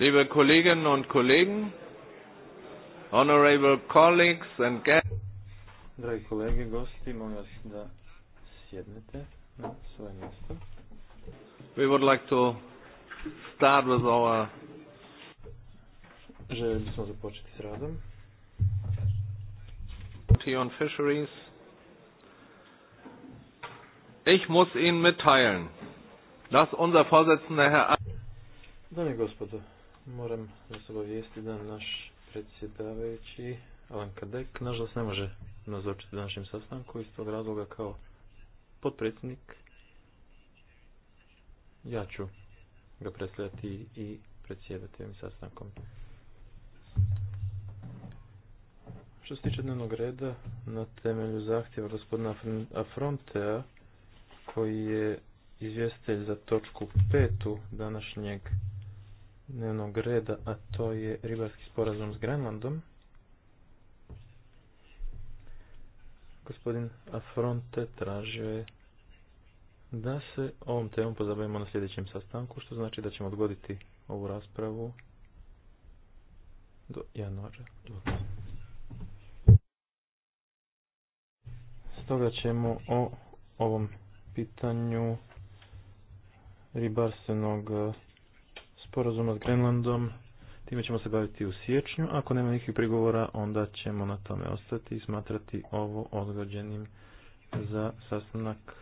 Liebe Kolleginnen und Kollegen, honorable colleagues and guests. Dragi kolege, gosti, molim vas da sjednete na svoje mjesto. We would like to start with our... Želeli bismo započeti s radom. On fisheries. Ich muss Ihnen mitteilen, dass unser Vorsitzender Herr... Dame gospodo, Moram vas obavijestiti da naš predsjedavajući Alan Kadek nažalost ne može nazočiti našem sastanku iz tog razloga kao potpredsjednik ja ću ga predstavljati i predsjedati ovim sastankom. Što se tiče dnevnog reda, na temelju zahtjeva gospodina Afrontea, koji je izvjestelj za točku petu današnjeg dnevnog reda, a to je ribarski sporazum s Grenlandom. Gospodin Afronte tražio je da se ovom temom pozabavimo na sljedećem sastanku, što znači da ćemo odgoditi ovu raspravu do januara. Stoga ćemo o ovom pitanju ribarstvenog sporazuma s Grenlandom. Time ćemo se baviti u siječnju. Ako nema nikih prigovora, onda ćemo na tome ostati i smatrati ovo odgođenim za sastanak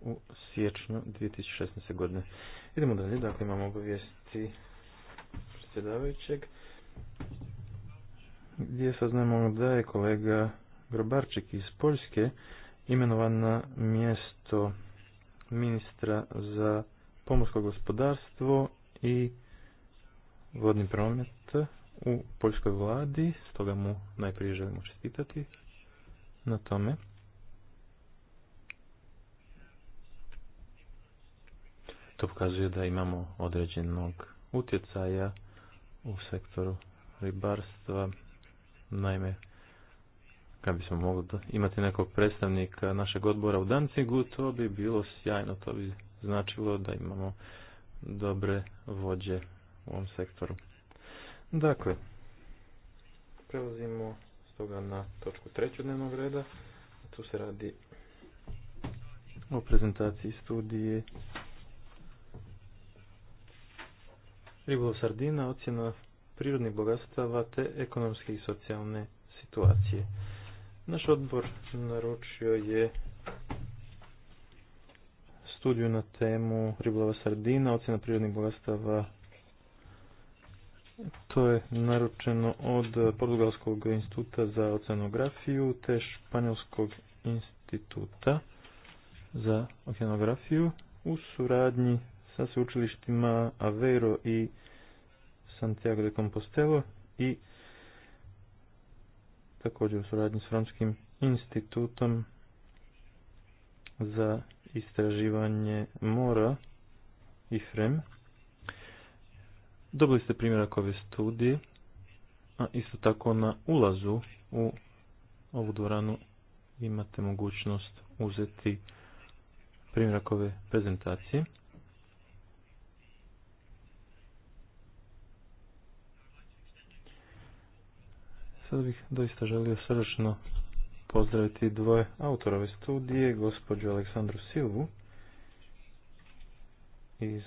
u siječnju 2016. godine. Idemo dalje, dakle imamo obavijesti predsjedavajućeg gdje saznamo da je kolega Grobarček iz Poljske imenovan na mjesto ministra za pomorsko gospodarstvo i vodni promet u poljskoj vladi, stoga mu najprije želimo čestitati na tome. To pokazuje da imamo određenog utjecaja u sektoru ribarstva. Naime, kad bismo mogli imati nekog predstavnika našeg odbora u Dancigu, to bi bilo sjajno, to bi značilo da imamo dobre vođe u ovom sektoru. Dakle, prelazimo stoga na točku treću dnevnog reda. Tu se radi o prezentaciji studije Ribolov sardina, ocjena prirodnih bogatstava te ekonomske i socijalne situacije. Naš odbor naručio je studiju na temu ribolova sardina, ocjena prirodnih bogatstava. To je naručeno od Portugalskog instituta za oceanografiju te Španjolskog instituta za oceanografiju u suradnji sa sveučilištima Aveiro i Santiago de Compostelo i također u suradnji s Romskim institutom za istraživanje mora i FREM. Dobili ste primjerak ove studije, a isto tako na ulazu u ovu dvoranu imate mogućnost uzeti primjerak ove prezentacije. Sada bih doista želio srdečno pozdraviti dvoje autorove studije, gospođu Aleksandru Silvu iz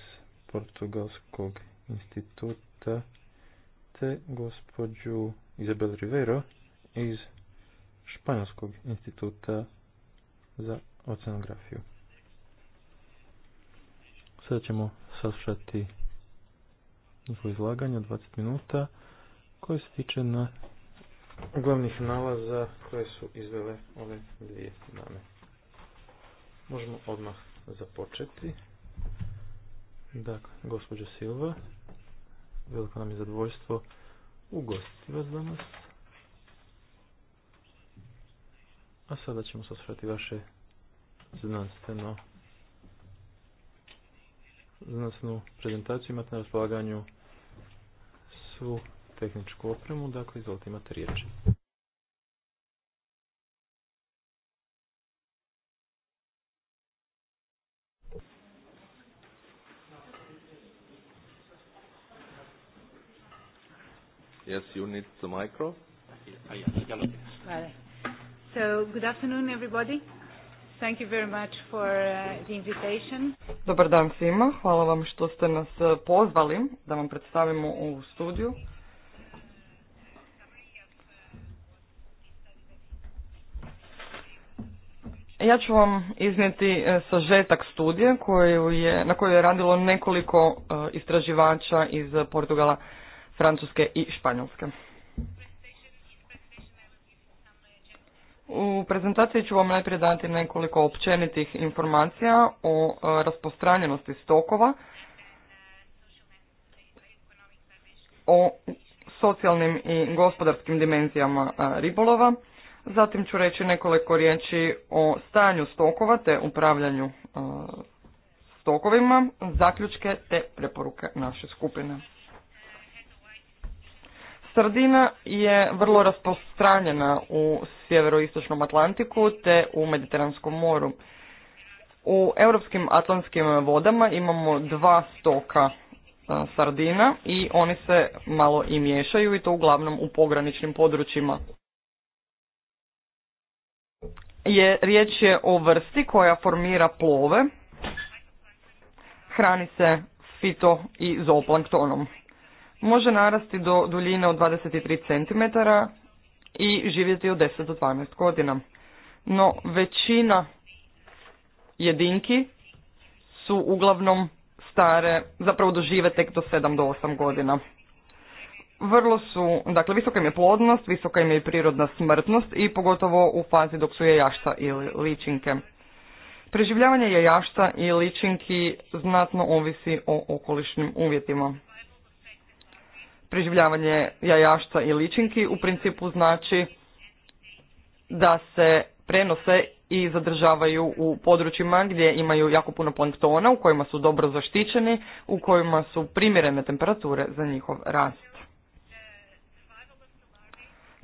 Portugalskog instituta te gospođu Izabel Rivero iz Španjolskog instituta za oceanografiju. Sada ćemo saslušati njihovo izlaganje od 20 minuta koje se tiče na glavnih nalaza koje su izvele ove dvije dame. Možemo odmah započeti. Dakle, gospođo Silva, veliko nam je zadovoljstvo ugostiti vas danas. A sada ćemo sasvrati vaše znanstveno znanstvenu prezentaciju. Imate na raspolaganju svu tehničku opremu, dakle izvolite imate riječ. Yes, you need the micro. So, good afternoon everybody. Thank you very much for uh, the invitation. Dobar dan svima. Hvala vam što ste nas uh, pozvali da vam predstavimo ovu studiju. Ja ću vam iznijeti e, sažetak studije koju je, na kojoj je radilo nekoliko e, istraživača iz Portugala, Francuske i Španjolske. U prezentaciji ću vam najprije dati nekoliko općenitih informacija o e, raspostranjenosti stokova, o socijalnim i gospodarskim dimenzijama ribolova, Zatim ću reći nekoliko riječi o stanju stokova te upravljanju e, stokovima, zaključke te preporuke naše skupine. Sardina je vrlo rasprostranjena u sjeveroistočnom Atlantiku te u Mediteranskom moru. U europskim atlantskim vodama imamo dva stoka e, sardina i oni se malo i miješaju i to uglavnom u pograničnim područjima je riječ je o vrsti koja formira plove, hrani se fito i zooplanktonom. Može narasti do duljine od 23 cm i živjeti od 10 do 12 godina. No većina jedinki su uglavnom stare, zapravo dožive tek do 7 do 8 godina vrlo su, dakle visoka im je plodnost, visoka im je i prirodna smrtnost i pogotovo u fazi dok su jajašta ili ličinke. Preživljavanje jajašta i ličinki znatno ovisi o okolišnim uvjetima. Preživljavanje jajašta i ličinki u principu znači da se prenose i zadržavaju u područjima gdje imaju jako puno planktona, u kojima su dobro zaštićeni, u kojima su primjerene temperature za njihov rast.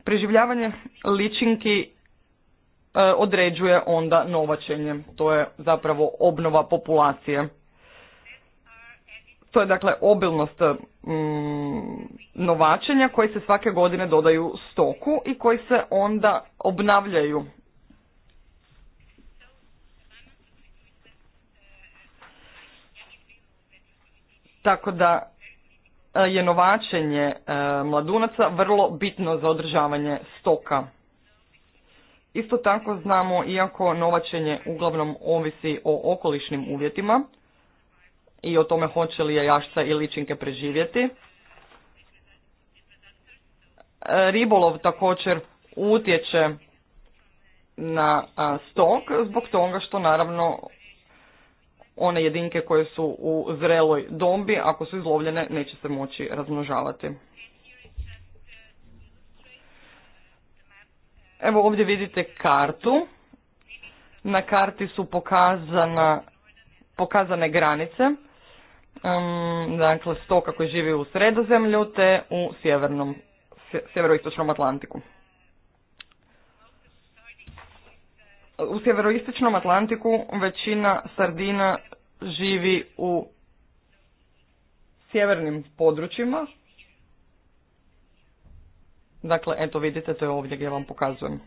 Preživljavanje ličinki e, određuje onda novačenje. To je zapravo obnova populacije. To je dakle obilnost mm, novačenja koji se svake godine dodaju stoku i koji se onda obnavljaju. Tako da E, je novačenje e, mladunaca vrlo bitno za održavanje stoka. Isto tako znamo, iako novačenje uglavnom ovisi o okolišnim uvjetima i o tome hoće li jašca i ličinke preživjeti, e, ribolov također utječe na stok zbog toga što naravno one jedinke koje su u zreloj dombi, ako su izlovljene, neće se moći razmnožavati. Evo ovdje vidite kartu. Na karti su pokazana, pokazane granice, um, dakle stoka koji živi u sredozemlju te u sjevernom, sjeveroistočnom Atlantiku. u sjeveroističnom Atlantiku većina sardina živi u sjevernim područjima. Dakle, eto vidite, to je ovdje gdje vam pokazujem.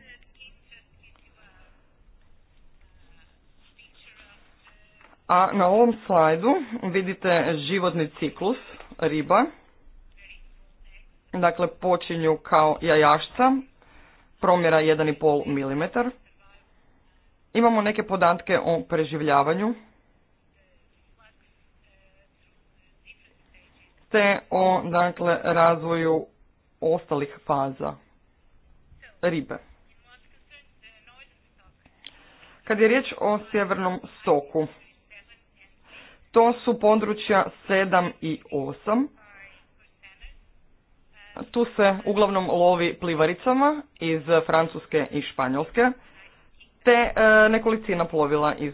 A na ovom slajdu vidite životni ciklus riba. Dakle, počinju kao jajašca, promjera 1,5 mm. Imamo neke podatke o preživljavanju te o dakle, razvoju ostalih faza ribe. Kad je riječ o sjevernom soku, to su područja 7 i 8. Tu se uglavnom lovi plivaricama iz Francuske i Španjolske te e, nekolicina plovila iz,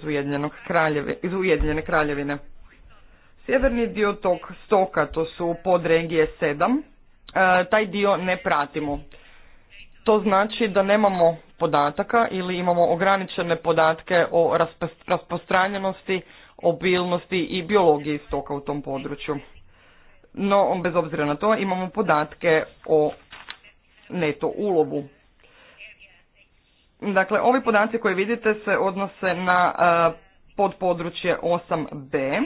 iz Ujedinjene kraljevine. Sjeverni dio tog stoka, to su podregije 7, e, taj dio ne pratimo. To znači da nemamo podataka ili imamo ograničene podatke o raspostranjenosti, obilnosti i biologiji stoka u tom području. No, bez obzira na to, imamo podatke o neto ulogu. Dakle, ovi podaci koje vidite se odnose na e, podpodručje 8b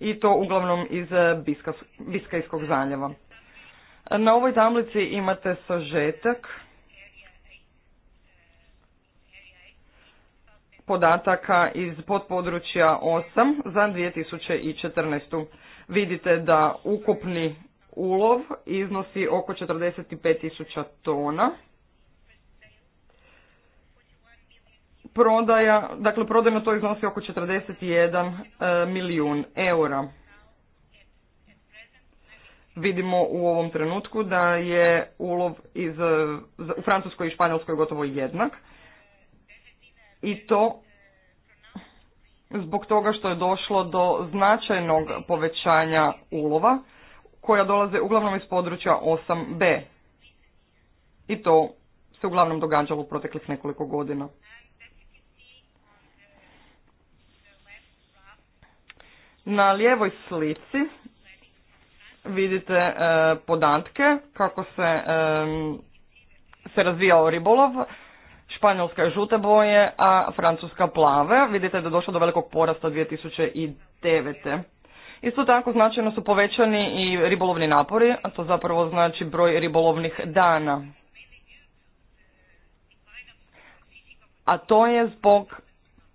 i to uglavnom iz e, Biskajskog zaljeva. Na ovoj tablici imate sažetak podataka iz podpodručja 8 za 2014. Vidite da ukupni ulov iznosi oko 45.000 tona. prodaja, dakle prodajno to iznosi oko 41 e, milijun eura. Vidimo u ovom trenutku da je ulov iz, u Francuskoj i Španjolskoj gotovo jednak i to zbog toga što je došlo do značajnog povećanja ulova koja dolaze uglavnom iz područja 8B. I to se uglavnom događalo u proteklih nekoliko godina. Na lijevoj slici vidite e, podatke kako se, e, se razvijao ribolov. Španjolska je žute boje, a Francuska plave. Vidite da je došlo do velikog porasta 2009. Isto tako značajno su povećani i ribolovni napori, a to zapravo znači broj ribolovnih dana. A to je zbog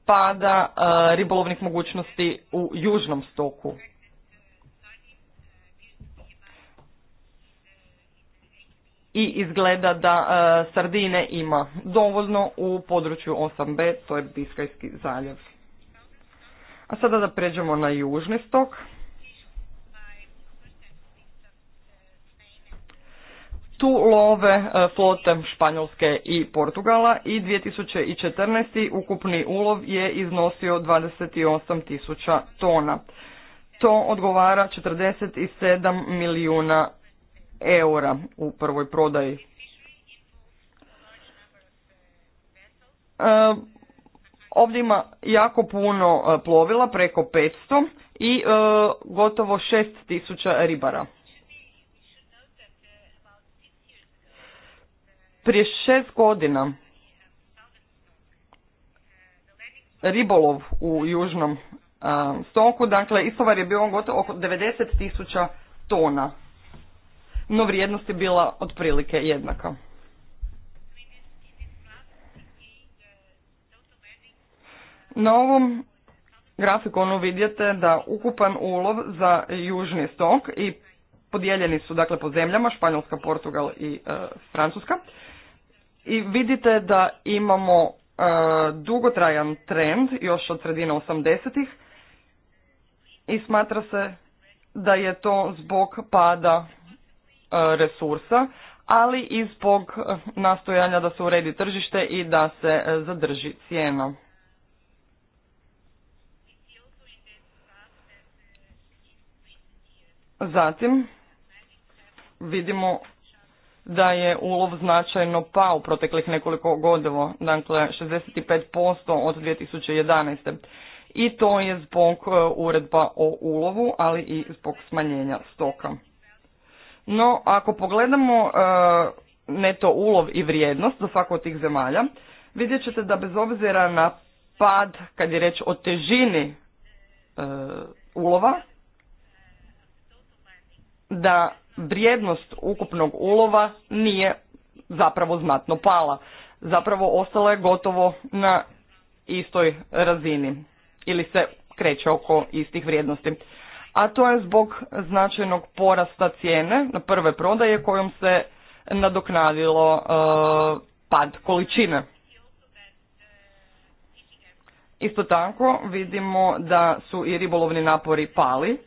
pada e, ribolovnih mogućnosti u južnom stoku. I izgleda da e, sardine ima dovoljno u području 8b, to je Biskajski zaljev. A sada da pređemo na južni stok. tu love e, flote Španjolske i Portugala i 2014. ukupni ulov je iznosio 28.000 tisuća tona. To odgovara 47 milijuna eura u prvoj prodaji. E, ovdje ima jako puno e, plovila, preko 500 i gotovo 6.000 tisuća ribara. Prije šest godina ribolov u južnom stoku, dakle istovar je bio gotovo oko 90 tisuća tona, no vrijednost je bila otprilike jednaka. Na ovom grafikonu vidite da ukupan ulov za južni stok i podijeljeni su dakle po zemljama Španjolska, Portugal i e, Francuska i vidite da imamo e, dugotrajan trend još od sredine 80-ih i smatra se da je to zbog pada e, resursa, ali i zbog nastojanja da se uredi tržište i da se e, zadrži cijena. Zatim vidimo da je ulov značajno pao proteklih nekoliko godina, dakle 65% od 2011. I to je zbog e, uredba o ulovu, ali i zbog smanjenja stoka. No, ako pogledamo e, neto ulov i vrijednost za svako od tih zemalja, vidjet ćete da bez obzira na pad, kad je reč o težini e, ulova, da vrijednost ukupnog ulova nije zapravo znatno pala. Zapravo ostala je gotovo na istoj razini ili se kreće oko istih vrijednosti. A to je zbog značajnog porasta cijene na prve prodaje kojom se nadoknadilo e, pad količine. Isto tako vidimo da su i ribolovni napori pali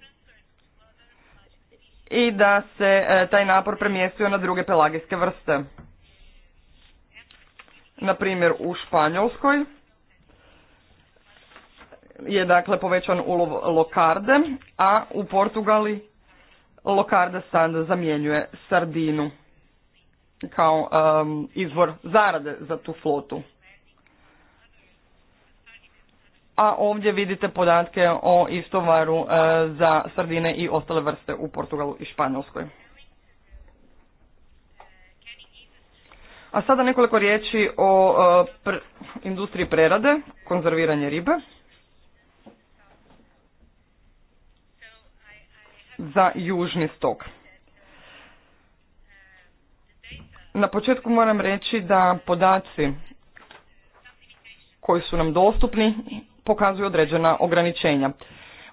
i da se e, taj napor premjestio na druge pelagijske vrste. Na primjer u Španjolskoj je dakle povećan ulov lokarde, a u Portugali lokarda sada zamjenjuje sardinu kao izvor zarade za tu flotu a ovdje vidite podatke o istovaru e, za sardine i ostale vrste u Portugalu i Španjolskoj. A sada nekoliko riječi o e, industriji prerade, konzerviranje ribe. Za južni stok. Na početku moram reći da podaci koji su nam dostupni pokazuju određena ograničenja.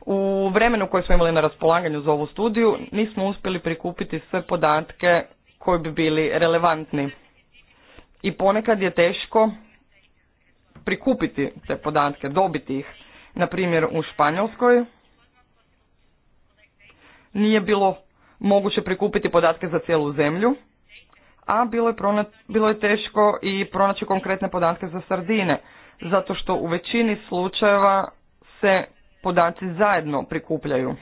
U vremenu koje smo imali na raspolaganju za ovu studiju nismo uspjeli prikupiti sve podatke koji bi bili relevantni. I ponekad je teško prikupiti te podatke, dobiti ih. Na primjer u Španjolskoj nije bilo moguće prikupiti podatke za cijelu zemlju, a bilo je, bilo je teško i pronaći konkretne podatke za sardine zato što u većini slučajeva se podaci zajedno prikupljaju.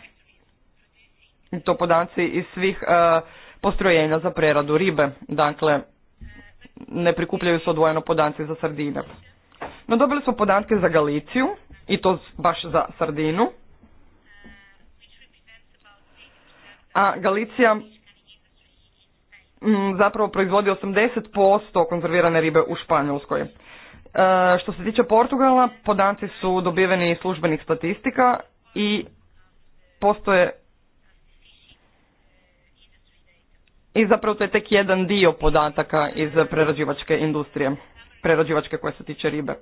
I to podaci iz svih e, postrojenja za preradu ribe, dakle ne prikupljaju se odvojeno podaci za sardine. No dobili smo podatke za Galiciju i to baš za sardinu. A Galicija zapravo proizvodi 80% konzervirane ribe u Španjolskoj. E, što se tiče Portugala, podaci su dobiveni iz službenih statistika i postoje i zapravo to je tek jedan dio podataka iz prerađivačke industrije, prerađivačke koje se tiče ribe.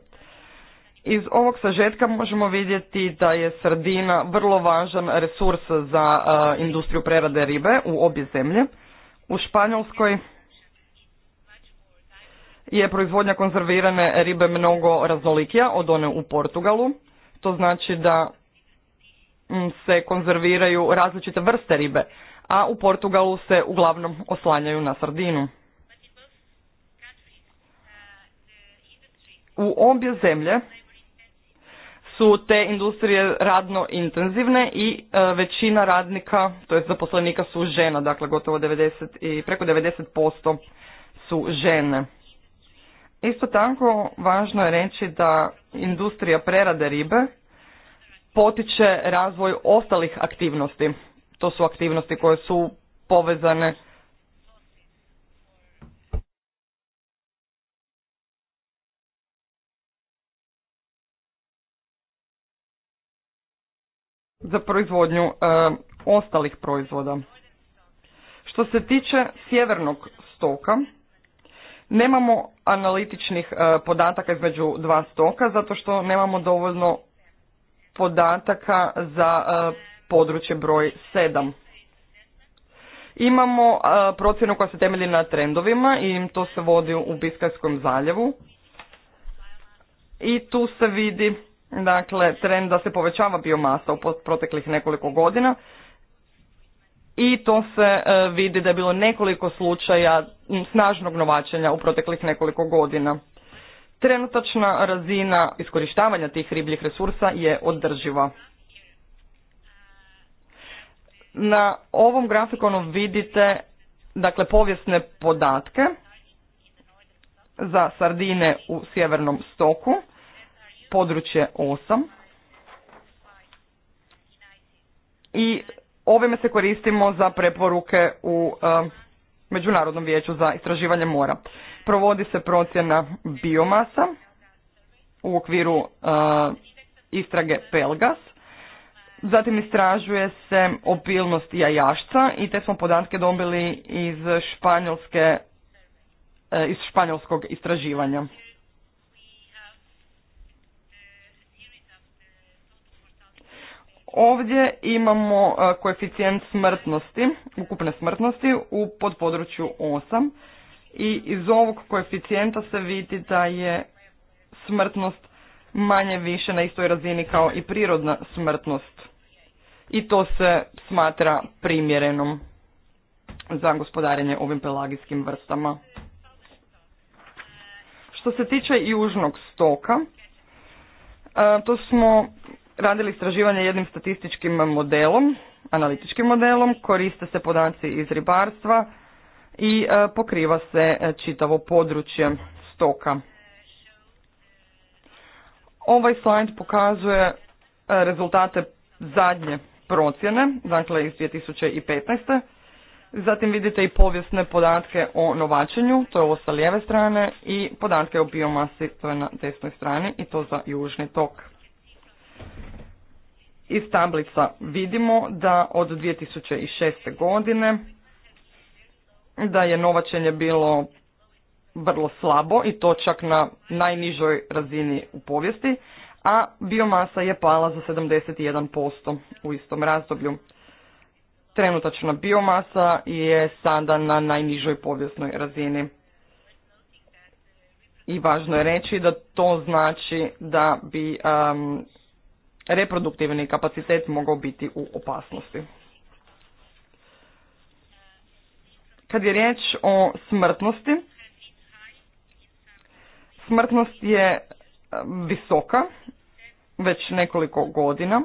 Iz ovog sažetka možemo vidjeti da je sardina vrlo važan resurs za e, industriju prerade ribe u obje zemlje. U Španjolskoj je proizvodnja konzervirane ribe mnogo raznolikija od one u Portugalu. To znači da mm, se konzerviraju različite vrste ribe, a u Portugalu se uglavnom oslanjaju na sardinu. U obje zemlje su te industrije radno intenzivne i e, većina radnika, to jest zaposlenika su žena, dakle gotovo 90 i preko 90% su žene. Isto tako važno je reći da industrija prerade ribe potiče razvoj ostalih aktivnosti. To su aktivnosti koje su povezane za proizvodnju e, ostalih proizvoda. Što se tiče sjevernog stoka, Nemamo analitičnih e, podataka između dva stoka zato što nemamo dovoljno podataka za e, područje broj 7. Imamo e, procjenu koja se temelji na trendovima i to se vodi u Biskajskom zaljevu. I tu se vidi dakle, trend da se povećava biomasa u proteklih nekoliko godina i to se e, vidi da je bilo nekoliko slučaja snažnog novačenja u proteklih nekoliko godina. Trenutačna razina iskorištavanja tih ribljih resursa je održiva. Na ovom grafikonu vidite dakle povijesne podatke za sardine u sjevernom stoku, područje 8 i Ovime se koristimo za preporuke u e, Međunarodnom vijeću za istraživanje mora. Provodi se procjena biomasa u okviru e, istrage Pelgas. Zatim istražuje se opilnost jajašca i te smo podatke dobili iz, e, španjolskog istraživanja. Ovdje imamo e, koeficijent smrtnosti, ukupne smrtnosti u podpodručju 8 i iz ovog koeficijenta se vidi da je smrtnost manje više na istoj razini kao i prirodna smrtnost. I to se smatra primjerenom za gospodarenje ovim pelagijskim vrstama. Što se tiče južnog stoka, e, to smo radili istraživanje jednim statističkim modelom, analitičkim modelom, koriste se podaci iz ribarstva i e, pokriva se e, čitavo područje stoka. Ovaj slajd pokazuje e, rezultate zadnje procjene, dakle iz 2015. Zatim vidite i povijesne podatke o novačenju, to je ovo sa lijeve strane, i podatke o biomasi, to je na desnoj strani, i to za južni tok iz tablica vidimo da od 2006. godine da je novačenje bilo vrlo slabo i to čak na najnižoj razini u povijesti, a biomasa je pala za 71% u istom razdoblju. Trenutačna biomasa je sada na najnižoj povijesnoj razini. I važno je reći da to znači da bi um, reproduktivni kapacitet mogao biti u opasnosti. Kad je riječ o smrtnosti, smrtnost je e, visoka već nekoliko godina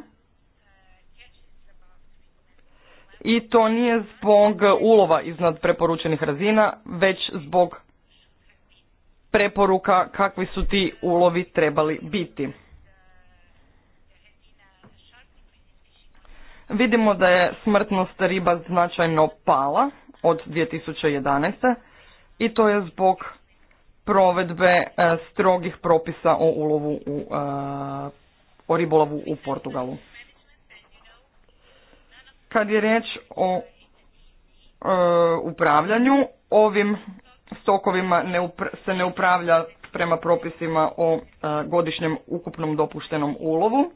i to nije zbog ulova iznad preporučenih razina, već zbog preporuka kakvi su ti ulovi trebali biti. Vidimo da je smrtnost riba značajno pala od 2011. i to je zbog provedbe e, strogih propisa o ulovu u, e, o ribolovu u Portugalu. Kad je riječ o e, upravljanju, ovim stokovima se ne upravlja prema propisima o godišnjem ukupnom dopuštenom ulovu.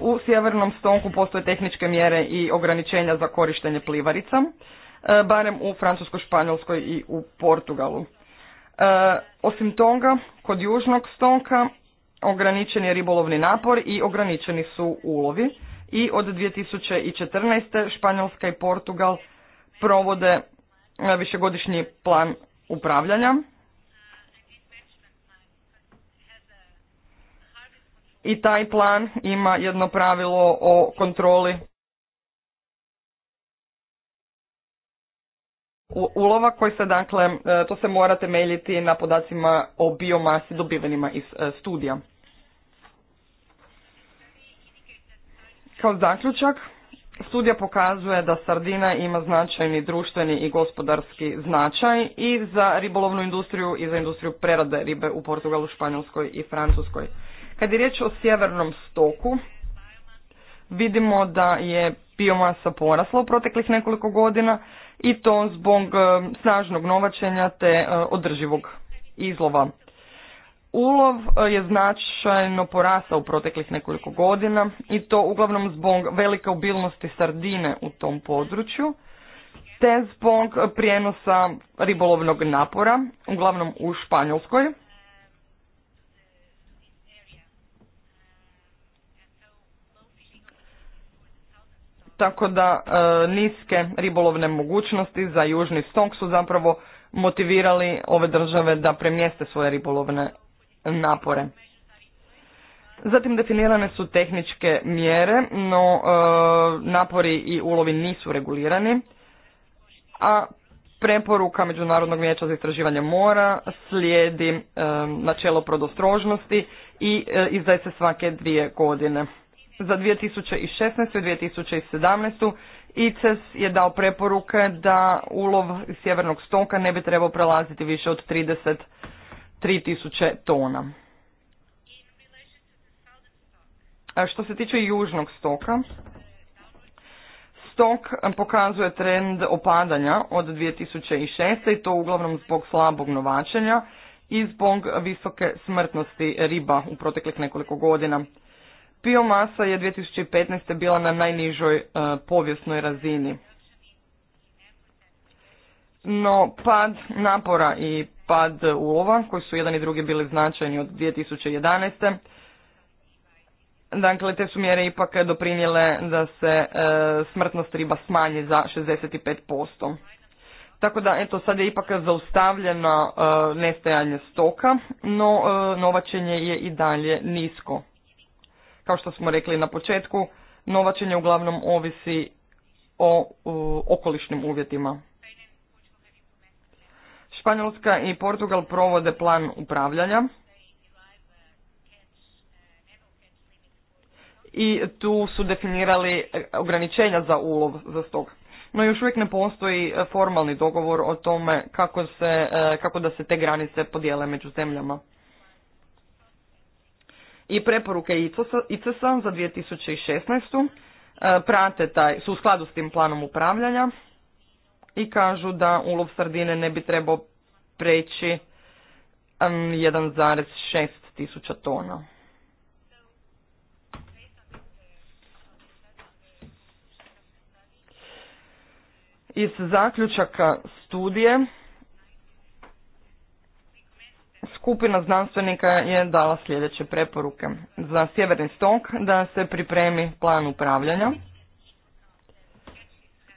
U sjevernom stonku postoje tehničke mjere i ograničenja za korištenje plivarica, e, barem u Francuskoj, Španjolskoj i u Portugalu. E, osim toga, kod južnog stonka ograničen je ribolovni napor i ograničeni su ulovi i od 2014. Španjolska i Portugal provode e, višegodišnji plan upravljanja i taj plan ima jedno pravilo o kontroli ulova koji se dakle, e, to se mora temeljiti na podacima o biomasi dobivenima iz e, studija. Kao zaključak, studija pokazuje da sardina ima značajni društveni i gospodarski značaj i za ribolovnu industriju i za industriju prerade ribe u Portugalu, Španjolskoj i Francuskoj. Kad je riječ o sjevernom stoku, vidimo da je biomasa porasla u proteklih nekoliko godina i to zbog e, snažnog novačenja te e, održivog izlova. Ulov e, je značajno porasao u proteklih nekoliko godina i to uglavnom zbog velike obilnosti sardine u tom području te zbog prijenosa ribolovnog napora, uglavnom u Španjolskoj, tako da e, niske ribolovne mogućnosti za južni stok su zapravo motivirali ove države da premjeste svoje ribolovne napore. Zatim definirane su tehničke mjere, no e, napori i ulovi nisu regulirani, a preporuka Međunarodnog vijeća za istraživanje mora slijedi e, načelo prodostrožnosti i e, izdaje se svake dvije godine za 2016. i 2017. ICES je dao preporuke da ulov sjevernog stoka ne bi trebao prelaziti više od 33.000 tona. A što se tiče južnog stoka, stok pokazuje trend opadanja od 2006. i to uglavnom zbog slabog novačenja i zbog visoke smrtnosti riba u proteklih nekoliko godina. Biomasa je 2015. bila na najnižoj e, povijesnoj razini. No, pad napora i pad ulova, koji su jedan i drugi bili značajni od 2011. Dakle, te su mjere ipak doprinijele da se e, smrtnost riba smanji za 65%. Tako da, eto, sad je ipak zaustavljeno e, nestajanje stoka, no novačenje je i dalje nisko. Kao što smo rekli na početku, novačenje uglavnom ovisi o okolišnim uvjetima. Španjolska i Portugal provode plan upravljanja i tu su definirali e, ograničenja za ulov za stok. No još uvijek ne postoji formalni dogovor o tome kako, se, e, kako da se te granice podijele među zemljama i preporuke ICES-a za 2016. E, prate taj, su u skladu s tim planom upravljanja i kažu da ulov sardine ne bi trebao preći 1,6 tisuća tona. Iz zaključaka studije skupina znanstvenika je dala sljedeće preporuke. Za sjeverni stok da se pripremi plan upravljanja,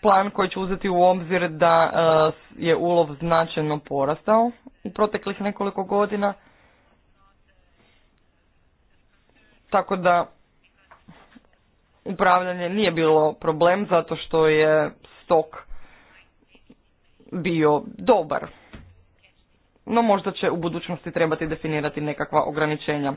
plan koji će uzeti u obzir da e, je ulov značajno porastao u proteklih nekoliko godina, tako da upravljanje nije bilo problem zato što je stok bio dobar no možda će u budućnosti trebati definirati nekakva ograničenja.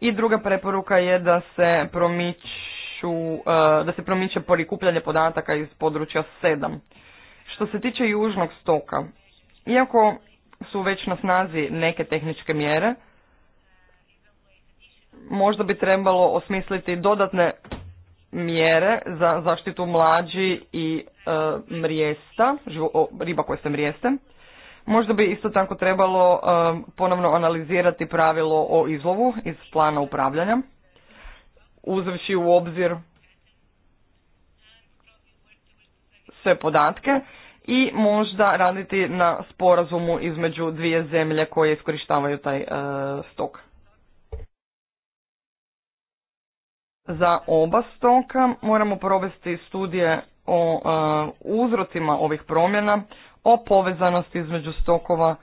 I druga preporuka je da se promiču, e, da se promiče prikupljanje podataka iz područja 7. Što se tiče južnog stoka, iako su već na snazi neke tehničke mjere, možda bi trebalo osmisliti dodatne mjere za zaštitu mlađi i e, mrijesta, riba koje se mrijeste. Možda bi isto tako trebalo um, ponovno analizirati pravilo o izlovu iz plana upravljanja, uzevši u obzir sve podatke i možda raditi na sporazumu između dvije zemlje koje iskorištavaju taj uh, stok. Za oba stoka moramo provesti studije o uh, uzrocima ovih promjena, o povezanosti između stokova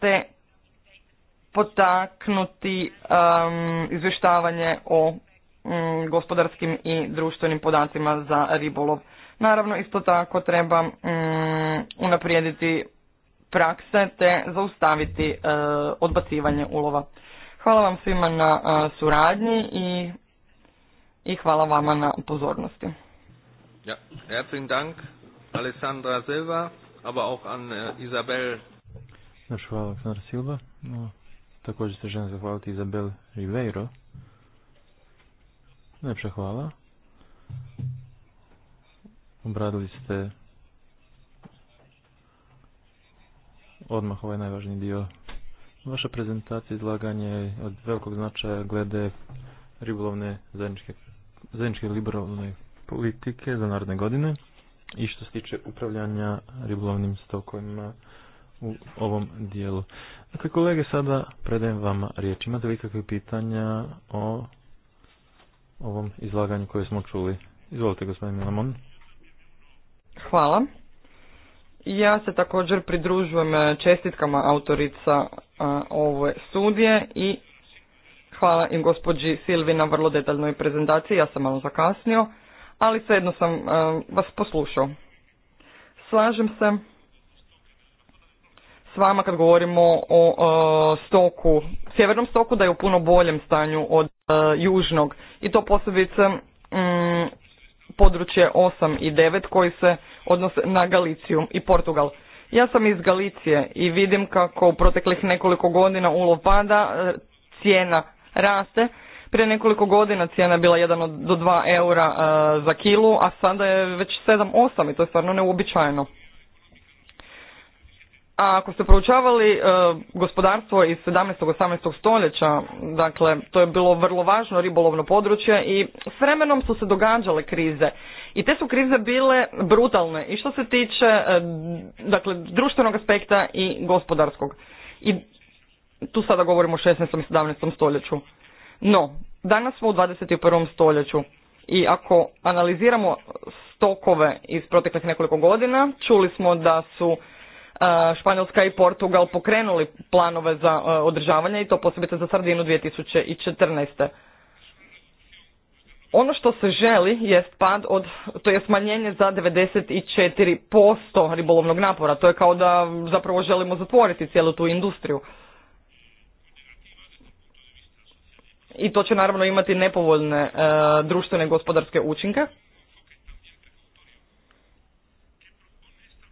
te potaknuti um, izvještavanje o mm, gospodarskim i društvenim podacima za ribolov. Naravno, isto tako treba mm, unaprijediti prakse te zaustaviti e, odbacivanje ulova. Hvala vam svima na e, suradnji i, i hvala vama na pozornosti. Ja, herzlichen Dank, aber auch an äh, Isabel. još hvala Silva. No, također se želim zahvaliti Izabel Ribeiro. Najpša hvala. Obradili ste odmah ovaj najvažniji dio. Vaša prezentacija izlaganje od velikog značaja glede ribolovne zajedničke, zajedničke liberalne politike za narodne godine i što se tiče upravljanja ribolovnim stokovima u ovom dijelu. Dakle, kolege, sada predajem vama riječ. Imate li kakve pitanja o ovom izlaganju koje smo čuli? Izvolite, gospodin Milamon. Hvala. Ja se također pridružujem e, čestitkama autorica e, ove studije i hvala im gospođi Silvi na vrlo detaljnoj prezentaciji. Ja sam malo zakasnio ali svejedno sam e, vas poslušao. Slažem se s vama kad govorimo o e, stoku, sjevernom stoku da je u puno boljem stanju od e, južnog i to posebice mm, područje 8 i 9 koji se odnose na Galiciju i Portugal. Ja sam iz Galicije i vidim kako u proteklih nekoliko godina ulov pada, cijena raste, prije nekoliko godina cijena je bila 1 do 2 eura e, za kilu, a sada je već 7-8 i to je stvarno neuobičajeno. A ako ste proučavali e, gospodarstvo iz 17. 18. stoljeća, dakle, to je bilo vrlo važno ribolovno područje i s vremenom su se događale krize. I te su krize bile brutalne i što se tiče, e, dakle, društvenog aspekta i gospodarskog. I tu sada govorimo o 16. i 17. stoljeću. No, Danas smo u 21. stoljeću i ako analiziramo stokove iz proteklih nekoliko godina, čuli smo da su e, Španjolska i Portugal pokrenuli planove za e, održavanje i to posebice za sardinu 2014. Ono što se želi jest pad od, to je smanjenje za 94% ribolovnog napora. To je kao da zapravo želimo zatvoriti cijelu tu industriju. i to će naravno imati nepovoljne e, društvene gospodarske učinke.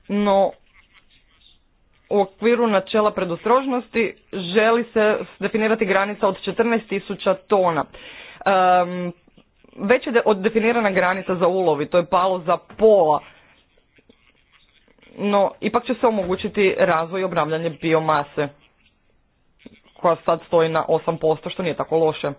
No, u okviru načela predostrožnosti želi se definirati granica od 14.000 tona. već je definirana granica za ulovi, to je palo za pola. No, ipak će se omogućiti razvoj i obnavljanje biomase koja sad stoji na 8%, što nije tako loše.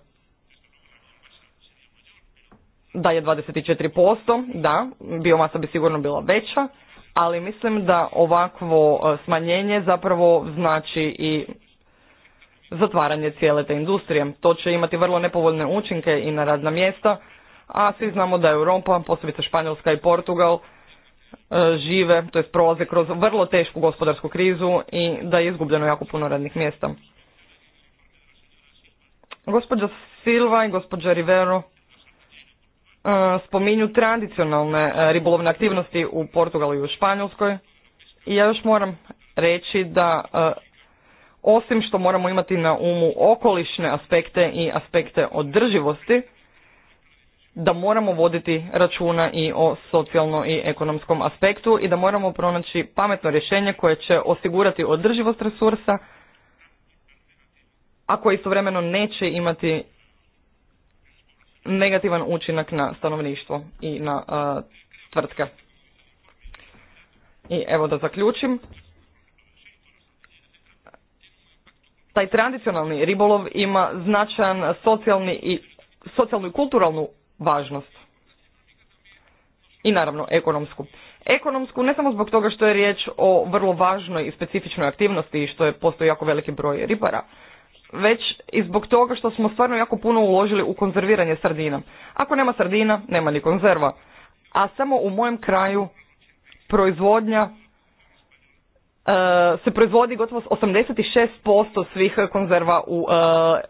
Da je 24%, da, biomasa bi sigurno bila veća, ali mislim da ovakvo e, smanjenje zapravo znači i zatvaranje cijele te industrije. To će imati vrlo nepovoljne učinke i na radna mjesta, a svi znamo da Europa, posebice Španjolska i Portugal, e, žive, to jest prolaze kroz vrlo tešku gospodarsku krizu i da je izgubljeno jako puno radnih mjesta. Gospođa Silva i gospođa Rivero e, spominju tradicionalne e, ribolovne aktivnosti u Portugalu i u Španjolskoj. I ja još moram reći da e, osim što moramo imati na umu okolišne aspekte i aspekte održivosti, da moramo voditi računa i o socijalno i ekonomskom aspektu i da moramo pronaći pametno rješenje koje će osigurati održivost resursa, a koji istovremeno neće imati negativan učinak na stanovništvo i na uh, tvrtke. I evo da zaključim. Taj tradicionalni ribolov ima značajan socijalni i socijalnu i kulturalnu važnost. I naravno ekonomsku. Ekonomsku ne samo zbog toga što je riječ o vrlo važnoj i specifičnoj aktivnosti i što je postoji jako veliki broj ribara, već i zbog toga što smo stvarno jako puno uložili u konzerviranje sardina. Ako nema sardina, nema ni konzerva. A samo u mojem kraju proizvodnja e, se proizvodi gotovo 86% svih konzerva u e,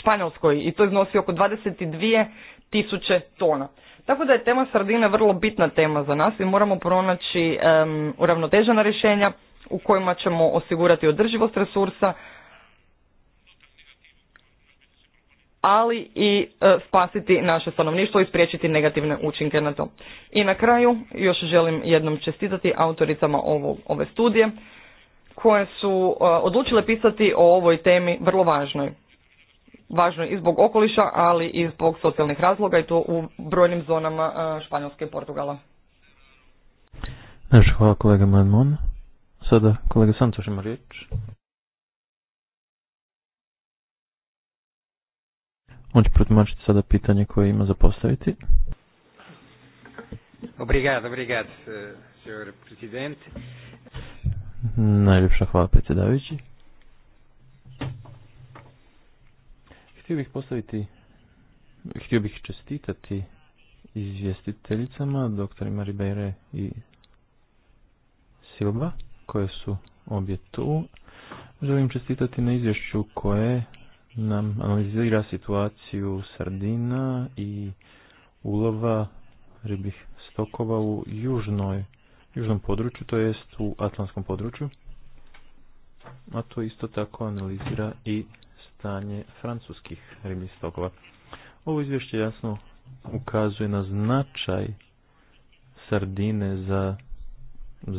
Španjolskoj i to iznosi oko 22 tisuće tona. Tako da je tema sardine vrlo bitna tema za nas i moramo pronaći um, uravnotežena rješenja u kojima ćemo osigurati održivost resursa, ali i e, spasiti naše stanovništvo i spriječiti negativne učinke na to. I na kraju još želim jednom čestitati autoricama ovo, ove studije koje su e, odlučile pisati o ovoj temi vrlo važnoj. Važnoj i zbog okoliša, ali i zbog socijalnih razloga i to u brojnim zonama e, Španjolske i Portugala. Hvala kolega Manmon. Sada kolega Santoš ima On će protumačiti sada pitanje koje ima za postaviti. Obrigado, obrigado, eh, senhor presidente. Najljepša hvala predsjedavajući. Htio bih postaviti, htio bih čestitati izvjestiteljicama, doktorima Maribere i Silva, koje su obje tu. Želim čestitati na izvješću koje nam analizira situaciju sardina i ulova ribih stokova u južnoj, južnom području, to jest u atlantskom području. A to isto tako analizira i stanje francuskih ribih stokova. Ovo izvješće jasno ukazuje na značaj sardine za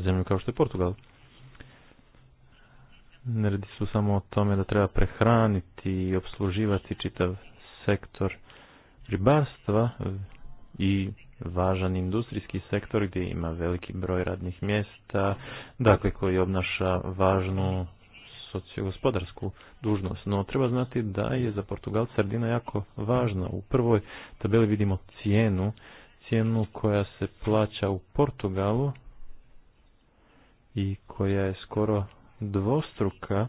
zemlju kao što je Portugal. Ne radi su samo o tome da treba prehraniti i obsluživati čitav sektor ribarstva i važan industrijski sektor gdje ima veliki broj radnih mjesta, dakle koji obnaša važnu sociogospodarsku dužnost. No treba znati da je za Portugal sardina jako važna. U prvoj tabeli vidimo cijenu, cijenu koja se plaća u Portugalu i koja je skoro dvostruka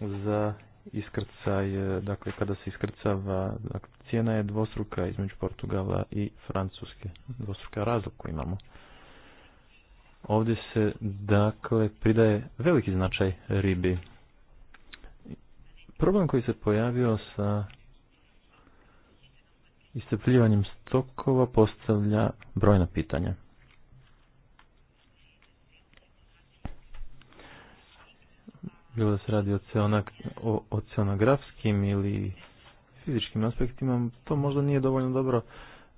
za iskrcaj, e, dakle kada se iskrcava, dakle, cijena je dvostruka između Portugala i Francuske, dvostruka razliku imamo. Ovdje se dakle pridaje veliki značaj ribi. Problem koji se pojavio sa iscrpljivanjem stokova postavlja brojna pitanja. bilo da se radi o, oceanografskim ili fizičkim aspektima, to možda nije dovoljno dobro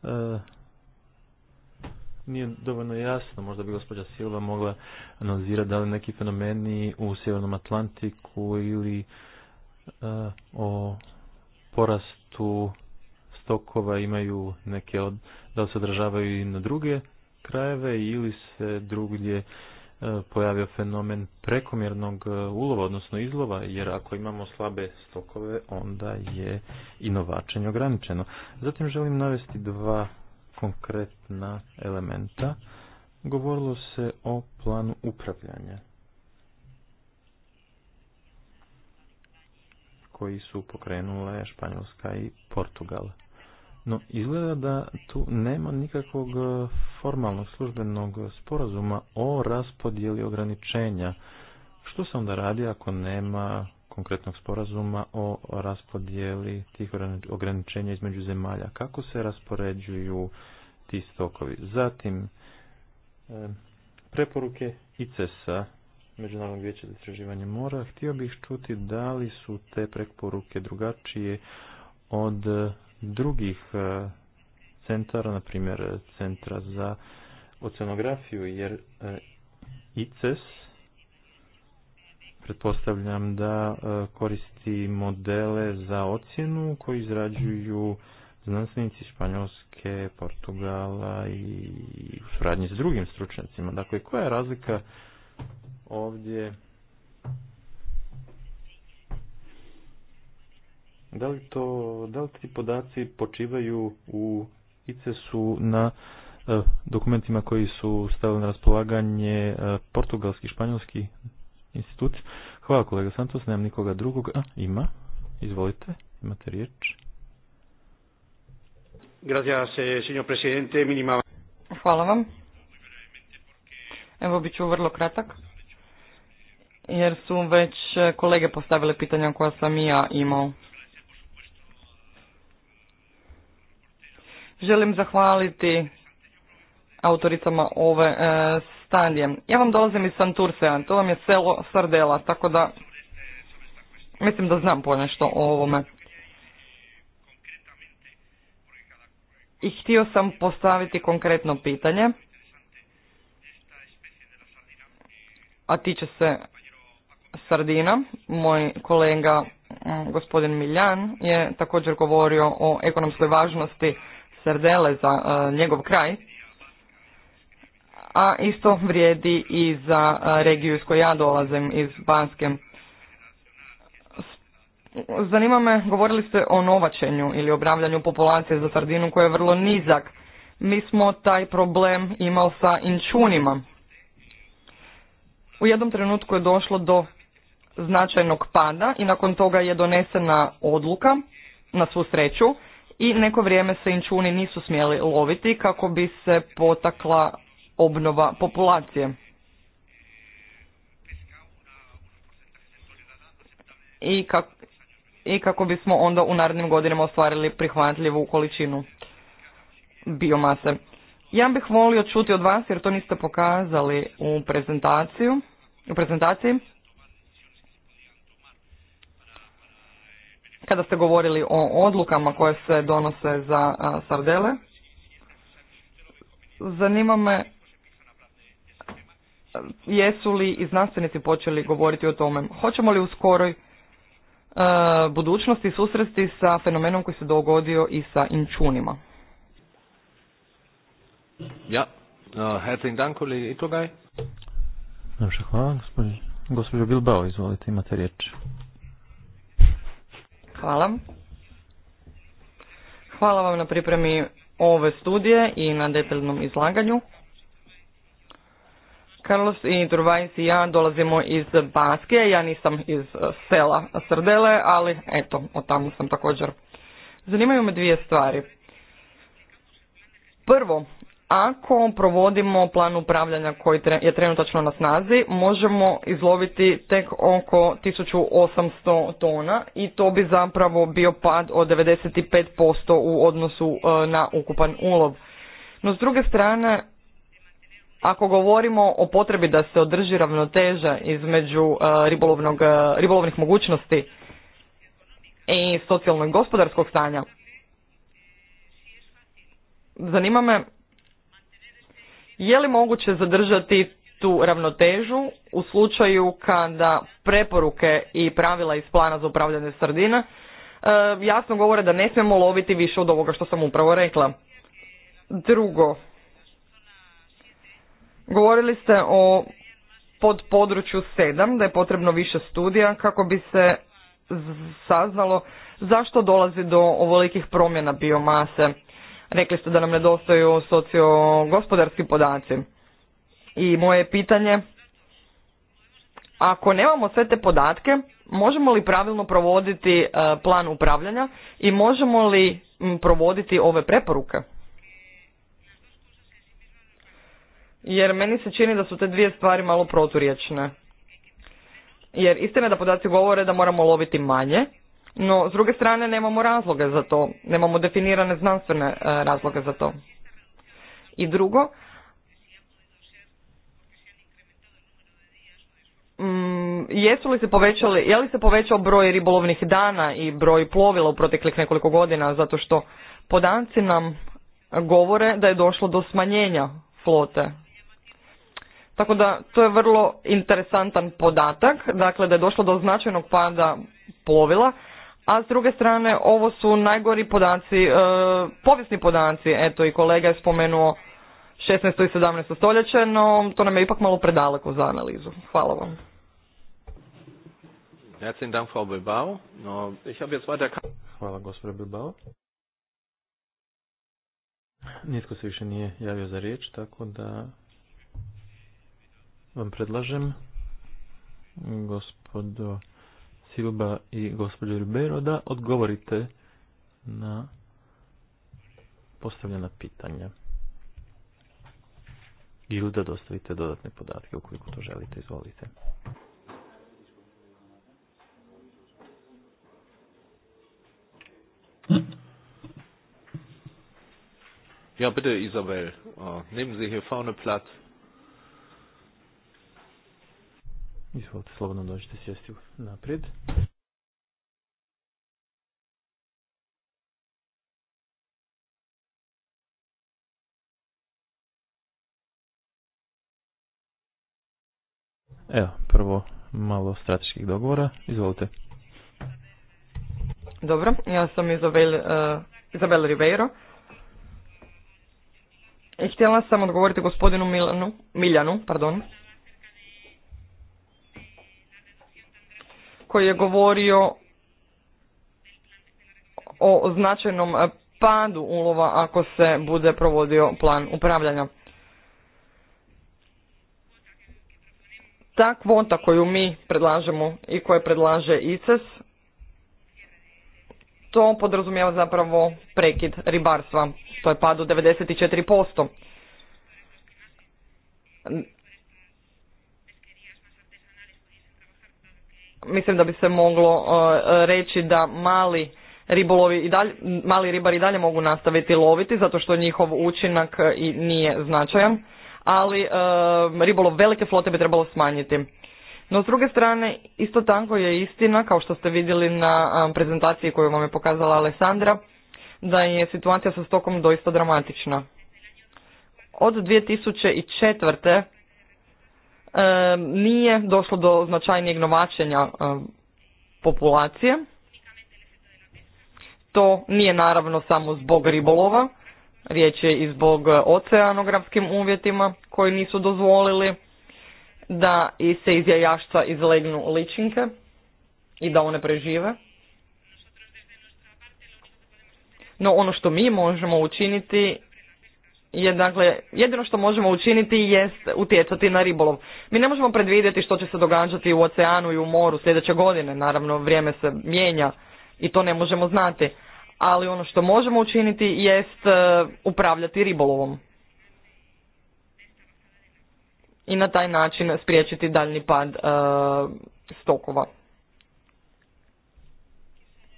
e, nije dovoljno jasno, možda bi gospođa Silva mogla analizirati da li neki fenomeni u Sjevernom Atlantiku ili e, o porastu stokova imaju neke, od, da li se odražavaju i na druge krajeve ili se drugdje E, pojavio fenomen prekomjernog e, ulova, odnosno izlova, jer ako imamo slabe stokove, onda je inovačenje ograničeno. Zatim želim navesti dva konkretna elementa. Govorilo se o planu upravljanja koji su pokrenule Španjolska i Portugal. No, izgleda da tu nema nikakvog e, formalnog službenog sporazuma o raspodjeli ograničenja. Što se onda radi ako nema konkretnog sporazuma o raspodjeli tih ograničenja između zemalja? Kako se raspoređuju ti stokovi? Zatim, e, preporuke ICES-a, Međunarodnog vijeća za istraživanje mora, htio bih čuti da li su te preporuke drugačije od drugih e, centara, na primjer centra za oceanografiju, jer e, ICES pretpostavljam da e, koristi modele za ocjenu koji izrađuju znanstvenici Španjolske, Portugala i u suradnji s drugim stručnjacima. Dakle, koja je razlika ovdje Da li, to, da li ti podaci počivaju u ICES-u na e, dokumentima koji su stavili na raspolaganje e, portugalski, španjolski institut? Hvala kolega Santos, nemam nikoga drugog. A, ima. Izvolite, imate riječ. Gracias, eh, señor presidente. Minima... Hvala vam. Evo bit ću vrlo kratak jer su već e, kolege postavile pitanja koja sam i ja imao. Želim zahvaliti autoricama ove e, Ja vam dolazim iz Santursea, to vam je selo Sardela, tako da mislim da znam ponešto o ovome. I htio sam postaviti konkretno pitanje, a tiče se Sardina. Moj kolega gospodin Miljan je također govorio o ekonomskoj važnosti Sardele za e, njegov kraj, a isto vrijedi i za e, regiju iz koje ja dolazim, iz Banske. Zanima me, govorili ste o novačenju ili obravljanju populacije za sardinu koja je vrlo nizak. Mi smo taj problem imali sa inčunima. U jednom trenutku je došlo do značajnog pada i nakon toga je donesena odluka, na svu sreću, i neko vrijeme se inčuni nisu smjeli loviti kako bi se potakla obnova populacije. I kako, i kako bismo onda u narednim godinama ostvarili prihvatljivu količinu biomase. Ja bih volio čuti od vas, jer to niste pokazali u prezentaciju, u prezentaciji, kada ste govorili o odlukama koje se donose za sardele. Zanima me jesu li i znanstvenici počeli govoriti o tome. Hoćemo li u skoroj budućnosti susresti sa fenomenom koji se dogodio i sa inčunima. Ja, herzlichen Dank, Itogaj. hvala, gospođo Bilbao, izvolite, imate riječ. Hvala. Hvala vam na pripremi ove studije i na detaljnom izlaganju. Carlos i Turvajs i ja dolazimo iz Baske, ja nisam iz eh, sela Srdele, ali eto, od tamo sam također. Zanimaju me dvije stvari. Prvo, ako provodimo plan upravljanja koji je trenutačno na snazi, možemo izloviti tek oko 1800 tona i to bi zapravo bio pad od 95% u odnosu e, na ukupan ulov. No s druge strane, ako govorimo o potrebi da se održi ravnoteža između e, ribolovnog, e, ribolovnih mogućnosti i socijalnog gospodarskog stanja, zanima me je li moguće zadržati tu ravnotežu u slučaju kada preporuke i pravila iz plana za upravljanje sredina e, jasno govore da ne smijemo loviti više od ovoga što sam upravo rekla. Drugo, govorili ste o pod području 7 da je potrebno više studija kako bi se saznalo zašto dolazi do ovolikih promjena biomase Rekli ste da nam nedostaju sociogospodarski podaci. I moje pitanje, ako nemamo sve te podatke, možemo li pravilno provoditi e, plan upravljanja i možemo li provoditi ove preporuke? Jer meni se čini da su te dvije stvari malo proturječne. Jer istina je da podaci govore da moramo loviti manje, no, s druge strane, nemamo razloge za to. Nemamo definirane znanstvene e, razloge za to. I drugo, mm, jesu li se povećali, je li se povećao broj ribolovnih dana i broj plovila u proteklih nekoliko godina, zato što podanci nam govore da je došlo do smanjenja flote. Tako da to je vrlo interesantan podatak, dakle da je došlo do značajnog pada plovila, a s druge strane ovo su najgori podaci, e, povijesni podaci, eto i kolega je spomenuo 16. i 17. stoljeće, no to nam je ipak malo predaleko za analizu. Hvala vam. Herzlichen Dank, Frau Bilbao. No, Hvala, gospodin Bilbao. Nitko se više nije javio za riječ, tako da vam predlažem, gospodo Silba i gospođo Ribeiro da odgovorite na postavljena pitanja ili da dostavite dodatne podatke ukoliko to želite, izvolite. Ja, bitte Isabel, äh, nehmen Sie hier vorne Platz. Izvolite, slobodno dođite sjesti naprijed. Evo, prvo malo strateških dogovora. Izvolite. Dobro, ja sam Izabel, uh, Ribeiro. I htjela sam odgovoriti gospodinu Milanu, Miljanu, pardon, koji je govorio o značajnom e, padu ulova ako se bude provodio plan upravljanja. Ta kvota koju mi predlažemo i koje predlaže ICES, to podrazumijeva zapravo prekid ribarstva. To je pad u 94%. mislim da bi se moglo e, reći da mali ribolovi i dalje, mali ribari i dalje mogu nastaviti loviti zato što njihov učinak e, i nije značajan, ali e, ribolov velike flote bi trebalo smanjiti. No s druge strane, isto tako je istina, kao što ste vidjeli na prezentaciji koju vam je pokazala Alessandra, da je situacija sa stokom doista dramatična. Od 2004 nije došlo do značajnijeg novačenja populacije. To nije naravno samo zbog ribolova, riječ je i zbog oceanografskim uvjetima koji nisu dozvolili da i se iz jajašca izlegnu ličinke i da one prežive. No ono što mi možemo učiniti je dakle jedino što možemo učiniti jest utjecati na ribolov. Mi ne možemo predvidjeti što će se događati u oceanu i u moru sljedeće godine, naravno vrijeme se mijenja i to ne možemo znati, ali ono što možemo učiniti jest e, upravljati ribolovom. I na taj način spriječiti daljni pad e, stokova.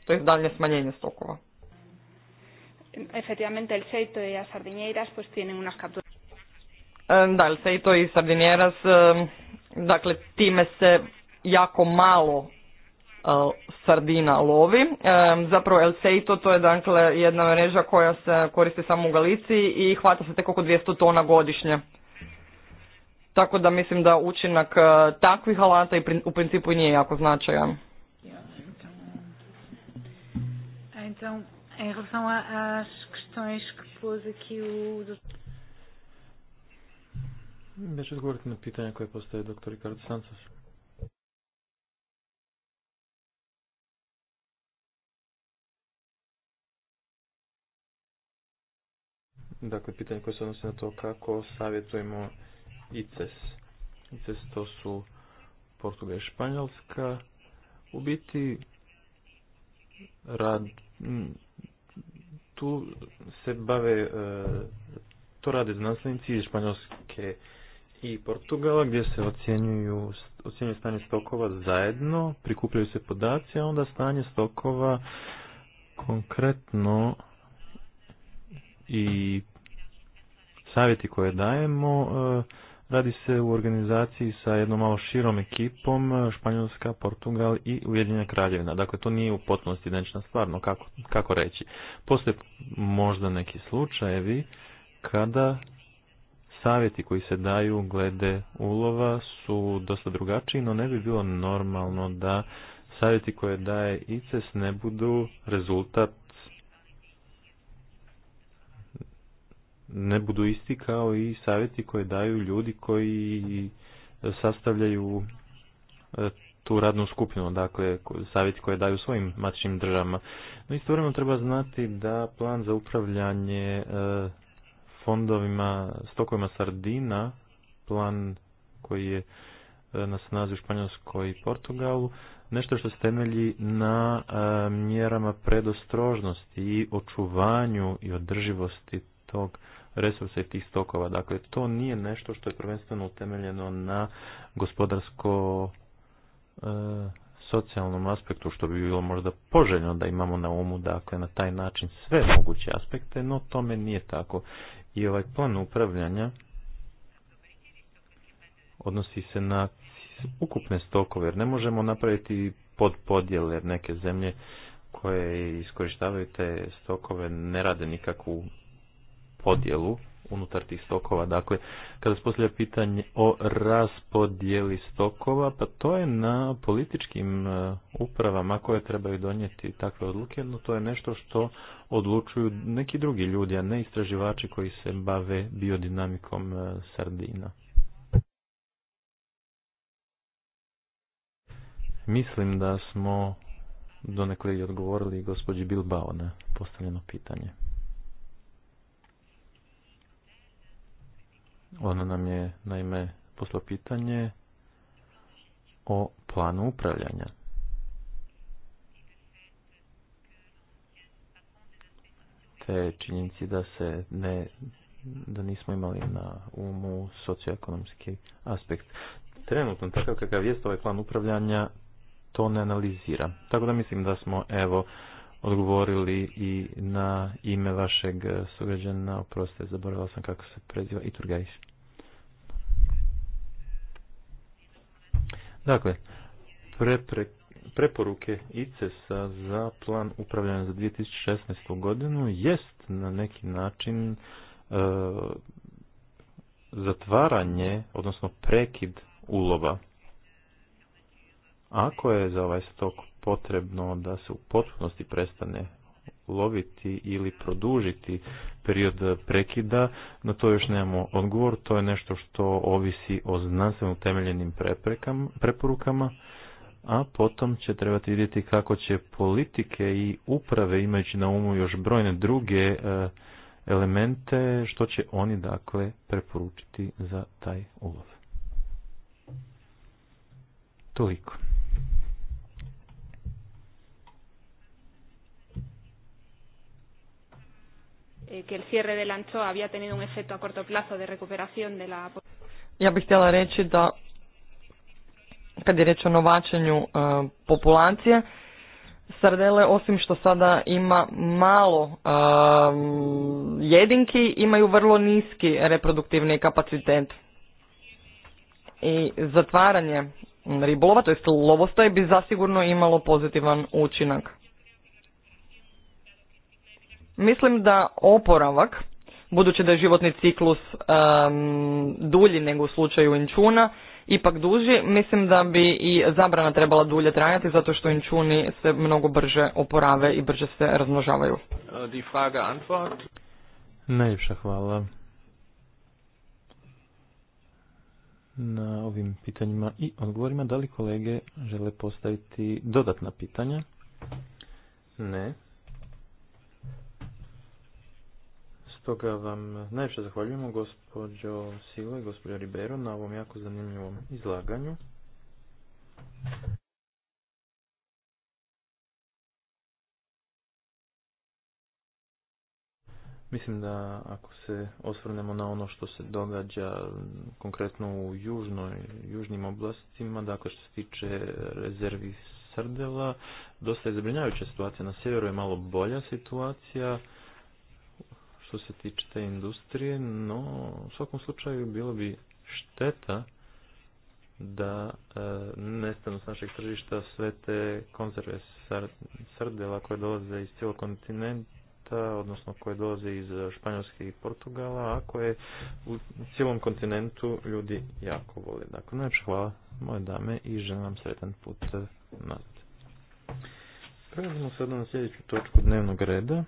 To je daljnje smanjenje stokova efectivamente el Seito y las sardiñeiras pues tienen unas capturas. Da, el Seito i sardinjeras, dakle time se jako malo e, sardina lovi. Zapravo El Seito to je dakle jedna mreža koja se koristi samo u Galiciji i hvata se tek oko 200 tona godišnje. Tako da mislim da učinak e, takvih alata i u principu nije jako značajan. Então, Em relação às questões que pôs aqui o ja ću odgovoriti na pitanje koje postoje dr. Ricardo Santos. Dakle, pitanje koje se odnosi na to kako savjetujemo ICES. ICES to su Portugal i Španjolska. U biti, rad, tu se bave, e, to rade znanstvenici iz Španjolske i Portugala gdje se ocjenjuju, ocjenjuje stanje stokova zajedno, prikupljaju se podaci, a onda stanje stokova konkretno i savjeti koje dajemo e, Radi se u organizaciji sa jednom malo širom ekipom, Španjolska, Portugal i Ujedinjena kraljevina. Dakle, to nije u potpunosti identična stvar, no kako, kako reći. Postoje možda neki slučajevi kada savjeti koji se daju glede ulova su dosta drugačiji, no ne bi bilo normalno da savjeti koje daje ICES ne budu rezultat ne budu isti kao i savjeti koje daju ljudi koji sastavljaju e, tu radnu skupinu, dakle savjeti koje daju svojim matičnim državama. No istovremeno treba znati da plan za upravljanje e, fondovima, stokovima sardina, plan koji je e, na snazi u Španjolskoj i Portugalu, nešto što se temelji na mjerama predostrožnosti i očuvanju i održivosti tog resursa tih stokova. Dakle, to nije nešto što je prvenstveno utemeljeno na gospodarsko e, socijalnom aspektu, što bi bilo možda poželjno da imamo na umu, dakle, na taj način sve moguće aspekte, no tome nije tako. I ovaj plan upravljanja odnosi se na ukupne stokove, jer ne možemo napraviti podpodjele, jer neke zemlje koje iskorištavaju te stokove ne rade nikakvu podjelu unutar tih stokova. Dakle, kada se postavlja pitanje o raspodjeli stokova, pa to je na političkim e, upravama koje trebaju donijeti takve odluke, no to je nešto što odlučuju neki drugi ljudi, a ne istraživači koji se bave biodinamikom e, sardina. Mislim da smo donekle i odgovorili gospođi Bilbao na postavljeno pitanje. Ona nam je naime posla pitanje o planu upravljanja. Te činjenici da se ne da nismo imali na umu socioekonomski aspekt. Trenutno, takav kakav jest ovaj plan upravljanja, to ne analizira. Tako da mislim da smo, evo, odgovorili i na ime vašeg sugrađana, oprostite, zaboravio sam kako se preziva, i Turgajs. Dakle, preporuke ices za plan upravljanja za 2016. godinu jest na neki način e, zatvaranje, odnosno prekid ulova. Ako je za ovaj stok potrebno da se u potpunosti prestane loviti ili produžiti period prekida, na to još nemamo odgovor, to je nešto što ovisi o znanstveno utemeljenim preporukama, a potom će trebati vidjeti kako će politike i uprave, imajući na umu još brojne druge e, elemente, što će oni dakle preporučiti za taj ulov. Toliko. eh, que el cierre de la anchoa había tenido un efecto a corto plazo de recuperación de la... Ja bih htjela reći da kad je reč o novačenju e, populacije, sardele osim što sada ima malo e, jedinki, imaju vrlo niski reproduktivni kapacitet. I zatvaranje ribolova, to jest lovostaj, bi zasigurno imalo pozitivan učinak. Mislim da oporavak, budući da je životni ciklus um, dulji nego u slučaju inčuna, ipak duži, mislim da bi i zabrana trebala dulje trajati zato što inčuni se mnogo brže oporave i brže se razmnožavaju. Eh, die Frage Antwort. Najljepša hvala na ovim pitanjima i odgovorima. Da li kolege žele postaviti dodatna pitanja? Ne. Stoga vam najviše zahvaljujemo gospođo Silo i gospođo Ribero na ovom jako zanimljivom izlaganju. Mislim da ako se osvrnemo na ono što se događa konkretno u južnoj, južnim oblastima, dakle što se tiče rezervi srdela, dosta je zabrinjavajuća situacija. Na sjeveru je malo bolja situacija, što se tiče te industrije, no u svakom slučaju bilo bi šteta da e, nestanu s našeg tržišta sve te konzerve srdela koje dolaze iz cijelog kontinenta, odnosno koje dolaze iz Španjolske i Portugala, a koje u cijelom kontinentu ljudi jako vole. Dakle, hvala moje dame i želim vam sretan put nazad. Prelazimo sada na sljedeću točku dnevnog reda.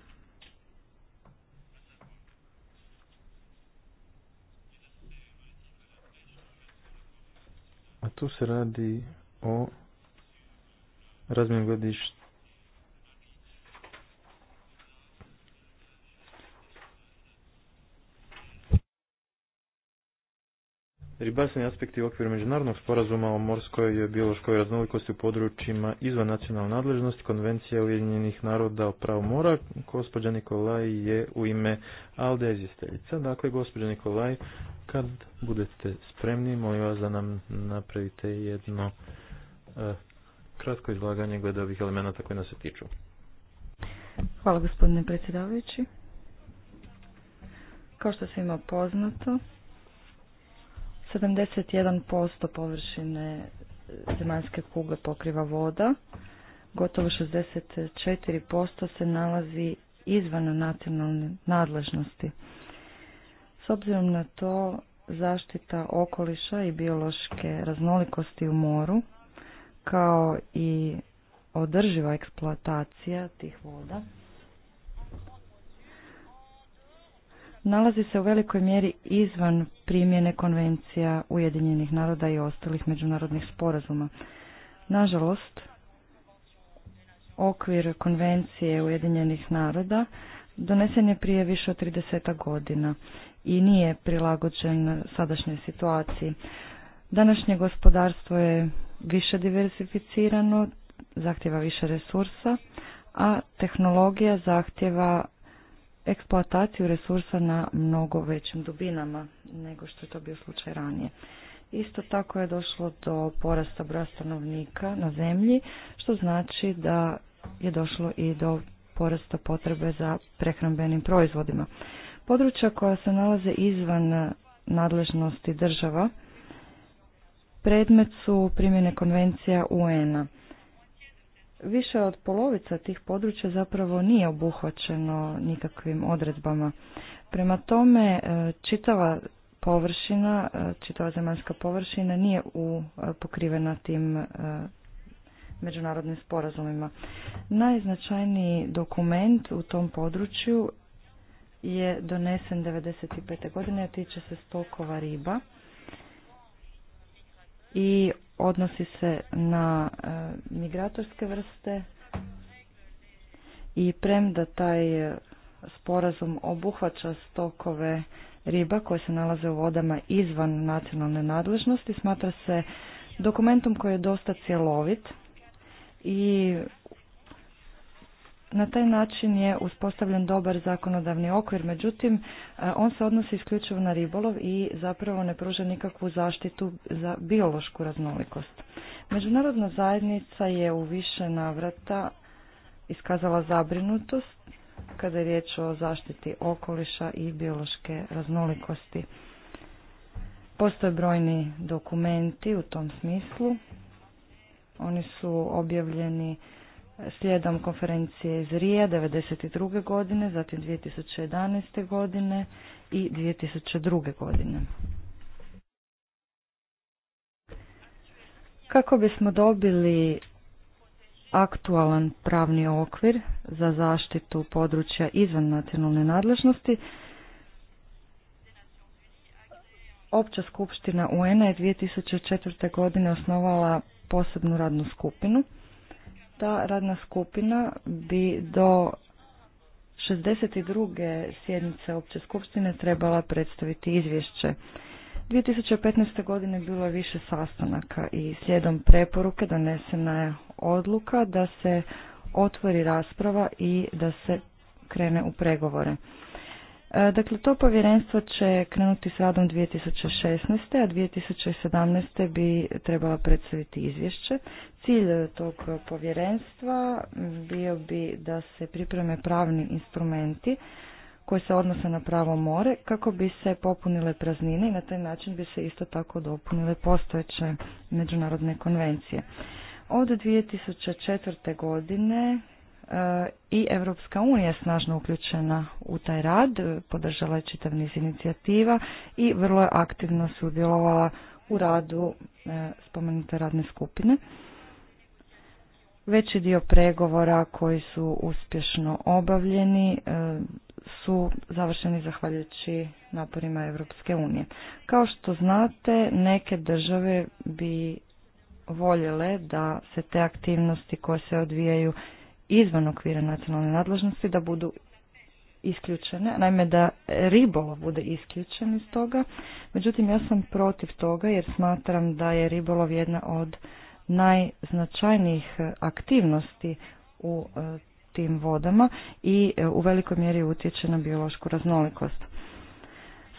Tu se radi o razmjeni gledišta Ribarstveni aspekti u okviru međunarodnog sporazuma o morskoj i biološkoj raznolikosti u područjima izvan nacionalne nadležnosti Konvencija Ujedinjenih naroda o pravu mora. Gospođa Nikolaj je u ime Alde izvjestiteljica. Dakle, gospođa Nikolaj, kad budete spremni, molim vas da nam napravite jedno eh, kratko izlaganje glede ovih elemenata koji nas se tiču. Hvala gospodine predsjedavajući. Kao što se ima poznato, 71% površine e, zemaljske kugle pokriva voda, gotovo 64% se nalazi izvan nacionalne nadležnosti. S obzirom na to, zaštita okoliša i biološke raznolikosti u moru, kao i održiva eksploatacija tih voda, nalazi se u velikoj mjeri izvan primjene konvencija Ujedinjenih naroda i ostalih međunarodnih sporazuma. Nažalost, okvir konvencije Ujedinjenih naroda donesen je prije više od 30 godina i nije prilagođen sadašnjoj situaciji. Današnje gospodarstvo je više diversificirano, zahtjeva više resursa, a tehnologija zahtjeva eksploataciju resursa na mnogo većim dubinama nego što je to bio slučaj ranije. Isto tako je došlo do porasta broja stanovnika na zemlji, što znači da je došlo i do porasta potrebe za prehrambenim proizvodima. Područja koja se nalaze izvan nadležnosti država predmet su primjene konvencija UN-a više od polovica tih područja zapravo nije obuhvaćeno nikakvim odredbama. Prema tome, e, čitava površina, e, čitava zemaljska površina nije u, e, pokrivena tim međunarodnim sporazumima. Najznačajniji dokument u tom području je donesen 95. godine, tiče se stokova riba i odnosi se na e, migratorske vrste i premda taj e, sporazum obuhvaća stokove riba koje se nalaze u vodama izvan nacionalne nadležnosti smatra se dokumentom koji je dosta cjelovit i na taj način je uspostavljen dobar zakonodavni okvir, međutim, e, on se odnosi isključivo na ribolov i zapravo ne pruža nikakvu zaštitu za biološku raznolikost. Međunarodna zajednica je u više navrata iskazala zabrinutost kada je riječ o zaštiti okoliša i biološke raznolikosti. Postoje brojni dokumenti u tom smislu. Oni su objavljeni slijedom konferencije iz Rija 1992. godine, zatim 2011. godine i 2002. godine. Kako bismo dobili aktualan pravni okvir za zaštitu područja izvan nacionalne nadležnosti, Opća skupština UN-a je 2004. godine osnovala posebnu radnu skupinu ta radna skupina bi do 62. sjednice opće skupštine trebala predstaviti izvješće. 2015. godine bilo je više sastanaka i slijedom preporuke donesena je odluka da se otvori rasprava i da se krene u pregovore. E, dakle, to povjerenstvo će krenuti s radom 2016. a 2017. bi trebala predstaviti izvješće. Cilj tog povjerenstva bio bi da se pripreme pravni instrumenti koji se odnose na pravo more kako bi se popunile praznine i na taj način bi se isto tako dopunile postojeće međunarodne konvencije. Od 2004. godine i Europska unija je snažno uključena u taj rad, podržala je čitav niz inicijativa i vrlo je aktivno sudjelovala u radu e, spomenute radne skupine. Veći dio pregovora koji su uspješno obavljeni e, su završeni zahvaljujući naporima Europske unije. Kao što znate, neke države bi voljele da se te aktivnosti koje se odvijaju izvan okvira nacionalne nadležnosti da budu isključene, naime da ribolov bude isključen iz toga. Međutim, ja sam protiv toga jer smatram da je ribolov jedna od najznačajnijih aktivnosti u e, tim vodama i e, u velikoj mjeri utječe na biološku raznolikost.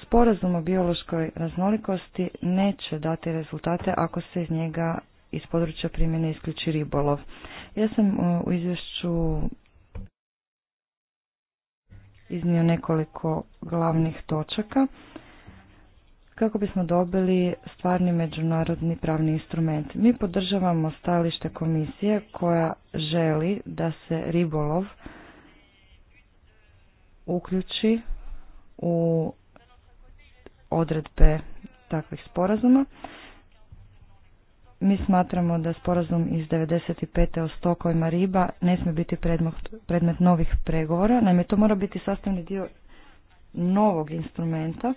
Sporazum o biološkoj raznolikosti neće dati rezultate ako se iz njega iz područja primjene isključi ribolov. Ja sam e, u izvješću iznio nekoliko glavnih točaka kako bismo dobili stvarni međunarodni pravni instrument. Mi podržavamo stajalište komisije koja želi da se ribolov uključi u odredbe takvih sporazuma. Mi smatramo da sporazum iz 95. o stokovima riba ne smije biti predmet novih pregovora, naime to mora biti sastavni dio novog instrumenta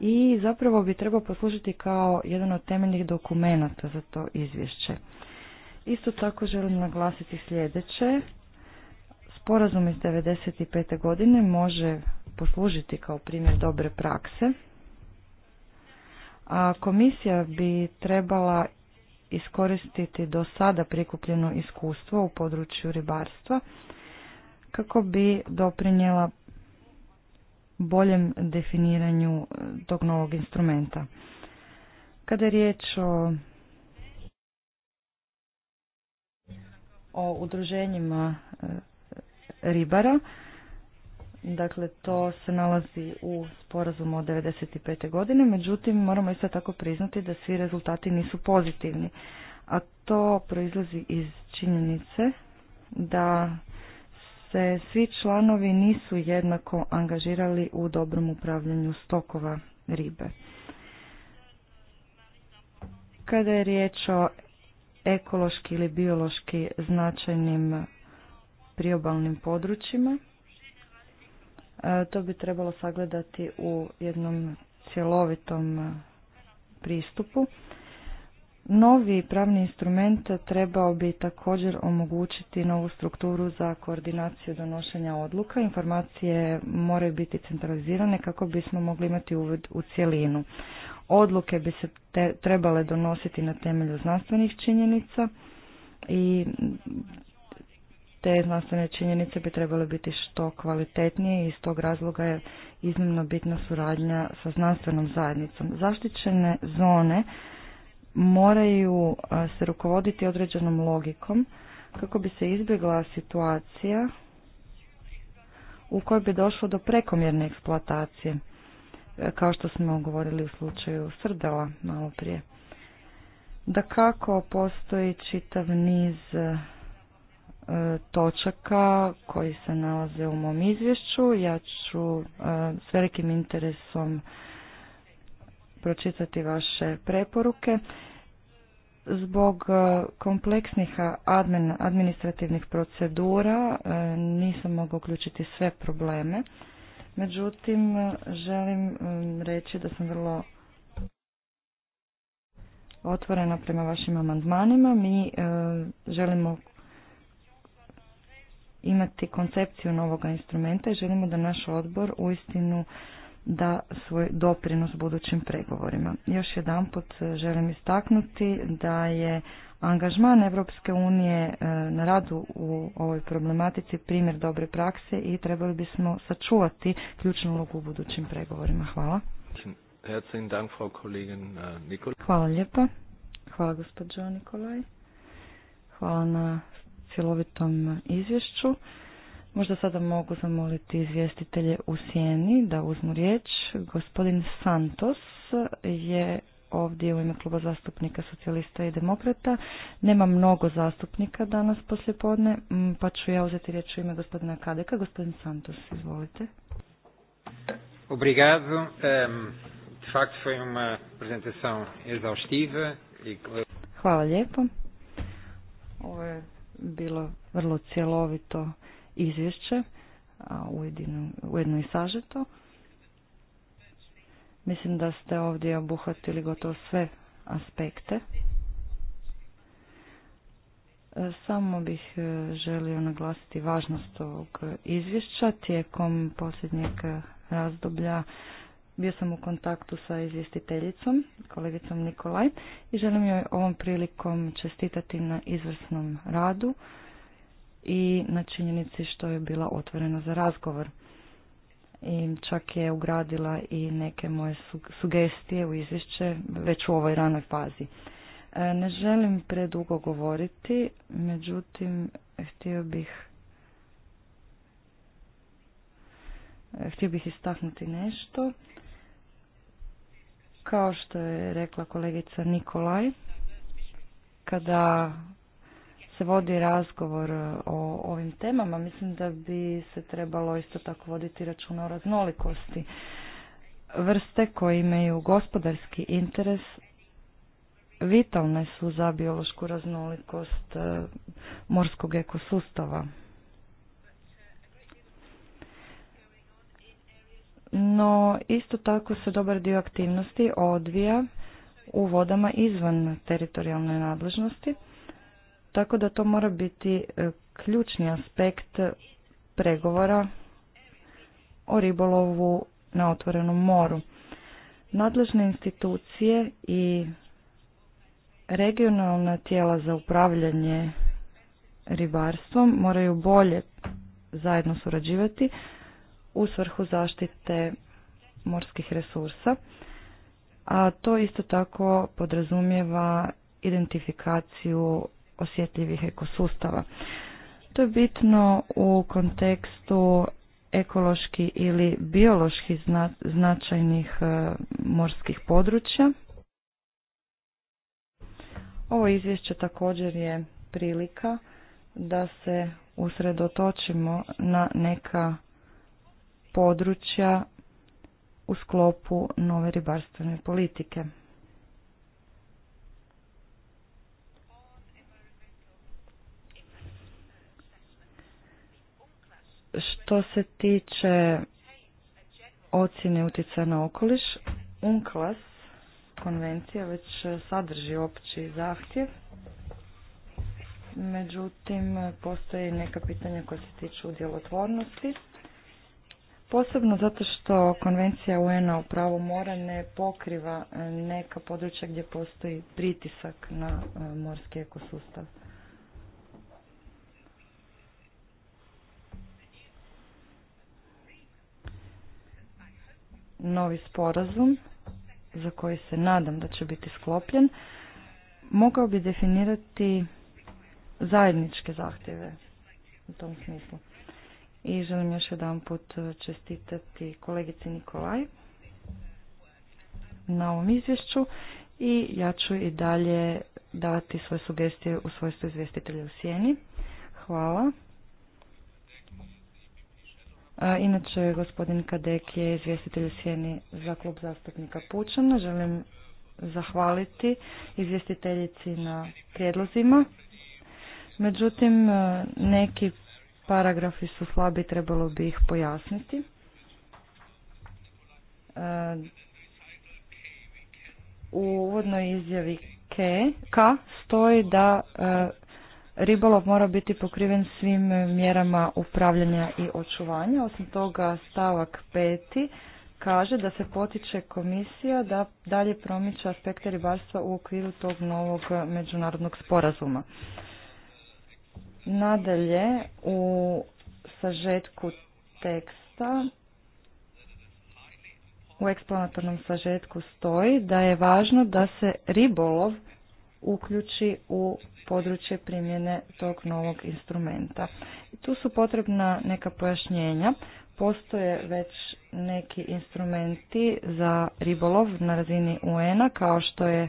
i zapravo bi trebao poslužiti kao jedan od temeljnih dokumenata za to izvješće. Isto tako želim naglasiti sljedeće. Sporazum iz 95. godine može poslužiti kao primjer dobre prakse a komisija bi trebala iskoristiti do sada prikupljeno iskustvo u području ribarstva kako bi doprinjela boljem definiranju e, tog novog instrumenta. Kada je riječ o, o udruženjima e, ribara, Dakle, to se nalazi u sporazumu od 1995. godine, međutim moramo isto tako priznati da svi rezultati nisu pozitivni. A to proizlazi iz činjenice da se svi članovi nisu jednako angažirali u dobrom upravljanju stokova ribe. Kada je riječ o ekološki ili biološki značajnim priobalnim područjima, E, to bi trebalo sagledati u jednom cjelovitom e, pristupu. Novi pravni instrument trebao bi također omogućiti novu strukturu za koordinaciju donošenja odluka. Informacije moraju biti centralizirane kako bismo mogli imati uvid u cjelinu. Odluke bi se trebale donositi na temelju znanstvenih činjenica i te znanstvene činjenice bi trebale biti što kvalitetnije i iz tog razloga je iznimno bitna suradnja sa znanstvenom zajednicom. Zaštićene zone moraju se rukovoditi određenom logikom kako bi se izbjegla situacija u kojoj bi došlo do prekomjerne eksploatacije, e, kao što smo govorili u slučaju srdela malo prije. Da kako postoji čitav niz e, E, točaka koji se nalaze u mom izvješću. Ja ću e, s velikim interesom pročitati vaše preporuke. Zbog e, kompleksnih administrativnih procedura nisam mogla uključiti sve probleme. Međutim, želim reći da sam vrlo otvorena prema vašim amandmanima. Mi želimo imati koncepciju novog instrumenta i želimo da naš odbor uistinu da svoj doprinos budućim pregovorima. Još jedanput e, želim istaknuti da je angažman Europske unije e, na radu u ovoj problematici primjer dobre prakse i trebali bismo sačuvati ključnu ulogu u budućim pregovorima. Hvala. Äh, Hvala lijepa. Hvala gospođo Nikolaj. Hvala na cjelovitom izvješću. Možda sada mogu zamoliti izvjestitelje u sjeni da uzmu riječ. Gospodin Santos je ovdje u ime kluba zastupnika socijalista i demokrata. Nema mnogo zastupnika danas podne, pa ću ja uzeti riječ u ime gospodina Kadeka. Gospodin Santos, izvolite. Obrigado. de facto foi uma apresentação exaustiva. E Hvala lijepo. Ovo je bilo vrlo cjelovito izvješće, a u ujedno i sažeto. Mislim da ste ovdje obuhvatili gotovo sve aspekte. Samo bih e, želio naglasiti važnost ovog izvješća. Tijekom posljednjeg razdoblja bio sam u kontaktu sa izvjestiteljicom, kolegicom Nikolaj, i želim joj ovom prilikom čestitati na izvrsnom radu i na činjenici što je bila otvorena za razgovor. I čak je ugradila i neke moje sugestije u izvješće već u ovoj ranoj fazi. E, ne želim predugo govoriti, međutim, htio bih htio bih istaknuti nešto. Kao što je rekla kolegica Nikolaj, kada se vodi razgovor o ovim temama, mislim da bi se trebalo isto tako voditi računa o raznolikosti. Vrste koje imaju gospodarski interes vitalne su za biološku raznolikost eh, morskog ekosustava. no isto tako se dobar dio aktivnosti odvija u vodama izvan teritorijalne nadležnosti, tako da to mora biti e, ključni aspekt pregovora o ribolovu na otvorenom moru. Nadležne institucije i regionalna tijela za upravljanje ribarstvom moraju bolje zajedno surađivati u svrhu zaštite morskih resursa, a to isto tako podrazumijeva identifikaciju osjetljivih ekosustava. To je bitno u kontekstu ekološki ili biološki značajnih e, morskih područja. Ovo izvješće također je prilika da se usredotočimo na neka područja u sklopu nove ribarstvene politike. Što se tiče ocjene utjecaja na okoliš, UNCLAS konvencija već sadrži opći zahtjev. Međutim, postoje neka pitanja koja se tiču djelotvornosti posebno zato što konvencija UN-a o pravu mora ne pokriva e, neka područja gdje postoji pritisak na e, morski ekosustav. Novi sporazum za koji se nadam da će biti sklopljen mogao bi definirati zajedničke zahtjeve u tom smislu i želim još jedan put e, čestitati kolegici Nikolaj na ovom izvješću i ja ću i dalje dati svoje sugestije u svojstvu izvjestitelja u Sjeni. Hvala. Inače, gospodin Kadek je izvjestitelj u Sjeni za klub zastupnika Pučana. Želim zahvaliti izvjestiteljici na prijedlozima. Međutim, e, neki paragrafi su slabi, trebalo bi ih pojasniti. E, u uvodnoj izjavi K, stoji da e, ribolov mora biti pokriven svim mjerama upravljanja i očuvanja. Osim toga stavak peti kaže da se potiče komisija da dalje promiče aspekte ribarstva u okviru tog novog međunarodnog sporazuma. Nadalje, u sažetku teksta, u eksplanatornom sažetku stoji da je važno da se ribolov uključi u područje primjene tog novog instrumenta. Tu su potrebna neka pojašnjenja. Postoje već neki instrumenti za ribolov na razini UN-a kao što je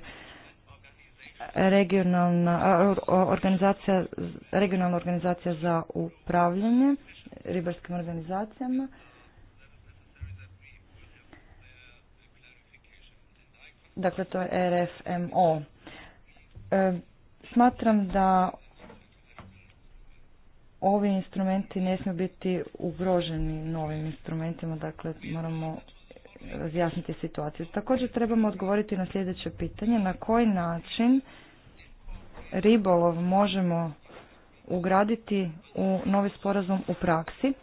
regionalna organizacija, regionalna organizacija za upravljanje ribarskim organizacijama. Dakle, to je RFMO. E, smatram da ovi instrumenti ne smiju biti ugroženi novim instrumentima, dakle moramo razjasniti situaciju. Također trebamo odgovoriti na sljedeće pitanje, na koji način ribolov možemo ugraditi u novi sporazum u praksi,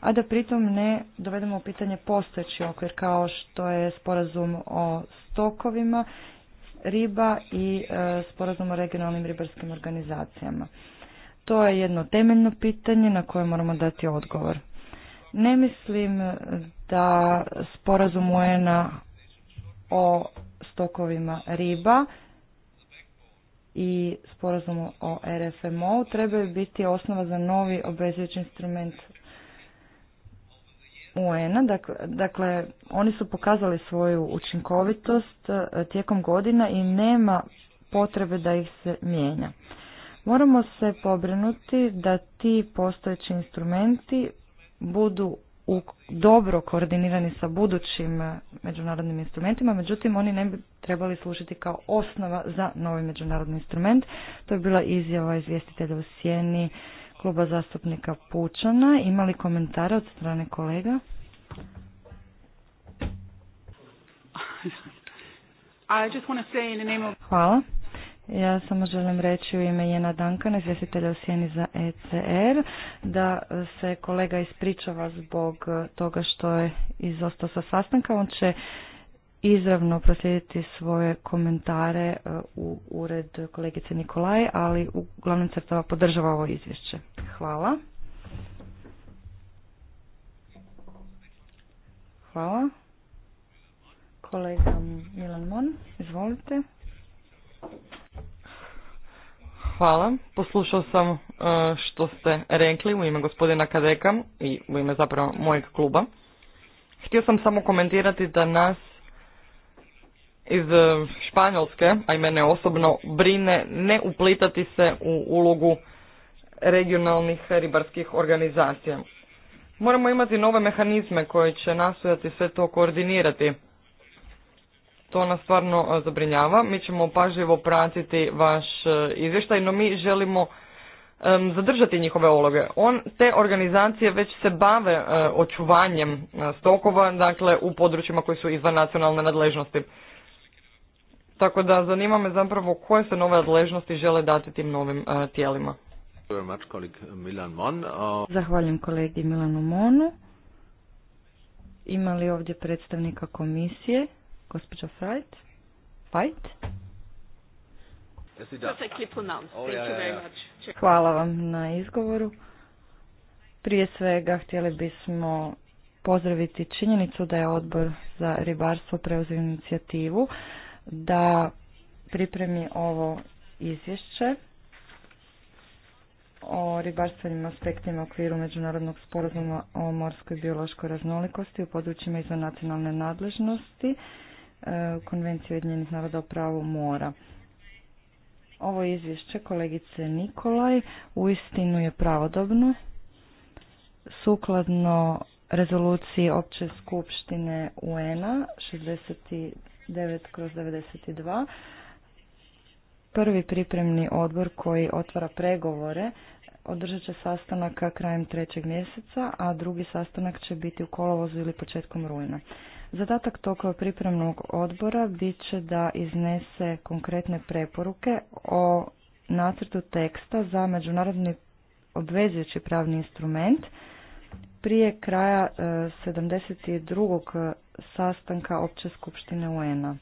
a da pritom ne dovedemo u pitanje postojeći okvir kao što je sporazum o stokovima riba i e, sporazum o regionalnim ribarskim organizacijama. To je jedno temeljno pitanje na koje moramo dati odgovor. Ne mislim da sporazum UN-a o stokovima riba i sporazumu o RFMO trebaju biti osnova za novi obvezujući instrument UN-a. Dakle, dakle, oni su pokazali svoju učinkovitost e, tijekom godina i nema potrebe da ih se mijenja. Moramo se pobrinuti da ti postojeći instrumenti budu u, dobro koordinirani sa budućim međunarodnim instrumentima, međutim oni ne bi trebali služiti kao osnova za novi međunarodni instrument. To je bila izjava izvjestitelja u sjeni kluba zastupnika Pučana. Imali komentare od strane kolega? Hvala. Ja samo želim reći u ime Jena Danka, izvjestitelja u sjeni za ECR, da se kolega ispričava zbog toga što je izostao sa sastanka. On će izravno proslijediti svoje komentare e, u ured kolegice Nikolaje, ali uglavnom crtava podržava ovo izvješće. Hvala. Hvala. Kolega Milan Mon, izvolite. Hvala. Poslušao sam e, što ste rekli u ime gospodina Kadeka i u ime zapravo mojeg kluba. Htio sam samo komentirati da nas iz e, Španjolske, a i mene osobno, brine ne uplitati se u ulogu regionalnih ribarskih organizacija. Moramo imati nove mehanizme koje će nastojati sve to koordinirati to nas stvarno e, zabrinjava. Mi ćemo pažljivo pratiti vaš e, izvještaj, no mi želimo zadržati njihove uloge. On, te organizacije već se bave e, očuvanjem stokova, dakle u područjima koji su izvan nacionalne nadležnosti. Tako da zanima me zapravo koje se nove nadležnosti žele dati tim novim tijelima. Zahvaljujem kolegi Milanu Monu. Ima li ovdje predstavnika komisije? Gospođa Fajt. Fajt? Oh, Hvala vam na izgovoru. Prije svega htjeli bismo pozdraviti činjenicu da je odbor za ribarstvo preuzeo inicijativu da pripremi ovo izvješće o ribarstvenim aspektima u okviru Međunarodnog sporazuma o morskoj biološkoj raznolikosti u područjima izvan nacionalne nadležnosti Eh, Konvenciju Jedinjenih naroda o pravu mora. Ovo izvješće kolegice Nikolaj uistinu je pravodobno sukladno rezoluciji Opće skupštine UN-a 69 kroz 92 prvi pripremni odbor koji otvara pregovore održat će sastanaka krajem trećeg mjeseca, a drugi sastanak će biti u kolovozu ili početkom rujna. Zadatak tog pripremnog odbora bit će da iznese konkretne preporuke o nacrtu teksta za međunarodni obvezujući pravni instrument prije kraja 72. E, sastanka Opće skupštine UN-a.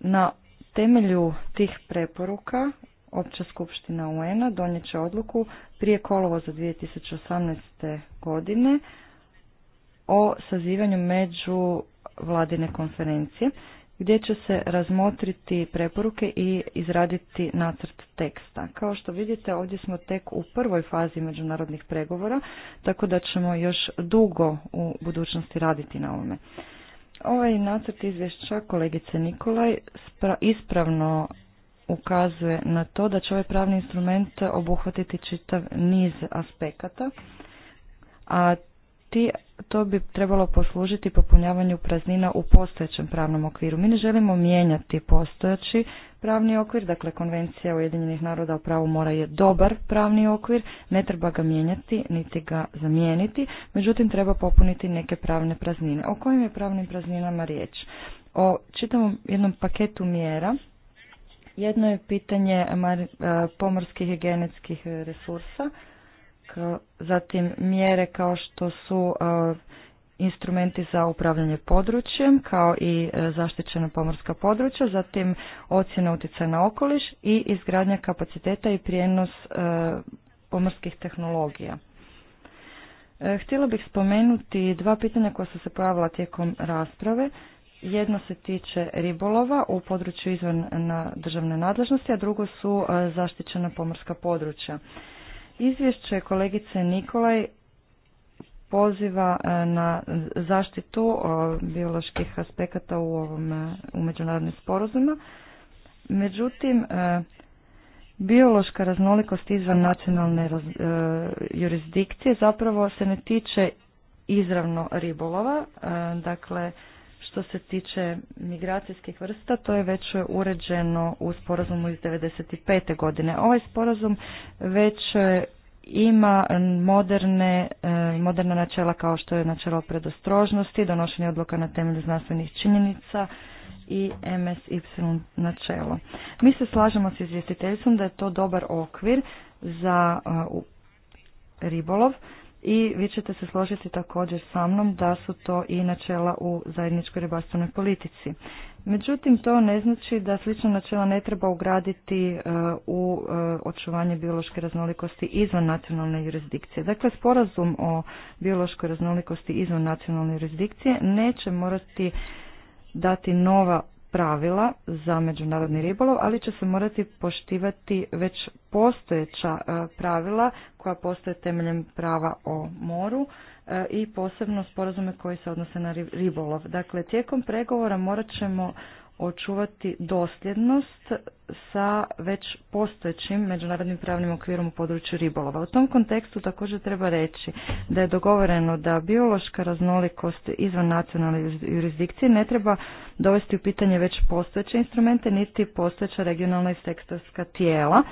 Na temelju tih preporuka Opća skupština UN-a donijet odluku prije kolovo za 2018. godine o sazivanju među vladine konferencije gdje će se razmotriti preporuke i izraditi nacrt teksta. Kao što vidite ovdje smo tek u prvoj fazi međunarodnih pregovora, tako da ćemo još dugo u budućnosti raditi na ovome. Ovaj nacrt izvješća kolegice Nikolaj ispravno ukazuje na to da će ovaj pravni instrument obuhvatiti čitav niz aspekata, a ti to bi trebalo poslužiti popunjavanju praznina u postojećem pravnom okviru. Mi ne želimo mijenjati postojeći pravni okvir, dakle Konvencija Ujedinjenih naroda o pravu mora je dobar pravni okvir, ne treba ga mijenjati niti ga zamijeniti, međutim treba popuniti neke pravne praznine. O kojim je pravnim prazninama riječ? O čitavom jednom paketu mjera, jedno je pitanje e, pomorskih i genetskih resursa, E, zatim mjere kao što su e, instrumenti za upravljanje područjem kao i e, zaštićena pomorska područja, zatim ocjena utjecaja na okoliš i izgradnja kapaciteta i prijenos pomorskih tehnologija. Htjela bih spomenuti dva pitanja koja su se pojavila tijekom rasprave. Jedno se tiče ribolova u području izvan na državne nadležnosti, a drugo su zaštićena pomorska područja. Izvješće kolegice Nikolaj poziva e, na zaštitu e, bioloških aspekata u, ovom, e, međunarodnim sporazuma. Međutim, biološka raznolikost izvan nacionalne jurisdikcije zapravo se ne tiče izravno ribolova, dakle što se tiče migracijskih vrsta, to je već uređeno u sporazumu iz 1995. godine. Ovaj sporazum već e, ima moderne, e, moderna načela kao što je načelo predostrožnosti, donošenje odluka na temelju znanstvenih činjenica i MSY načelo. Mi se slažemo s izvjestiteljstvom da je to dobar okvir za e, ribolov i vi ćete se složiti također sa mnom da su to i načela u zajedničkoj ribarstvenoj politici. Međutim, to ne znači da slična načela ne treba ugraditi e, u e, očuvanje biološke raznolikosti izvan nacionalne jurisdikcije. Dakle, sporazum o biološkoj raznolikosti izvan nacionalne jurisdikcije neće morati dati nova pravila za međunarodni ribolov, ali će se morati poštivati već postojeća e, pravila koja postoje temeljem prava o moru e, i posebno sporazume koji se odnose na ribolov. Dakle, tijekom pregovora morat ćemo očuvati dosljednost sa već postojećim međunarodnim pravnim okvirom u području ribolova. U tom kontekstu također treba reći da je dogovoreno da biološka raznolikost izvan nacionalne jurisdikcije ne treba dovesti u pitanje već postojeće instrumente niti postojeća regionalna i sektorska tijela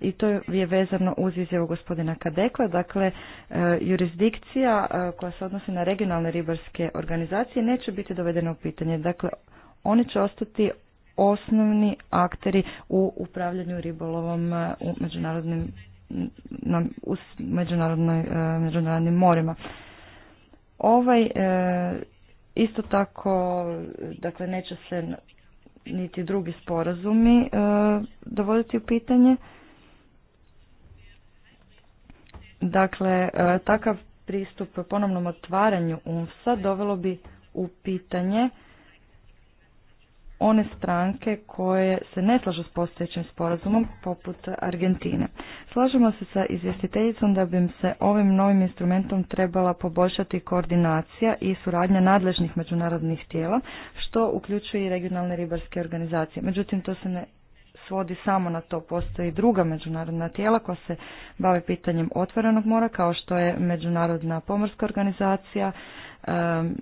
i to je vezano uz izjavu gospodina Kadekla. Dakle, e, jurisdikcija e, koja se odnosi na regionalne ribarske organizacije neće biti dovedena u pitanje. Dakle, oni će ostati osnovni akteri u upravljanju ribolovom e, u međunarodnim na, u međunarodnoj, e, međunarodnim morima. Ovaj e, isto tako, dakle neće se niti drugi sporazumi dovoditi u pitanje. Dakle, takav pristup ponovnom otvaranju UNFSA dovelo bi u pitanje one stranke koje se ne slažu s postojećim sporazumom, poput Argentine. Slažemo se sa izvjestiteljicom da bi se ovim novim instrumentom trebala poboljšati koordinacija i suradnja nadležnih međunarodnih tijela, što uključuje i regionalne ribarske organizacije. Međutim, to se ne svodi samo na to. Postoji druga međunarodna tijela koja se bave pitanjem otvorenog mora, kao što je Međunarodna pomorska organizacija, e,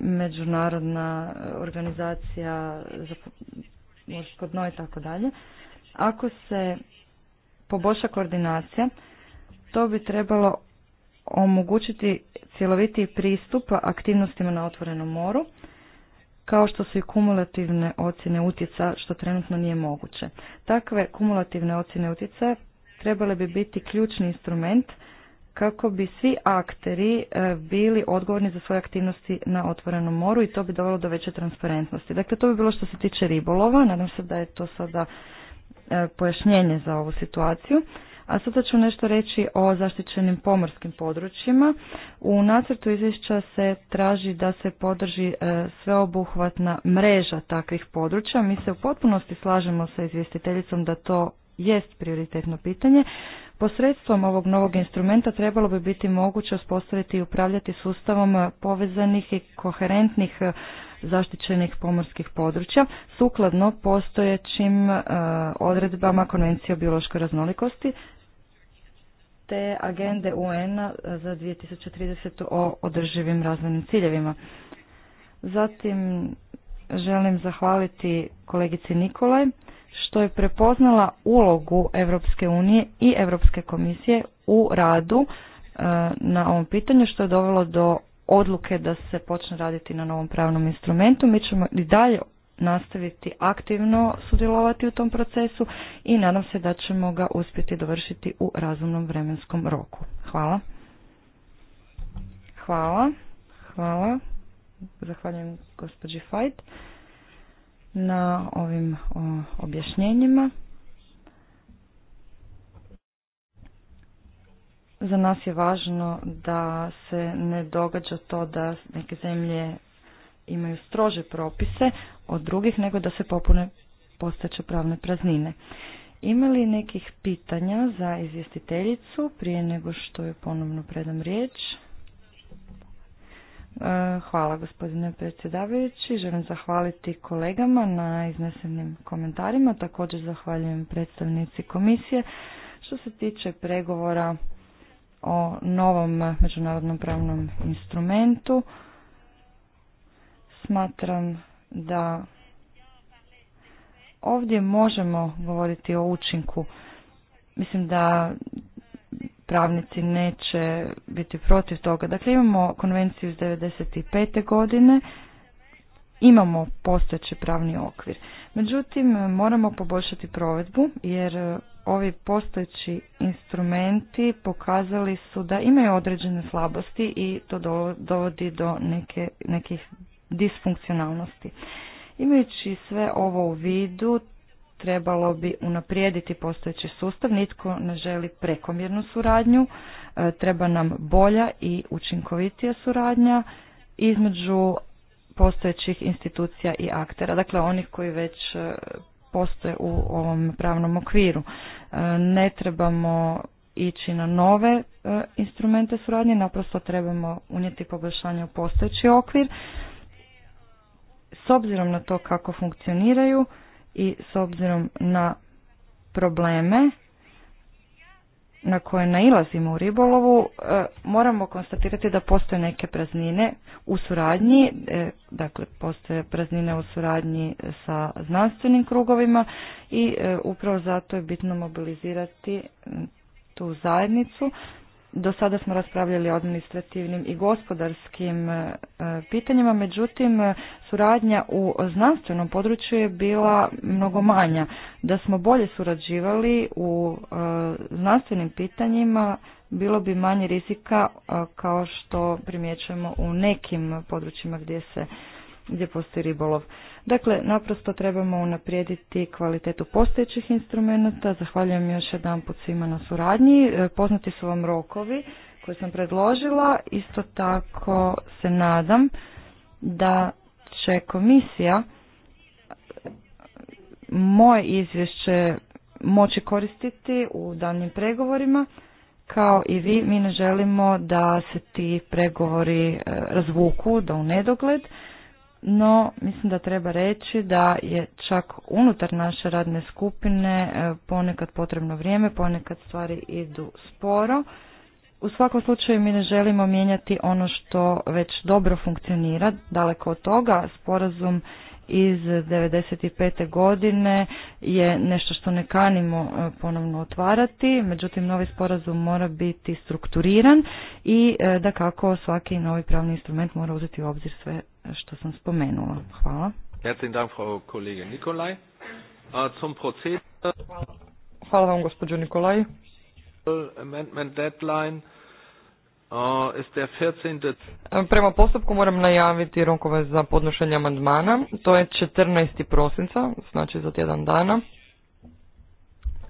Međunarodna organizacija za morsko dno i tako dalje. Ako se poboljša koordinacija, to bi trebalo omogućiti cjelovitiji pristup aktivnostima na otvorenom moru, kao što su i kumulativne ocjene utjeca, što trenutno nije moguće. Takve kumulativne ocjene utjecaja trebale bi biti ključni instrument kako bi svi akteri e, bili odgovorni za svoje aktivnosti na otvorenom moru i to bi dovelo do veće transparentnosti. Dakle, to bi bilo što se tiče ribolova, nadam se da je to sada e, pojašnjenje za ovu situaciju. A sada ću nešto reći o zaštićenim pomorskim područjima. U nacrtu izvješća se traži da se podrži e, sveobuhvatna mreža takvih područja. Mi se u potpunosti slažemo sa izvjestiteljicom da to jest prioritetno pitanje. Posredstvom ovog novog instrumenta trebalo bi biti moguće uspostaviti i upravljati sustavom e, povezanih i koherentnih e, zaštićenih pomorskih područja sukladno postojećim odredbama Konvencije o biološkoj raznolikosti te agende UN-a za 2030. o održivim razvojnim ciljevima. Zatim želim zahvaliti kolegici Nikolaj što je prepoznala ulogu Europske unije i Europske komisije u radu e, na ovom pitanju što je dovelo do odluke da se počne raditi na novom pravnom instrumentu. Mi ćemo i dalje nastaviti aktivno sudjelovati u tom procesu i nadam se da ćemo ga uspjeti dovršiti u razumnom vremenskom roku. Hvala. Hvala. Hvala. Zahvaljujem gospođi Fajt na ovim objašnjenjima. Za nas je važno da se ne događa to da neke zemlje imaju strože propise od drugih nego da se popune postojeće pravne praznine. Ima li nekih pitanja za izvjestiteljicu prije nego što je ponovno predam riječ? E, hvala gospodine predsjedavajući. Želim zahvaliti kolegama na iznesenim komentarima. Također zahvaljujem predstavnici komisije. Što se tiče pregovora o novom međunarodnom pravnom instrumentu, Smatram da ovdje možemo govoriti o učinku. Mislim da pravnici neće biti protiv toga. Dakle, imamo konvenciju iz 1995. godine, imamo postojeći pravni okvir. Međutim, moramo poboljšati provedbu jer ovi postojeći instrumenti pokazali su da imaju određene slabosti i to dovodi do neke, nekih disfunkcionalnosti. Imajući sve ovo u vidu, trebalo bi unaprijediti postojeći sustav, nitko ne želi prekomjernu suradnju, e, treba nam bolja i učinkovitija suradnja između postojećih institucija i aktera, dakle onih koji već e, postoje u ovom pravnom okviru. E, ne trebamo ići na nove instrumente suradnje, naprosto trebamo unijeti poboljšanje u postojeći okvir. S obzirom na to kako funkcioniraju i s obzirom na probleme na koje nailazimo u ribolovu, e, moramo konstatirati da postoje neke praznine u suradnji, e, dakle postoje praznine u suradnji sa znanstvenim krugovima i e, upravo zato je bitno mobilizirati tu zajednicu do sada smo raspravljali o administrativnim i gospodarskim e, pitanjima, međutim e, suradnja u znanstvenom području je bila mnogo manja. Da smo bolje surađivali u e, znanstvenim pitanjima bilo bi manje rizika kao što primjećujemo u nekim područjima gdje se gdje postoji ribolov. Dakle, naprosto trebamo unaprijediti kvalitetu postojećih instrumenta. Zahvaljujem još jedan put svima na suradnji. E, poznati su vam rokovi koje sam predložila. Isto tako se nadam da će komisija e, moje izvješće moći koristiti u daljnjim pregovorima. Kao i vi, mi ne želimo da se ti pregovori e, razvuku, da u nedogled no mislim da treba reći da je čak unutar naše radne skupine e, ponekad potrebno vrijeme, ponekad stvari idu sporo. U svakom slučaju mi ne želimo mijenjati ono što već dobro funkcionira, daleko od toga sporazum iz 95. godine je nešto što ne kanimo e, ponovno otvarati, međutim novi sporazum mora biti strukturiran i e, da kako svaki novi pravni instrument mora uzeti u obzir sve što sam spomenula. Hvala. Äh, Hvala vam, gospođo Nikolaj. Äh, Prema postupku moram najaviti rokove za podnošenje amandmana. To je 14. prosinca, znači za tjedan dana.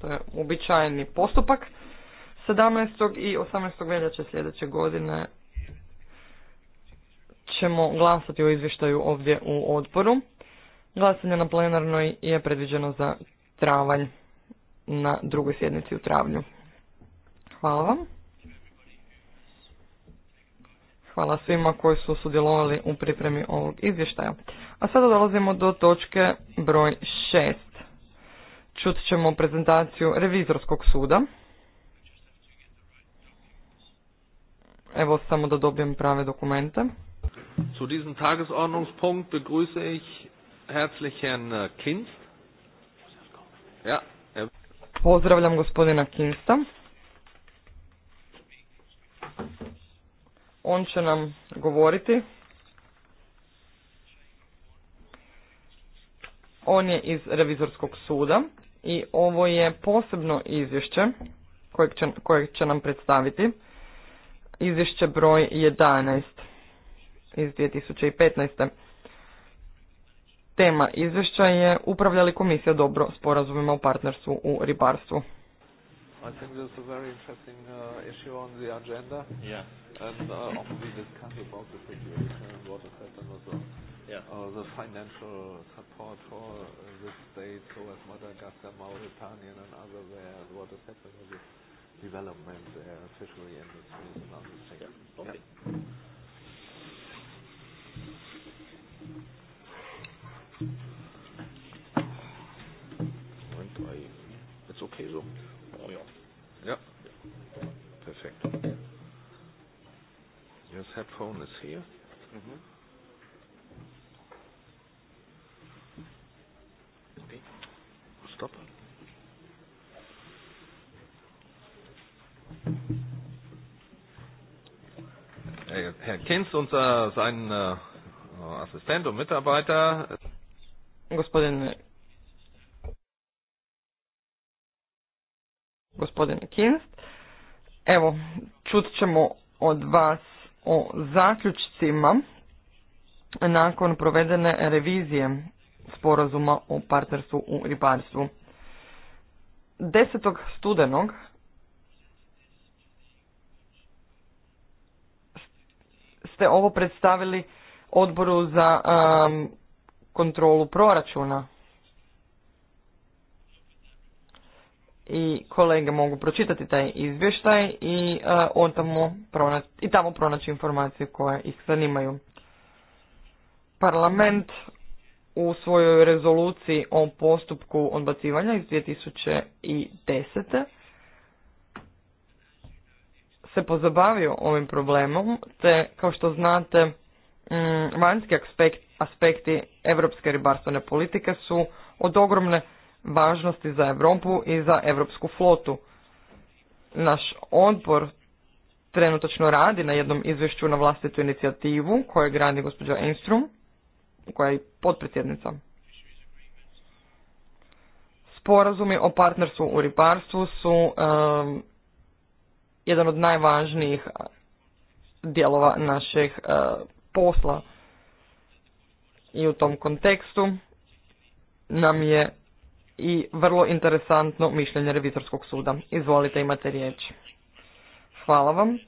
To je uobičajeni postupak. 17. i 18. veljače sljedeće godine ćemo glasati o izvještaju ovdje u odboru. Glasanje na plenarnoj je predviđeno za travanj na drugoj sjednici u travnju. Hvala vam. Hvala svima koji su sudjelovali u pripremi ovog izvještaja. A sada dolazimo do točke broj šest. Čut ćemo prezentaciju revizorskog suda. Evo samo da dobijem prave dokumente. Zu diesem Tagesordnungspunkt begrüße ich herzlich Herrn äh, Kinst. Ja. Er Pozdravljam gospodina Kinsta. On će nam govoriti. On je iz Revizorskog suda i ovo je posebno izvješće kojeg će, kojeg će nam predstaviti. Izvješće broj 11 iz 2015. Tema izvješća je upravljali komisija dobro sporazumima o partnerstvu u ribarstvu. I think that's a very interesting uh, issue on the agenda. Yeah. And uh, we discuss about the situation and what has happened also. Yeah. Uh, the financial support for uh, the state, so as Madagascar, Mauritanian and other where and what is happened with development, there, uh, fishery industries and other things. Yeah. Okay. Yeah. Ist okay so? Oh ja. Ja. Perfekt. Yes, headphone is here. Mhm. Stop. Äh, Herr Kinz, unser, sein äh, Assistent und Mitarbeiter. Gospodin gospodine Kinst. Evo, čut ćemo od vas o zaključcima nakon provedene revizije sporazuma o partnerstvu u ribarstvu. 10. studenog ste ovo predstavili odboru za um, kontrolu proračuna. i kolege mogu pročitati taj izvještaj i, e, on tamo pronaći, i tamo pronaći informacije koje ih zanimaju. Parlament u svojoj rezoluciji o postupku odbacivanja iz 2010. se pozabavio ovim problemom, te kao što znate mm, vanjski aspekt, aspekti europske ribarstvene politike su od ogromne važnosti za Europu i za europsku flotu. Naš odbor trenutačno radi na jednom izvješću na vlastitu inicijativu kojeg gradi gospođa Enstrom, koja je potpredsjednica. Sporazumi o partnerstvu u ribarstvu su um, jedan od najvažnijih dijelova našeg uh, posla i u tom kontekstu nam je i vrlo interesantno mišljenje revizorskog suda. Izvolite, imate riječ. Hvala vam.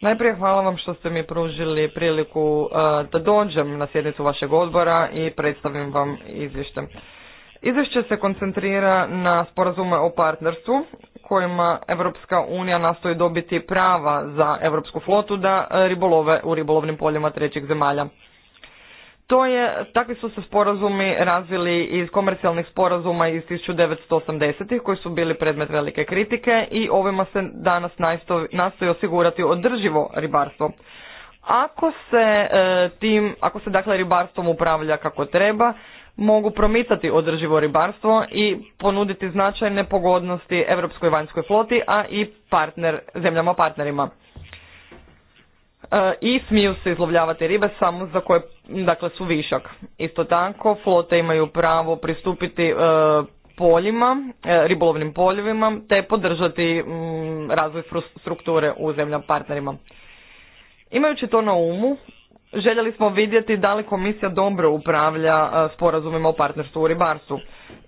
Najprije hvala vam što ste mi pružili priliku e, da dođem na sjednicu vašeg odbora i predstavim vam izvješte. Izvješće se koncentrira na sporazume o partnerstvu kojima Evropska unija nastoji dobiti prava za Evropsku flotu da ribolove u ribolovnim poljima trećeg zemalja. To je, takvi su se sporazumi razvili iz komercijalnih sporazuma iz 1980-ih koji su bili predmet velike kritike i ovima se danas nastoji osigurati održivo ribarstvo. Ako se e, tim, ako se dakle ribarstvom upravlja kako treba, mogu promicati održivo ribarstvo i ponuditi značajne pogodnosti europskoj vanjskoj floti, a i partner, zemljama partnerima. E, i smiju se izlovljavati ribe samo za koje dakle, su višak. Isto tako flote imaju pravo pristupiti e, poljima, e, ribolovnim poljevima te podržati mm, razvoj strukture u zemljama partnerima. Imajući to na umu, željeli smo vidjeti da li komisija dobro upravlja sporazumima o partnerstvu u ribarstvu.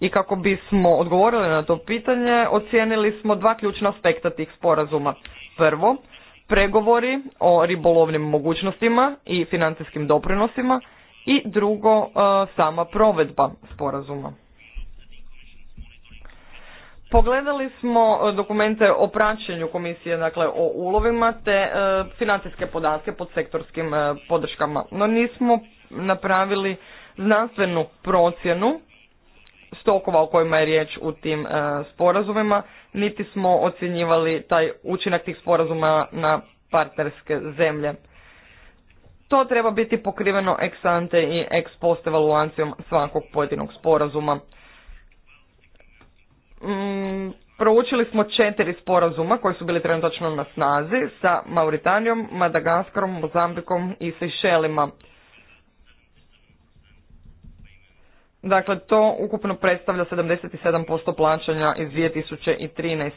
I kako bismo odgovorili na to pitanje, ocijenili smo dva ključna aspekta tih sporazuma. Prvo, pregovori o ribolovnim mogućnostima i financijskim doprinosima i drugo e, sama provedba sporazuma. Pogledali smo e, dokumente o praćenju komisije, dakle o ulovima, te e, financijske podatke pod sektorskim podrškama. No nismo napravili znanstvenu procjenu stokova o kojima je riječ u tim e, sporazumima, niti smo ocjenjivali taj učinak tih sporazuma na partnerske zemlje. To treba biti pokriveno ex ante i ex post svakog pojedinog sporazuma. Mm, proučili smo četiri sporazuma koji su bili trenutačno na snazi sa Mauritanijom, Madagaskarom, Mozambikom i Sejšelima. Dakle, to ukupno predstavlja 77% plaćanja iz 2013.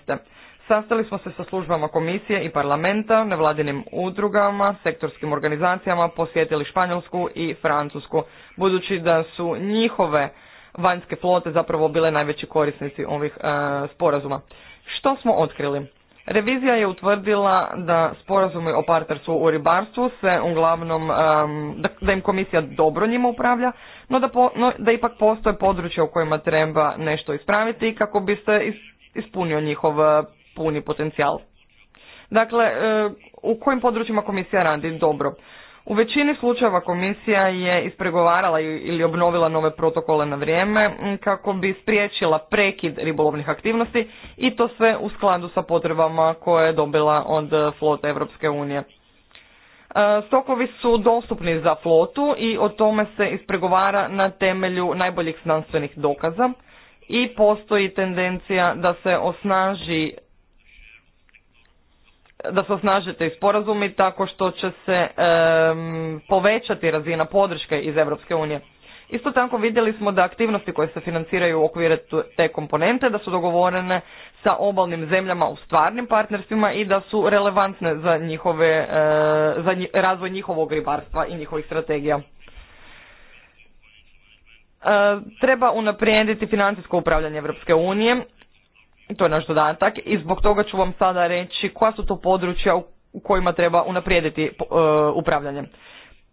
Sastali smo se sa službama komisije i parlamenta, nevladinim udrugama, sektorskim organizacijama, posjetili Španjolsku i Francusku, budući da su njihove vanjske flote zapravo bile najveći korisnici ovih e, sporazuma. Što smo otkrili? Revizija je utvrdila da sporazumi o partnerstvu u ribarstvu se uglavnom, da, im komisija dobro njima upravlja, no da, po, no da ipak postoje područja u kojima treba nešto ispraviti kako bi se ispunio njihov eh, puni potencijal. Dakle, eh, u kojim područjima komisija radi dobro? U većini slučajeva komisija je ispregovarala ili obnovila nove protokole na vrijeme kako bi spriječila prekid ribolovnih aktivnosti i to sve u skladu sa potrebama koje je dobila od e, flote Europske unije. E, stokovi su dostupni za flotu i o tome se ispregovara na temelju najboljih znanstvenih dokaza i postoji tendencija da se osnaži da se osnažite i sporazumi tako što će se povećati razina podrške iz Europske unije. Isto tako vidjeli smo da aktivnosti koje se financiraju u okvire te komponente da su dogovorene sa obalnim zemljama u stvarnim partnerstvima i da su relevantne za, njihove, e, za razvoj njihovog ribarstva i njihovih strategija. E, treba unaprijediti financijsko upravljanje Europske unije to je naš dodatak i zbog toga ću vam sada reći koja su to područja u kojima treba unaprijediti eh, upravljanje.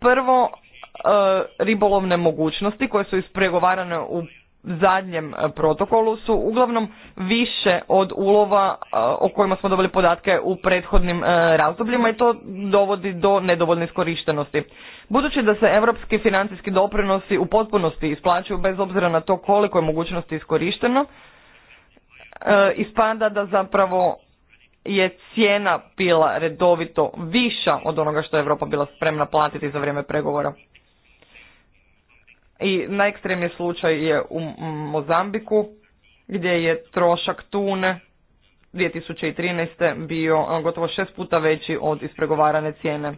Prvo, eh, ribolovne mogućnosti koje su ispregovarane u zadnjem eh, protokolu su uglavnom više od ulova o kojima smo dobili podatke u prethodnim razdobljima i to dovodi do nedovoljne iskorištenosti. Budući da se europski financijski doprinosi u potpunosti isplaćuju bez obzira na to koliko je mogućnosti iskorišteno, E, ispada da zapravo je cijena bila redovito viša od onoga što je Europa bila spremna platiti za vrijeme pregovora. I najekstremniji slučaj je u Mozambiku gdje je trošak tune 2013. bio gotovo šest puta veći od ispregovarane cijene.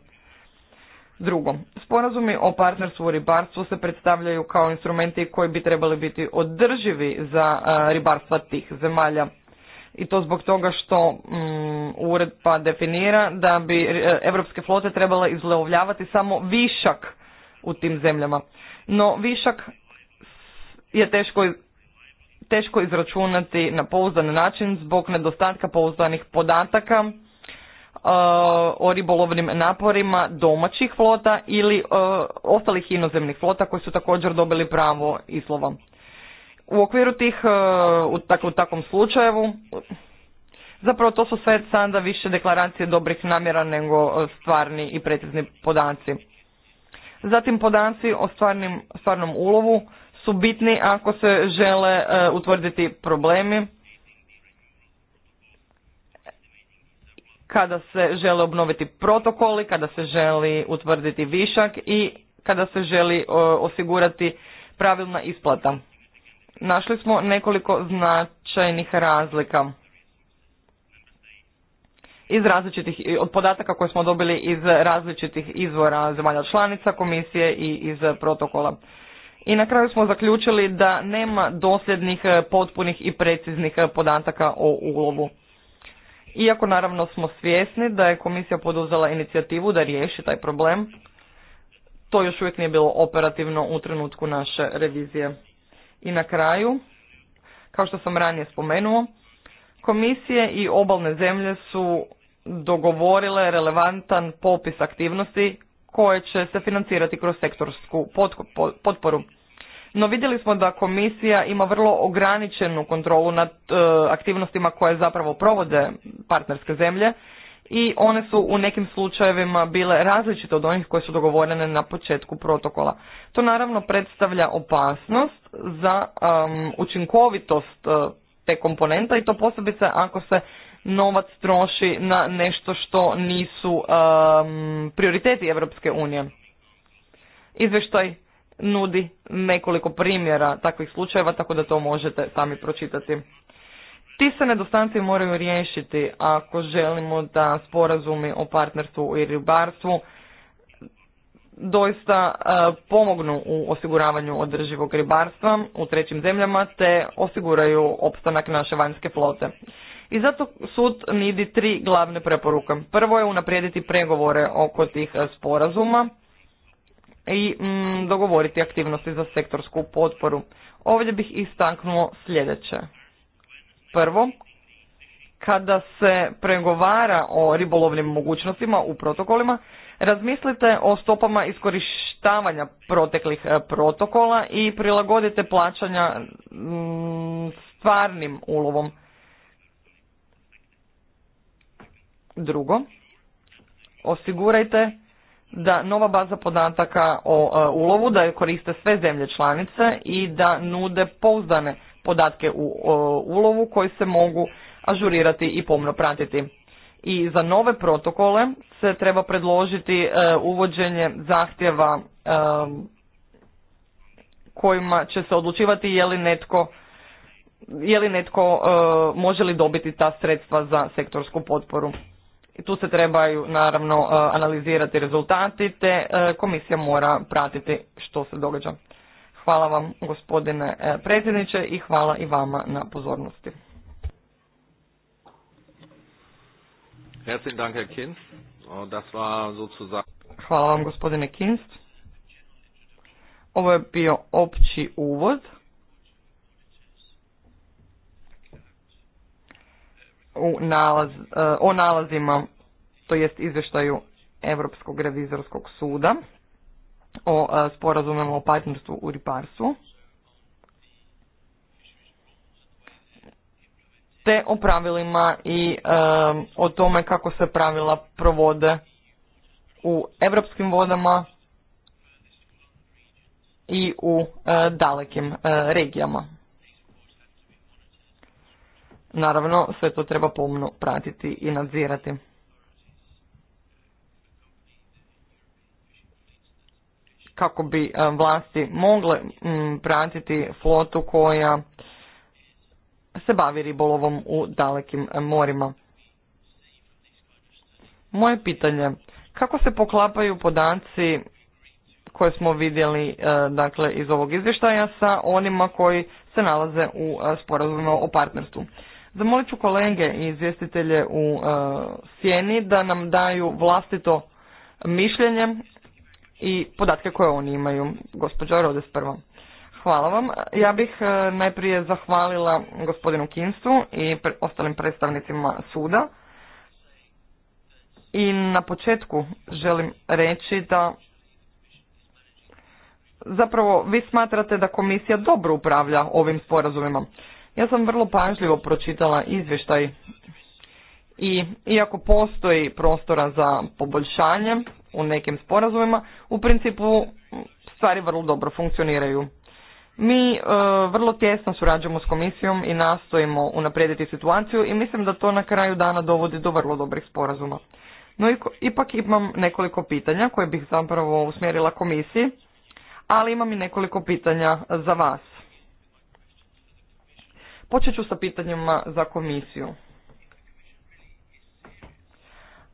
Drugo, sporazumi o partnerstvu u ribarstvu se predstavljaju kao instrumenti koji bi trebali biti održivi za e, ribarstva tih zemalja. I to zbog toga što mm, ured pa definira da bi e, evropske flote trebala izlovljavati samo višak u tim zemljama. No višak je teško, teško izračunati na pouzdan način zbog nedostatka pouzdanih podataka E, o ribolovnim naporima domaćih flota ili e, ostalih inozemnih flota koji su također dobili pravo izlova U okviru tih, e, u, takvom slučajevu, zapravo to su sve sada više deklaracije dobrih namjera nego stvarni i precizni podaci. Zatim podaci o stvarnom ulovu su bitni ako se žele utvrditi problemi kada se žele obnoviti protokoli, kada se želi utvrditi višak i kada se želi osigurati pravilna isplata. Našli smo nekoliko značajnih razlika iz različitih, od podataka koje smo dobili iz različitih izvora zemalja članica, komisije i iz protokola. I na kraju smo zaključili da nema dosljednih, potpunih i preciznih podataka o ulovu. Iako naravno smo svjesni da je komisija poduzela inicijativu da riješi taj problem, to još uvijek nije bilo operativno u trenutku naše revizije. I na kraju, kao što sam ranije spomenuo, komisije i obalne zemlje su dogovorile relevantan popis aktivnosti koje će se financirati kroz sektorsku potporu. No vidjeli smo da komisija ima vrlo ograničenu kontrolu nad e, aktivnostima koje zapravo provode partnerske zemlje i one su u nekim slučajevima bile različite od onih koje su dogovorene na početku protokola. To naravno predstavlja opasnost za učinkovitost e, te komponenta i to posebice ako se novac troši na nešto što nisu prioriteti Europske unije. Izveštaj nudi nekoliko primjera takvih slučajeva, tako da to možete sami pročitati. Ti se nedostanci moraju riješiti ako želimo da sporazumi o partnerstvu i ribarstvu doista e, pomognu u osiguravanju održivog ribarstva u trećim zemljama te osiguraju opstanak naše vanjske flote. I zato sud nidi tri glavne preporuke. Prvo je unaprijediti pregovore oko tih e, sporazuma i mm, dogovoriti aktivnosti za sektorsku potporu. Ovdje bih istaknuo sljedeće. Prvo, kada se pregovara o ribolovnim mogućnostima u protokolima, razmislite o stopama iskorištavanja proteklih e, protokola i prilagodite plaćanja mm, stvarnim ulovom. Drugo, osigurajte da nova baza podataka o e, ulovu da je koriste sve zemlje članice i da nude pouzdane podatke u ulovu koji se mogu ažurirati i pomno pratiti. I za nove protokole se treba predložiti e, uvođenje zahtjeva e, kojima će se odlučivati je li netko je li netko može li dobiti ta sredstva za sektorsku potporu. I tu se trebaju naravno e, analizirati rezultati te e, komisija mora pratiti što se događa. Hvala vam gospodine e, predsjedniče i hvala i vama na pozornosti. Oh, hvala vam gospodine Kinst. Ovo je bio opći uvod. u nalaz, e, o nalazima, to jest izvještaju Europskog revizorskog suda o e, sporazumu o partnerstvu u Riparsu te o pravilima i e, o tome kako se pravila provode u europskim vodama i u dalekim regijama. Naravno, sve to treba pomno pratiti i nadzirati. Kako bi e, vlasti mogle pratiti flotu koja se bavi ribolovom u dalekim e, morima. Moje pitanje, kako se poklapaju podaci koje smo vidjeli e, dakle, iz ovog izvještaja sa onima koji se nalaze u sporazumu o partnerstvu? Zamolit ću kolege i izvjestitelje u e, sjeni da nam daju vlastito mišljenje i podatke koje oni imaju. Gospođa Rodes prvo. Hvala vam. Ja bih e, najprije zahvalila gospodinu Kinstu i ostalim predstavnicima suda. I na početku želim reći da zapravo vi smatrate da komisija dobro upravlja ovim sporazumima. Ja sam vrlo pažljivo pročitala izvještaj i iako postoji prostora za poboljšanje u nekim sporazumima, u principu stvari vrlo dobro funkcioniraju. Mi e, vrlo tjesno surađujemo s komisijom i nastojimo unaprijediti situaciju i mislim da to na kraju dana dovodi do vrlo dobrih sporazuma. No ipak imam nekoliko pitanja koje bih zapravo usmjerila komisiji, ali imam i nekoliko pitanja za vas. Počet ću sa pitanjima za komisiju.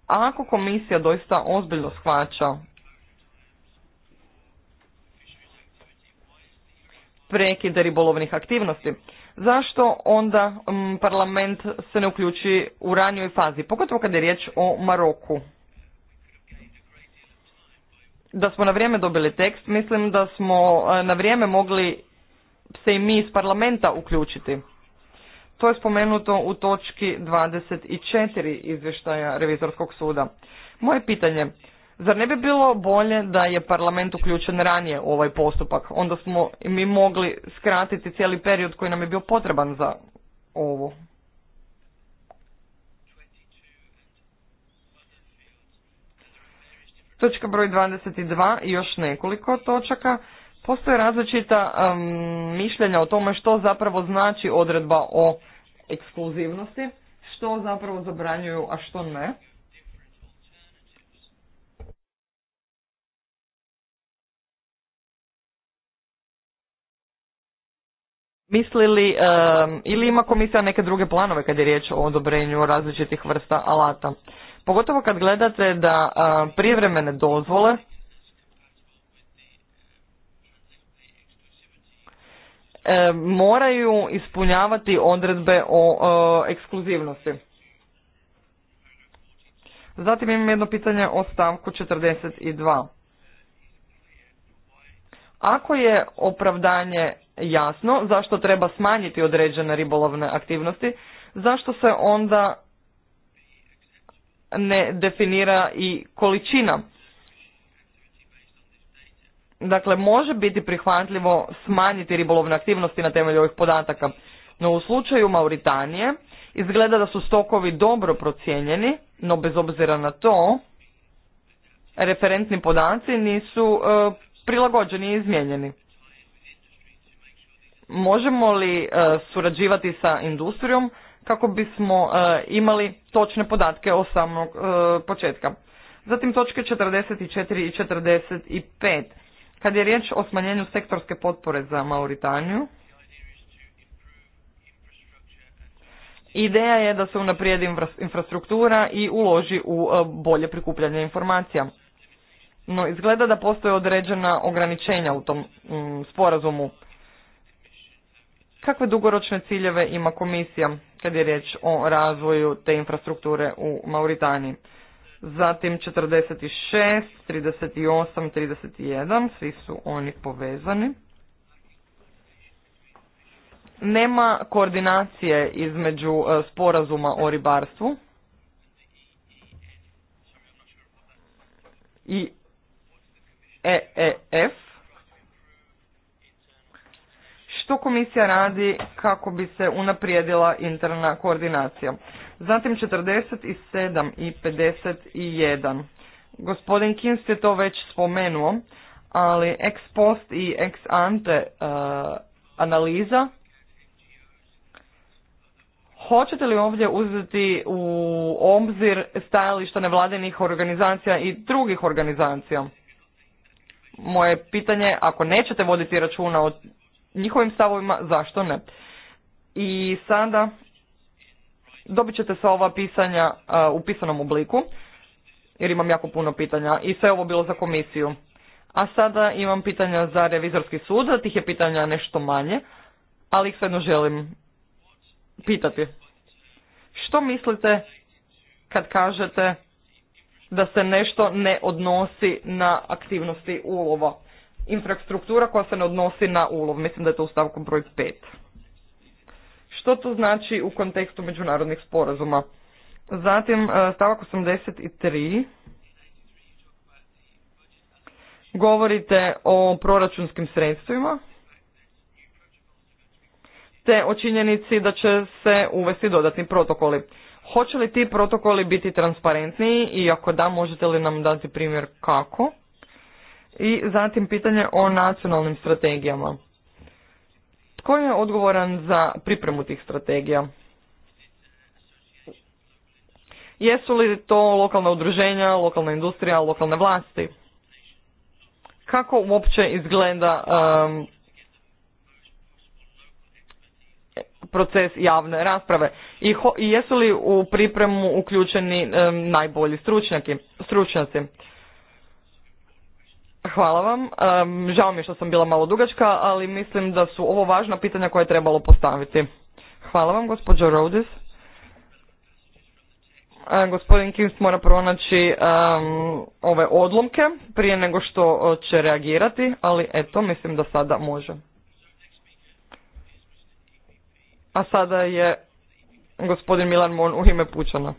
ako komisija doista ozbiljno shvaća prekide ribolovnih aktivnosti, zašto onda mm, parlament se ne uključi u ranjoj fazi, pogotovo kada je riječ o Maroku? Da smo na vrijeme dobili tekst, mislim da smo eh, na vrijeme mogli se i mi iz parlamenta uključiti. To je spomenuto u točki 24 izvještaja Revizorskog suda. Moje pitanje, zar ne bi bilo bolje da je parlament uključen ranije u ovaj postupak? Onda smo mi mogli skratiti cijeli period koji nam je bio potreban za ovo. Točka broj 22 i još nekoliko točaka. Postoje različita um, mišljenja o tome što zapravo znači odredba o ekskluzivnosti, što zapravo zabranjuju, a što ne. Misli li, ili ima komisija neke druge planove kad je riječ o odobrenju različitih vrsta alata? Pogotovo kad gledate da privremene dozvole E, moraju ispunjavati odredbe o e, ekskluzivnosti. Zatim imam jedno pitanje o stavku 42. Ako je opravdanje jasno zašto treba smanjiti određene ribolovne aktivnosti, zašto se onda ne definira i količina Dakle, može biti prihvatljivo smanjiti ribolovne aktivnosti na temelju ovih podataka, no u slučaju Mauritanije izgleda da su stokovi dobro procijenjeni, no bez obzira na to, referentni podaci nisu e, prilagođeni i izmijenjeni. Možemo li e, surađivati sa industrijom kako bismo e, imali točne podatke o samog početka? Zatim točke 44 i 45 kad je riječ o smanjenju sektorske potpore za Mauritaniju, ideja je da se unaprijedi infrastruktura i uloži u e, bolje prikupljanje informacija. No izgleda da postoje određena ograničenja u tom mm, sporazumu. Kakve dugoročne ciljeve ima komisija kad je riječ o razvoju te infrastrukture u Mauritaniji? zatim 46, 38 31, svi su oni povezani. Nema koordinacije između e, sporazuma o ribarstvu i EEF. Što komisija radi kako bi se unaprijedila interna koordinacija? Zatim 47 i 51. Gospodin Kinst je to već spomenuo, ali ex post i ex ante e, analiza. Hoćete li ovdje uzeti u obzir stajališta nevladinih organizacija i drugih organizacija? Moje pitanje, ako nećete voditi računa o njihovim stavovima, zašto ne? I sada Dobit ćete sva ova pisanja uh, u pisanom obliku, jer imam jako puno pitanja i sve ovo bilo za komisiju. A sada imam pitanja za revizorski sud, tih je pitanja nešto manje, ali ih jedno želim pitati. Što mislite kad kažete da se nešto ne odnosi na aktivnosti ulova? Infrastruktura koja se ne odnosi na ulov, mislim da je to u stavku broj 5 što to znači u kontekstu međunarodnih sporazuma. Zatim e, stavak 83 govorite o proračunskim sredstvima te o činjenici da će se uvesti dodatni protokoli. Hoće li ti protokoli biti transparentniji i ako da, možete li nam dati primjer kako? I zatim pitanje o nacionalnim strategijama. Tko je odgovoran za pripremu tih strategija? Jesu li to lokalna udruženja, lokalna industrija, lokalne vlasti? Kako uopće izgleda proces javne rasprave I, i jesu li u pripremu uključeni najbolji stručnjaki, stručnjaci? Hvala vam. Žao mi je što sam bila malo dugačka, ali mislim da su ovo važna pitanja koje je trebalo postaviti. Hvala vam, gospođo Rodis. Gospodin Kims mora pronaći ove odlomke prije nego što će reagirati, ali eto, mislim da sada može. A sada je gospodin Milan Mon u ime Pučana.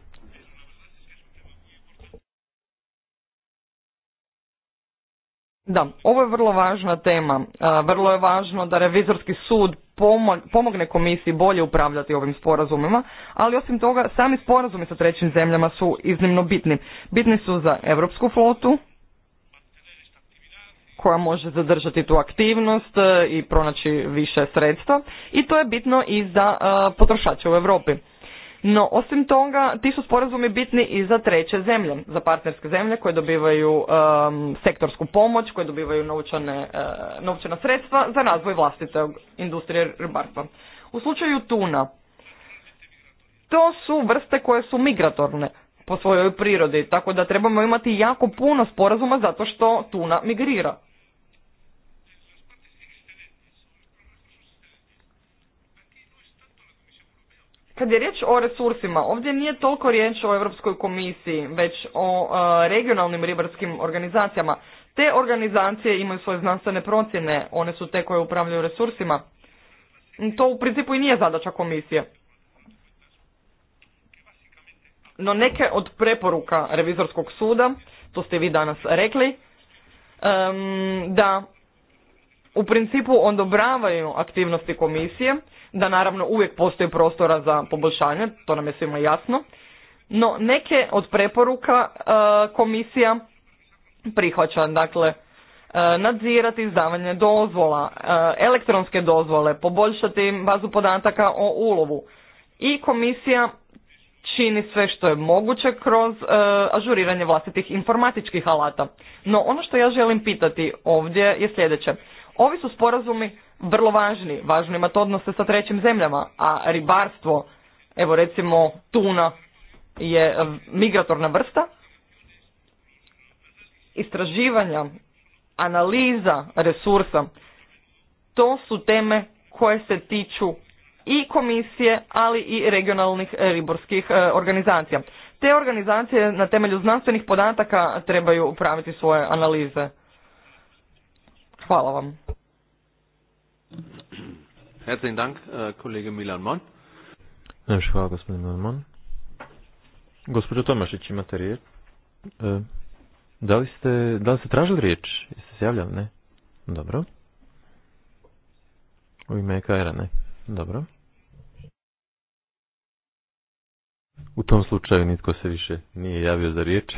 Da, ovo je vrlo važna tema. E, vrlo je važno da revizorski sud pomogne komisiji bolje upravljati ovim sporazumima, ali osim toga sami sporazumi sa trećim zemljama su iznimno bitni. Bitni su za europsku flotu, koja može zadržati tu aktivnost e, i pronaći više sredstva i to je bitno i za e, potrošače u Europi. No, osim toga, ti su sporazumi bitni i za treće zemlje, za partnerske zemlje koje dobivaju um, sektorsku pomoć, koje dobivaju novčane, uh, novčana sredstva za razvoj vlastite industrije ribarstva. U slučaju tuna, to su vrste koje su migratorne po svojoj prirodi, tako da trebamo imati jako puno sporazuma zato što tuna migrira. Kad je riječ o resursima, ovdje nije toliko riječ o Europskoj komisiji, već o e, regionalnim ribarskim organizacijama. Te organizacije imaju svoje znanstvene procjene, one su te koje upravljaju resursima. To u principu i nije zadaća komisije. No neke od preporuka revizorskog suda, to ste vi danas rekli, da u principu odobravaju aktivnosti komisije, da naravno uvijek postoji prostora za poboljšanje, to nam je svima jasno, no neke od preporuka e, komisija prihvaća, dakle, e, nadzirati izdavanje dozvola, e, elektronske dozvole, poboljšati bazu podataka o ulovu. I komisija čini sve što je moguće kroz ažuriranje vlastitih informatičkih alata. No ono što ja želim pitati ovdje je sljedeće. Ovi su sporazumi vrlo važni. Važno imati odnose sa trećim zemljama, a ribarstvo, evo recimo tuna je e, migratorna vrsta. Istraživanja, analiza resursa, to su teme koje se tiču i komisije, ali i regionalnih riborskih e, organizacija. Te organizacije na temelju znanstvenih podataka trebaju upraviti svoje analize. Hvala vam. Herzlichen Dank, äh, Kollege Milan Mon. Najviše hvala, gospodin Milan Mon. Gospođo Tomašić, imate riječ. E, da li ste, da li ste tražili riječ? Jeste se javljali, ne? Dobro. U ime ekr ne? Dobro. U tom slučaju nitko se više nije javio za riječ.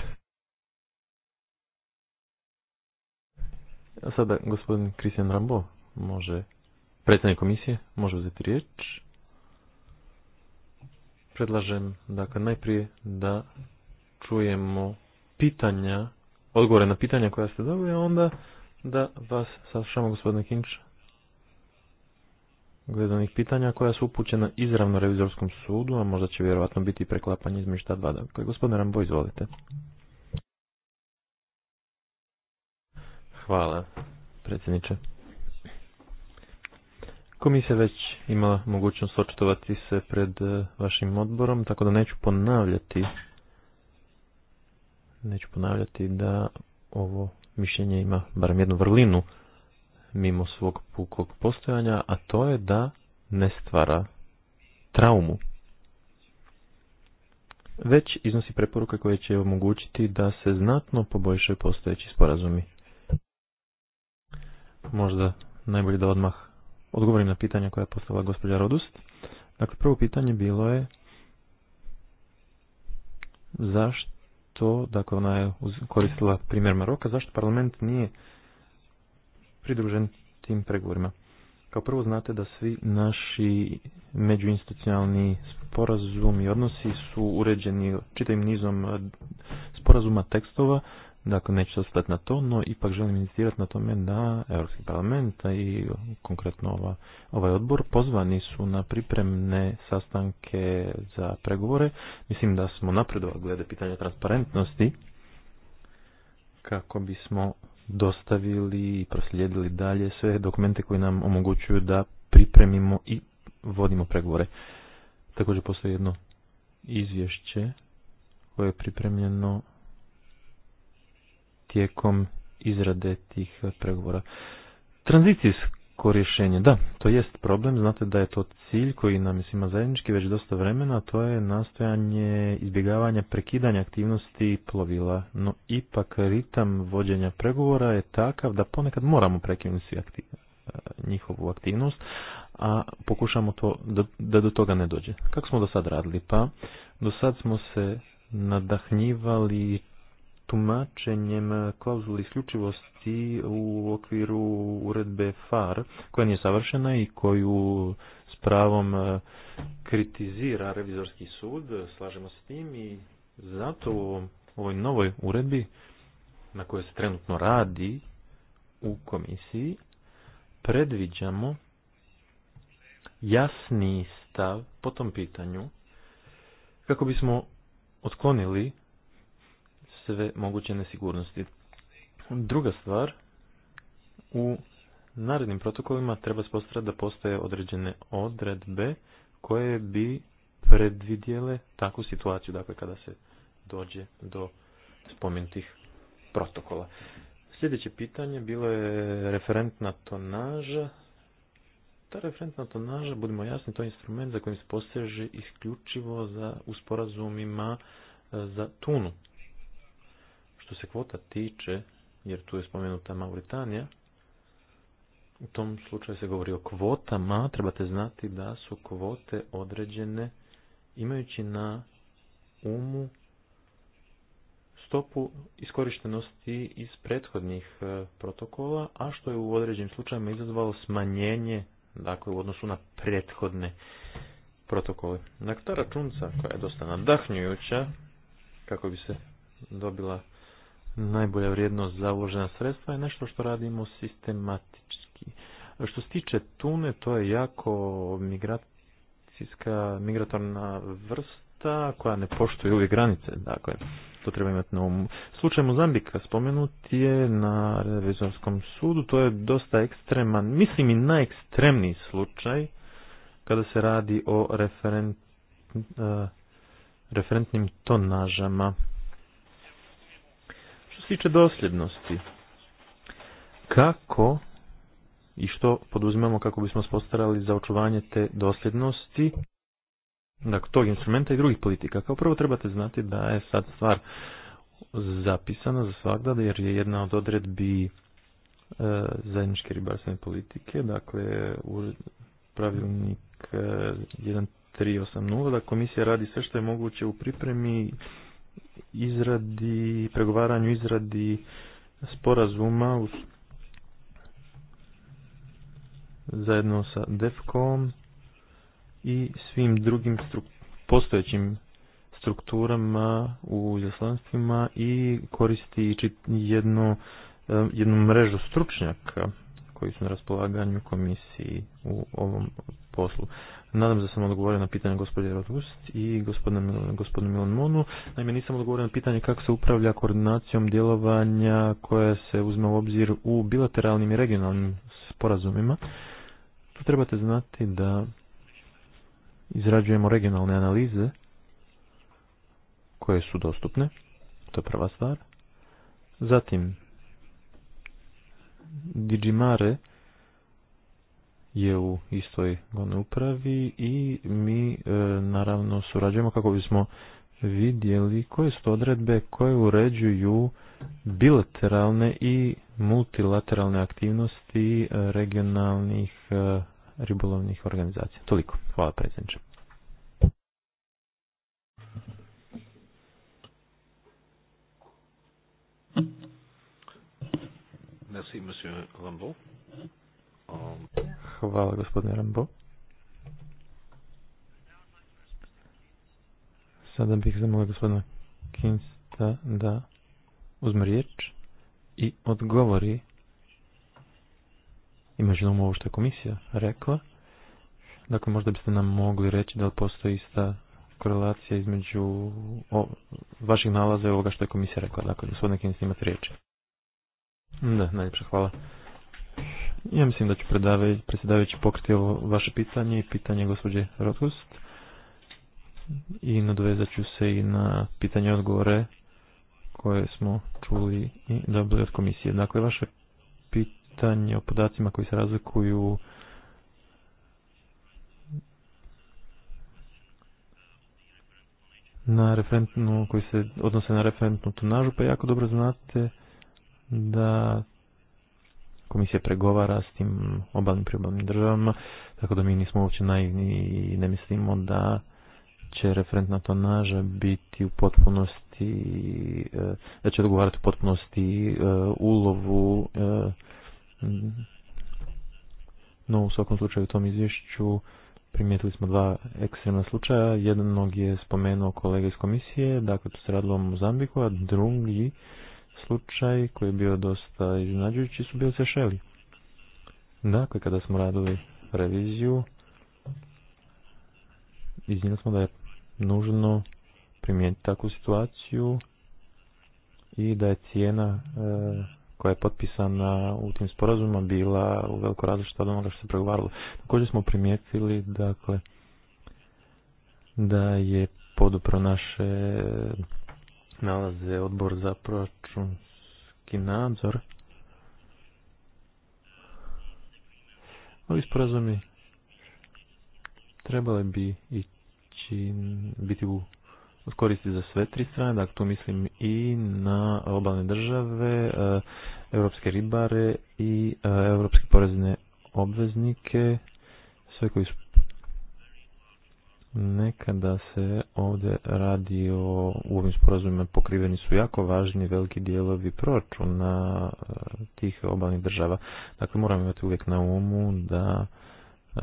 A sada gospodin Kristijan Rambo može Predsjednik komisije, može uzeti riječ. Predlažem, dakle, najprije da čujemo pitanja, odgovore na pitanja koja ste dobili, a onda da vas saslušamo, gospodine Kinč Gledanih pitanja koja su upućena izravno revizorskom sudu, a možda će vjerojatno biti preklapanje iz mišta dva. Dakle, gospodine Rambo, izvolite. Hvala, predsjedniče. Komisija već ima mogućnost očitovati se pred e, vašim odborom, tako da neću ponavljati neću ponavljati da ovo mišljenje ima barem jednu vrlinu mimo svog pukog postojanja, a to je da ne stvara traumu. Već iznosi preporuke koje će omogućiti da se znatno poboljšaju postojeći sporazumi. Možda najbolje da odmah odgovorim na pitanja koja je postavila gospođa Rodust. Dakle, prvo pitanje bilo je zašto, dakle ona je koristila primjer Maroka, zašto parlament nije pridružen tim pregovorima. Kao prvo znate da svi naši međuinstitucionalni sporazumi i odnosi su uređeni čitavim nizom eh, sporazuma tekstova Dakle, neću ostati na to, no ipak želim inicirati na tome da Europski parlament i konkretno ova, ovaj odbor pozvani su na pripremne sastanke za pregovore. Mislim da smo napredovali glede pitanja transparentnosti kako bismo dostavili i proslijedili dalje sve dokumente koji nam omogućuju da pripremimo i vodimo pregovore. Također postoji jedno izvješće koje je pripremljeno tijekom izrade tih eh, pregovora. Tranzicijsko rješenje, da, to jest problem, znate da je to cilj koji nam je svima zajednički već dosta vremena, to je nastojanje izbjegavanja prekidanja aktivnosti plovila, no ipak ritam vođenja pregovora je takav da ponekad moramo prekinuti eh, njihovu aktivnost, a pokušamo to da, do toga ne dođe. Kako smo do sad radili? Pa do sad smo se nadahnjivali tumačenjem klauzuli isključivosti u okviru uredbe FAR, koja nije savršena i koju s pravom e, kritizira revizorski sud, slažemo s tim i zato u ovoj novoj uredbi na kojoj se trenutno radi u komisiji predviđamo jasni stav po tom pitanju kako bismo otklonili sve moguće nesigurnosti. Druga stvar, u narednim protokolima treba spostrati da postoje određene odredbe koje bi predvidjele takvu situaciju, dakle kada se dođe do spomenutih protokola. Sljedeće pitanje bilo je referentna tonaža. Ta referentna tonaža, budimo jasni, to je instrument za kojim se poseže isključivo za, u sporazumima e, za tunu. Što se kvota tiče, jer tu je spomenuta Mauritanija, u tom slučaju se govori o kvotama, trebate znati da su kvote određene imajući na umu stopu iskorištenosti iz prethodnih e, protokola, a što je u određenim slučajevima izazvalo smanjenje dakle, u odnosu na prethodne protokole. Dakle, ta računca koja je dosta nadahnjujuća, kako bi se dobila najbolja vrijednost za uložena sredstva je nešto što radimo sistematički. Što se tiče tune, to je jako migracijska, migratorna vrsta koja ne poštuje uvijek granice. Dakle, to treba imati na umu. Slučaj Mozambika spomenut je na revizorskom sudu, to je dosta ekstreman, mislim i najekstremniji slučaj kada se radi o referent, eh, referentnim tonažama tiče dosljednosti, kako i što poduzimamo kako bismo spostarali za očuvanje te dosljednosti dakle, tog instrumenta i drugih politika. Kao prvo trebate znati da je sad stvar zapisana za svakda, jer je jedna od odredbi e, zajedničke ribarstvene politike, dakle u pravilnik e, 1380, da komisija radi sve što je moguće u pripremi izradi, pregovaranju izradi sporazuma uz, zajedno sa DEFCOM i svim drugim struk, postojećim strukturama u izaslanstvima i koristi jednu, e, jednu mrežu stručnjaka koji su na raspolaganju komisiji u ovom poslu. Nadam se da sam odgovorio na pitanje gospodine Rotgust i gospodinu Milan Monu. Naime, nisam odgovorio na pitanje kako se upravlja koordinacijom djelovanja koja se uzme u obzir u bilateralnim i regionalnim sporazumima. Tu trebate znati da izrađujemo regionalne analize koje su dostupne. To je prva stvar. Zatim, Digimare je u istoj glavnoj upravi i mi e, naravno surađujemo kako bismo vidjeli koje su to odredbe koje uređuju bilateralne i multilateralne aktivnosti e, regionalnih e, ribolovnih organizacija. Toliko. Hvala predsjedniče. Merci, monsieur Hvala gospodine Rambo. Sada bih zamolio gospodina Kinsta da uzme riječ i odgovori ima na ovo što je komisija rekla. Dakle, možda biste nam mogli reći da li postoji ista korelacija između o, vaših nalaza i ovoga što je komisija rekla. Dakle, gospodine Kinsta imate riječ. Da, najljepša hvala. Ja mislim da ću predsjedavajući pokriti ovo vaše pitanje i pitanje gospođe Rothust i nadovezat ću se i na pitanje odgovore koje smo čuli i dobili od komisije. Dakle, vaše pitanje o podacima koji se razlikuju na referentnu, koji se odnose na referentnu tonažu, pa jako dobro znate da komisija pregovara s tim obalnim priobalnim državama, tako da mi nismo uopće naivni i ne mislimo da će referentna tonaža biti u potpunosti, e, da će odgovarati u potpunosti e, ulovu, e, no u svakom slučaju u tom izvješću primijetili smo dva ekstremna slučaja, jednog je spomenuo kolega iz komisije, dakle to se radilo a drugi slučaj koji je bio dosta iznenađujući su bili Sešeli. Dakle, kada smo radili reviziju, iznijeli smo da je nužno primijeniti takvu situaciju i da je cijena e, koja je potpisana u tim sporazumima bila u veliko različita od onoga što se pregovaralo. Također smo primijetili dakle, da je podupro naše nalaze odbor za proračunski nadzor. Ovi sporazumi trebali bi ići, biti u koristi za sve tri strane, dakle tu mislim i na obalne države, e, europske ribare i e, europske porezne obveznike, sve koji su Nekada se ovdje radi o ovim sporazumima pokriveni su jako važni veliki dijelovi proračuna e, tih obalnih država. Dakle, moramo imati uvijek na umu da e,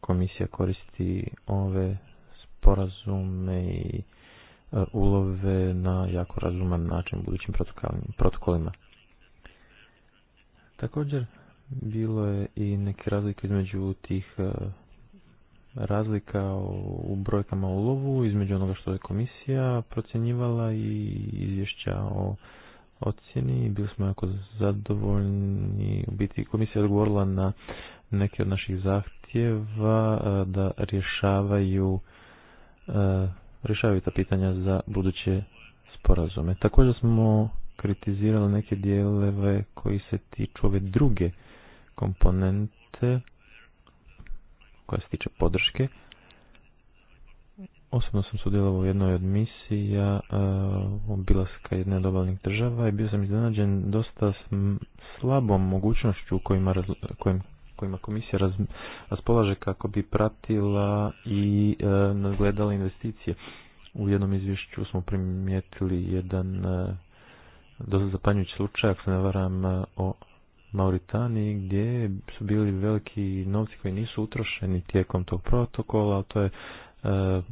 komisija koristi ove sporazume i e, ulove na jako razuman način budućim protokolima. Također, bilo je i neke razlike između tih razlika u brojkama ulovu između onoga što je komisija procjenjivala i izvješća o ocjeni bili smo jako zadovoljni. U biti komisija odgovorila na neke od naših zahtjeva e, da rješavaju e, rješavaju ta pitanja za buduće sporazume. Također smo kritizirali neke dijeleve koji se tiču ove druge komponente koja se tiče podrške. Osobno sam sudjelovao u jednoj od misija eh, obilaska jedne od obalnih država i bio sam iznenađen dosta slabom mogućnošću kojima, kojim, kojima komisija raspolaže kako bi pratila i eh, nadgledala investicije. U jednom izvješću smo primijetili jedan uh, dosta zapanjujući slučaj, ako se ne varam, o Mauritaniji gdje su bili veliki novci koji nisu utrošeni tijekom tog protokola, ali to je e,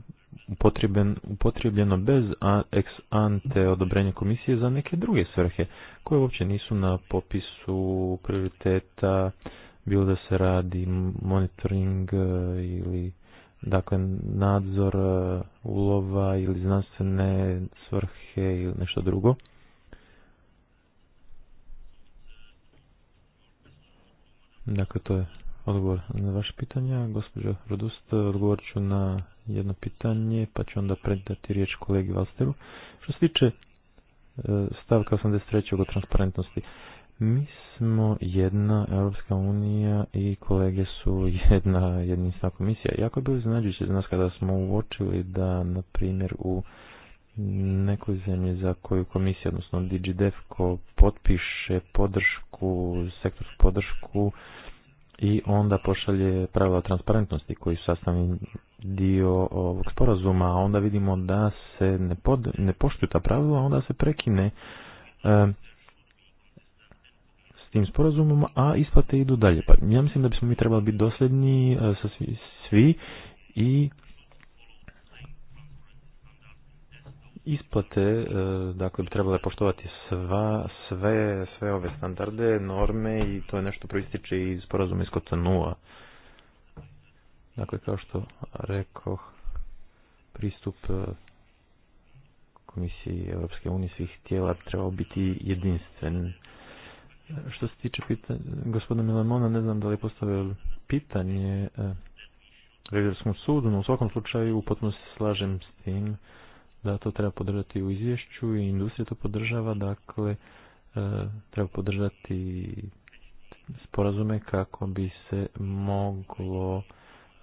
upotrebljeno bez ex ante odobrenja komisije za neke druge svrhe koje uopće nisu na popisu prioriteta bilo da se radi monitoring e, ili dakle nadzor e, ulova ili znanstvene svrhe ili nešto drugo. Dakle, to je odgovor na vaše pitanja. Gospođo Rodust, odgovorit ću na jedno pitanje, pa ću onda predati riječ kolegi Valsteru. Što se tiče e, stavka 83. o transparentnosti, mi smo jedna Europska unija i kolege su jedna jedinstvena komisija. Jako je bilo iznenađujuće za nas kada smo uočili da, na primjer, u nekoj zemlji za koju komisija, odnosno ko potpiše podršku, sektorsku podršku, i onda pošalje pravila transparentnosti koji su sastavni dio ovog sporazuma, a onda vidimo da se ne, pod, ne poštuju ta pravila, a onda se prekine s tim sporazumom, a isplate idu dalje. Pa ja mislim da bismo mi trebali biti dosljedni e, svi i isplate e, dakle bi trebale poštovati sva, sve, sve ove standarde, norme i to je nešto proističe iz sporazuma iz nula. Dakle, kao što rekao, pristup e, Komisiji Europske unije svih tijela trebao biti jedinstven. Što se tiče pitanja, gospodina Milamona, ne znam da li je postavio pitanje e, revizorskom sudu, no u svakom slučaju upotno se slažem s tim da to treba podržati u izvješću i industrija to podržava, dakle e, treba podržati sporazume kako bi se moglo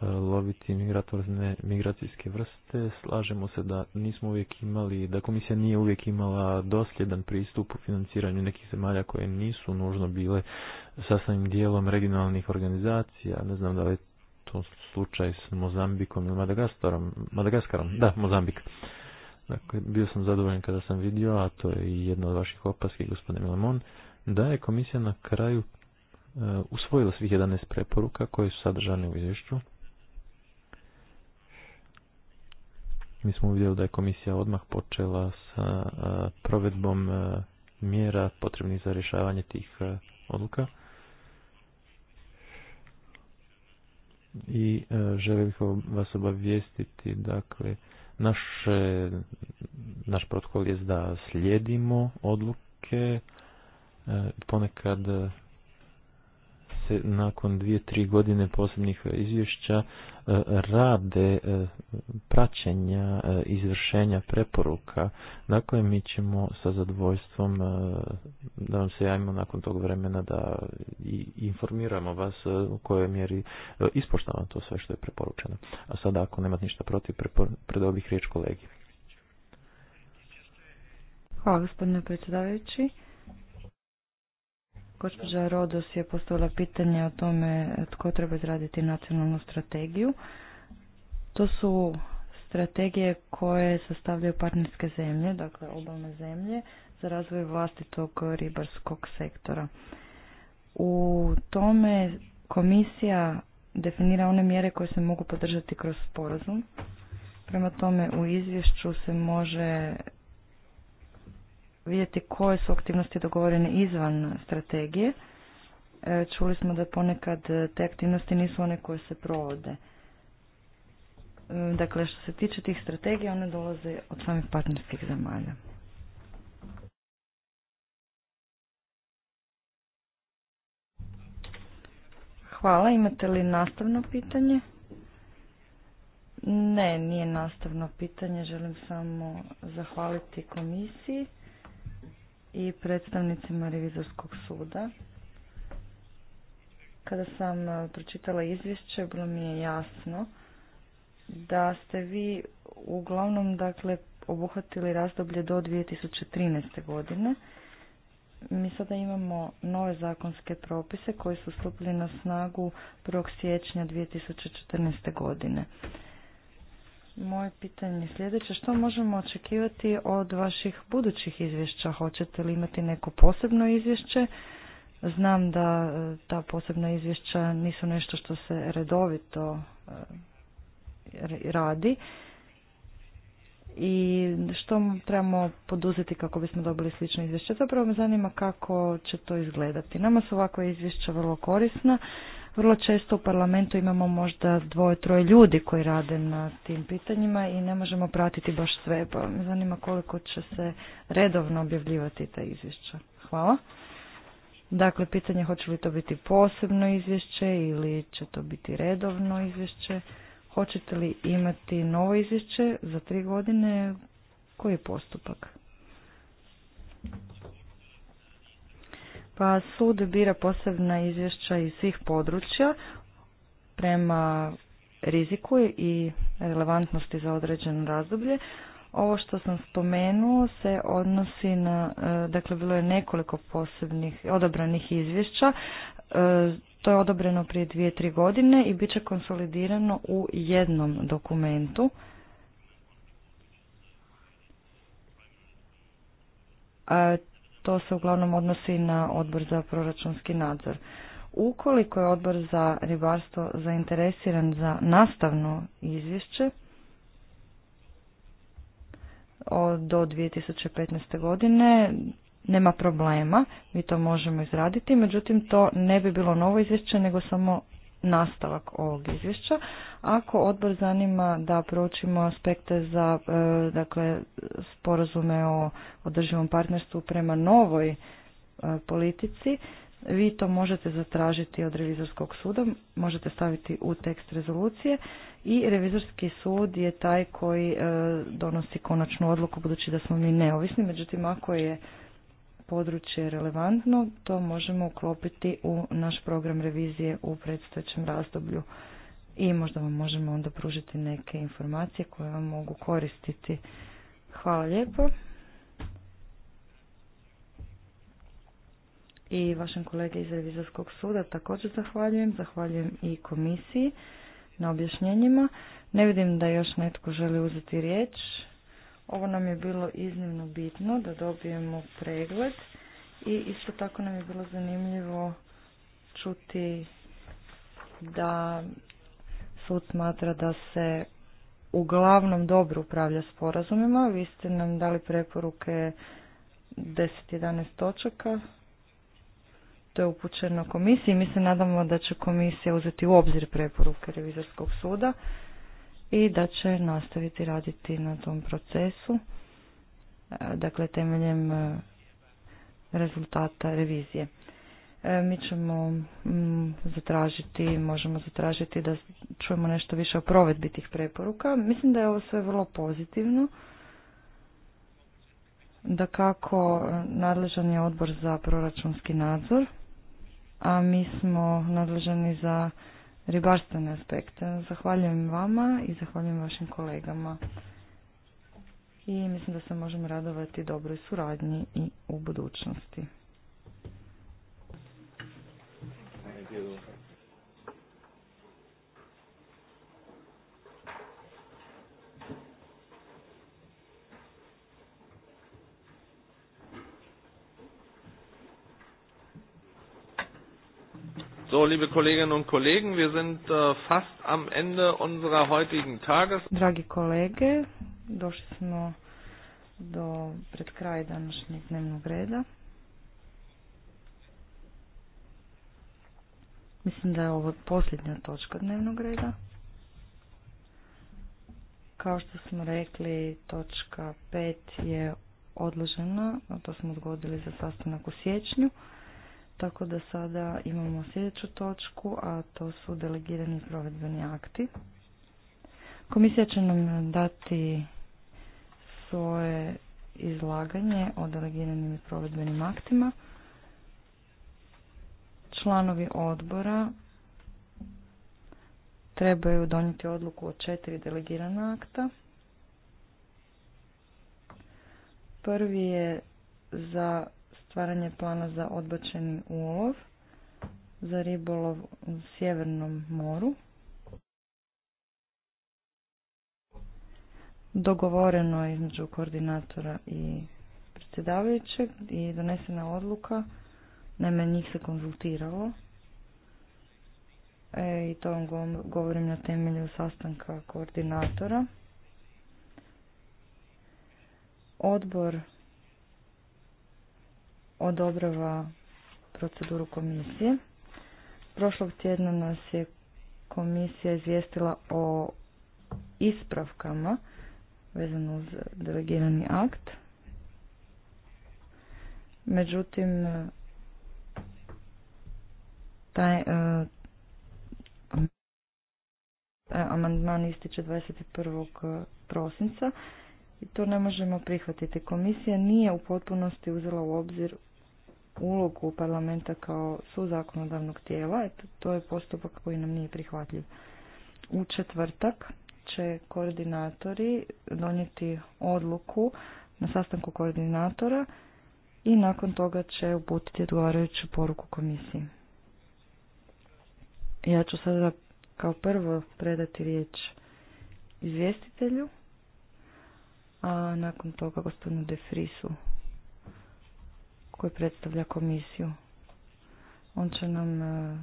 e, loviti migratorne migracijske vrste. Slažemo se da nismo uvijek imali, da komisija nije uvijek imala dosljedan pristup u financiranju nekih zemalja koje nisu nužno bile sastavnim dijelom regionalnih organizacija. Ne znam da li je to slučaj s Mozambikom ili Madagaskarom. Madagaskarom. Da, Mozambik. Dakle, bio sam zadovoljan kada sam vidio, a to je i jedna od vaših opaski, gospodine Milamon, da je komisija na kraju e, usvojila svih 11 preporuka koje su sadržane u izvješću. Mi smo uvidjeli da je komisija odmah počela sa e, provedbom e, mjera potrebnih za rješavanje tih odluka. I želim vas obavijestiti, dakle, naš, naš protokol je da slijedimo odluke, e, ponekad se nakon dvije, tri godine posebnih e, izvješća e, rade e, praćenja izvršenja preporuka. Dakle, mi ćemo sa zadvojstvom da vam se javimo nakon tog vremena da i informiramo vas u kojoj mjeri ispoštavamo to sve što je preporučeno. A sada ako nema ništa protiv, predao bih riječ kolegi. Hvala gospodine predsjedavajući. Gospođa Rodos je postavila pitanje o tome tko treba izraditi nacionalnu strategiju. To su strategije koje sastavljaju partnerske zemlje, dakle obalne zemlje, za razvoj vlastitog ribarskog sektora. U tome komisija definira one mjere koje se mogu podržati kroz sporazum. Prema tome u izvješću se može vidjeti koje su aktivnosti dogovorene izvan strategije. E, čuli smo da ponekad te aktivnosti nisu one koje se provode. E, dakle, što se tiče tih strategija, one dolaze od samih partnerskih zemalja. Hvala. Imate li nastavno pitanje? Ne, nije nastavno pitanje. Želim samo zahvaliti komisiji i predstavnicima Revizorskog suda. Kada sam e, pročitala izvješće, bilo mi je jasno da ste vi uglavnom dakle, obuhvatili razdoblje do 2013. godine. Mi sada imamo nove zakonske propise koji su stupili na snagu 1. siječnja 2014. godine. Moje pitanje je sljedeće. Što možemo očekivati od vaših budućih izvješća? Hoćete li imati neko posebno izvješće? Znam da e, ta posebna izvješća nisu nešto što se redovito e, radi i što trebamo poduzeti kako bismo dobili slično izvješće. Zapravo me zanima kako će to izgledati. Nama su ovakva izvješća vrlo korisna. Vrlo često u parlamentu imamo možda dvoje, troje ljudi koji rade na tim pitanjima i ne možemo pratiti baš sve. Pa me zanima koliko će se redovno objavljivati ta izvješća. Hvala. Dakle, pitanje hoće li to biti posebno izvješće ili će to biti redovno izvješće. Hoćete li imati novo izvješće za tri godine? Koji je postupak? Pa sud bira posebna izvješća iz svih područja prema riziku i relevantnosti za određeno razdoblje. Ovo što sam spomenuo se odnosi na, e, dakle bilo je nekoliko posebnih odabranih izvješća E, to je odobreno prije dvije, tri godine i bit će konsolidirano u jednom dokumentu. A e, to se uglavnom odnosi na odbor za proračunski nadzor. Ukoliko je odbor za ribarstvo zainteresiran za nastavno izvješće do 2015. godine, nema problema, mi to možemo izraditi, međutim to ne bi bilo novo izvješće nego samo nastavak ovog izvješća. Ako odbor zanima da proučimo aspekte za e, dakle, sporazume o održivom partnerstvu prema novoj e, politici, vi to možete zatražiti od revizorskog suda, možete staviti u tekst rezolucije i revizorski sud je taj koji e, donosi konačnu odluku budući da smo mi neovisni, međutim ako je područje relevantno, to možemo uklopiti u naš program revizije u predstojećem razdoblju i možda vam možemo onda pružiti neke informacije koje vam mogu koristiti. Hvala lijepo. I vašem kolege iz Revizorskog suda također zahvaljujem. Zahvaljujem i komisiji na objašnjenjima. Ne vidim da još netko želi uzeti riječ. Ovo nam je bilo iznimno bitno da dobijemo pregled i isto tako nam je bilo zanimljivo čuti da sud smatra da se uglavnom dobro upravlja sporazumima. Vi ste nam dali preporuke 10-11 točaka. To je upućeno komisiji. Mi se nadamo da će komisija uzeti u obzir preporuke revizorskog suda i da će nastaviti raditi na tom procesu, e, dakle temeljem e, rezultata revizije. E, mi ćemo zatražiti, možemo zatražiti da čujemo nešto više o provedbi tih preporuka. Mislim da je ovo sve vrlo pozitivno. Da kako nadležan je odbor za proračunski nadzor, a mi smo nadležani za ribarstvene aspekte. Zahvaljujem vama i zahvaljujem vašim kolegama. I mislim da se možemo radovati dobroj suradnji i u budućnosti. So, liebe Kolleginnen und Kollegen, wir sind äh, fast am Ende unserer heutigen Tages. Dragi kolege, došli smo do pred kraj današnjeg dnevnog reda. Mislim da je ovo posljednja točka dnevnog reda. Kao što smo rekli, točka 5 je odložena, to smo odgodili za sastanak u siječnju. Tako da sada imamo sljedeću točku, a to su delegirani provedbeni akti. Komisija će nam dati svoje izlaganje o delegiranim provedbenim aktima. Članovi odbora trebaju donijeti odluku o četiri delegirana akta. Prvi je za stvaranje plana za odbačeni ulov za ribolov u Sjevernom moru. Dogovoreno je između koordinatora i predsjedavajućeg i donesena odluka. Naime, njih se konzultiralo. E, I to vam govorim na temelju sastanka koordinatora. Odbor odobrava proceduru komisije. Prošlog tjedna nas je komisija izvijestila o ispravkama vezano uz delegirani akt. Međutim, taj e, amandman ističe 21. prosinca i to ne možemo prihvatiti. Komisija nije u potpunosti uzela u obzir ulogu parlamenta kao suzakonodavnog tijela, to je postupak koji nam nije prihvatljiv. U četvrtak će koordinatori donijeti odluku na sastanku koordinatora i nakon toga će uputiti odgovarajuću poruku komisiji. Ja ću sada kao prvo predati riječ izvjestitelju, a nakon toga gospodinu De Frisu koji predstavlja komisiju. On će nam e,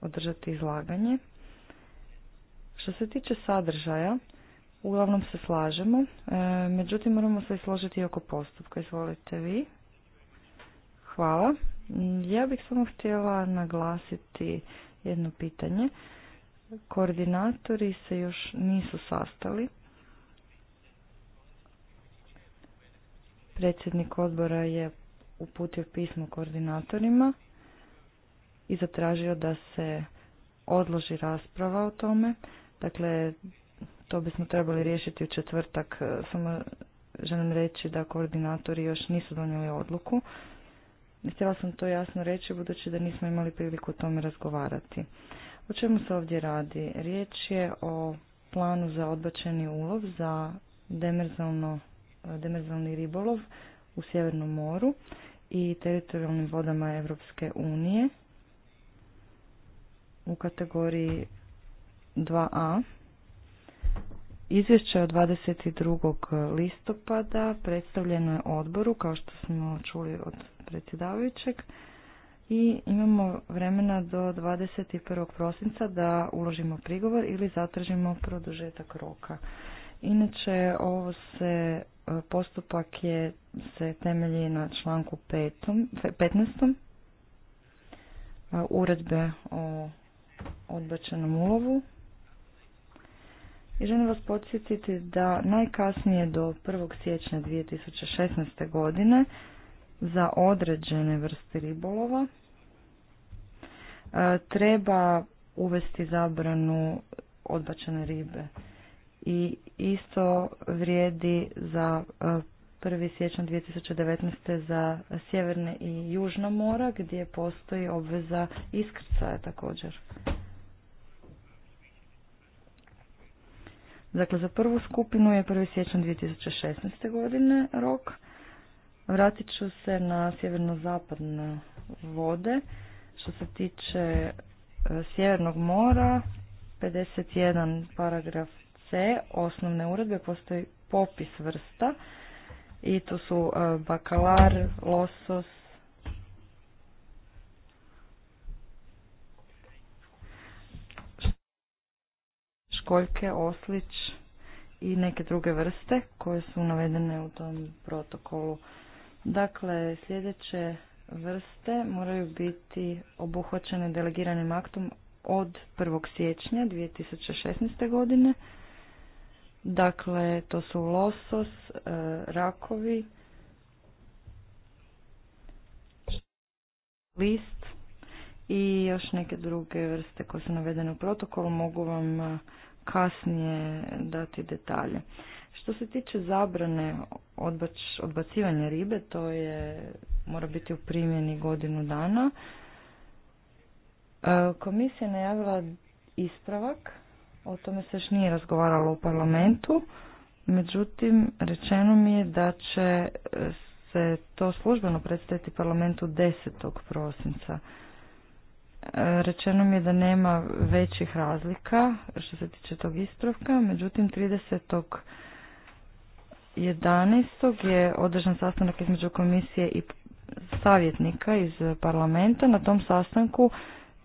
održati izlaganje. Što se tiče sadržaja, uglavnom se slažemo, e, međutim moramo se složiti oko postupka. Izvolite vi. Hvala. Ja bih samo htjela naglasiti jedno pitanje. Koordinatori se još nisu sastali Predsjednik odbora je uputio pismo koordinatorima i zatražio da se odloži rasprava o tome. Dakle, to bismo trebali riješiti u četvrtak. E, samo želim reći da koordinatori još nisu donijeli odluku. Htjela sam to jasno reći budući da nismo imali priliku o tome razgovarati. O čemu se ovdje radi? Riječ je o planu za odbačeni ulov za demerzalno demerzalni ribolov u Sjevernom moru i teritorijalnim vodama Europske unije u kategoriji 2a. Izvješće od 22. listopada predstavljeno je odboru, kao što smo čuli od predsjedavajućeg, i imamo vremena do 21. prosinca da uložimo prigovor ili zatražimo produžetak roka. Inače, ovo se E, postupak je se temelji na članku 5, 15. E, uredbe o odbačenom ulovu. I želim vas podsjetiti da najkasnije do 1. siječnja 2016. godine za određene vrste ribolova e, treba uvesti zabranu odbačene ribe i isto vrijedi za 1. siječnja 2019. za sjeverne i južna mora gdje postoji obveza iskrcaja također. Dakle, za prvu skupinu je 1. tisuće 2016. godine rok. Vratit ću se na sjeverno-zapadne vode. Što se tiče e, Sjevernog mora, 51 paragraf osnovne uredbe postoji popis vrsta i to su e, bakalar, losos, školjke, oslič i neke druge vrste koje su navedene u tom protokolu. Dakle, sljedeće vrste moraju biti obuhvaćene delegiranim aktom od 1. siječnja 2016. godine. Dakle, to su losos, e, rakovi, list i još neke druge vrste koje su navedene u protokolu. Mogu vam e, kasnije dati detalje. Što se tiče zabrane odbacivanja ribe, to je mora biti u primjeni godinu dana. E, komisija je najavila ispravak o tome se još nije razgovaralo u parlamentu, međutim rečeno mi je da će e, se to službeno predstaviti parlamentu 10. prosinca. E, rečeno mi je da nema većih razlika što se tiče tog ispravka, međutim 30. 11. je održan sastanak između komisije i savjetnika iz parlamenta. Na tom sastanku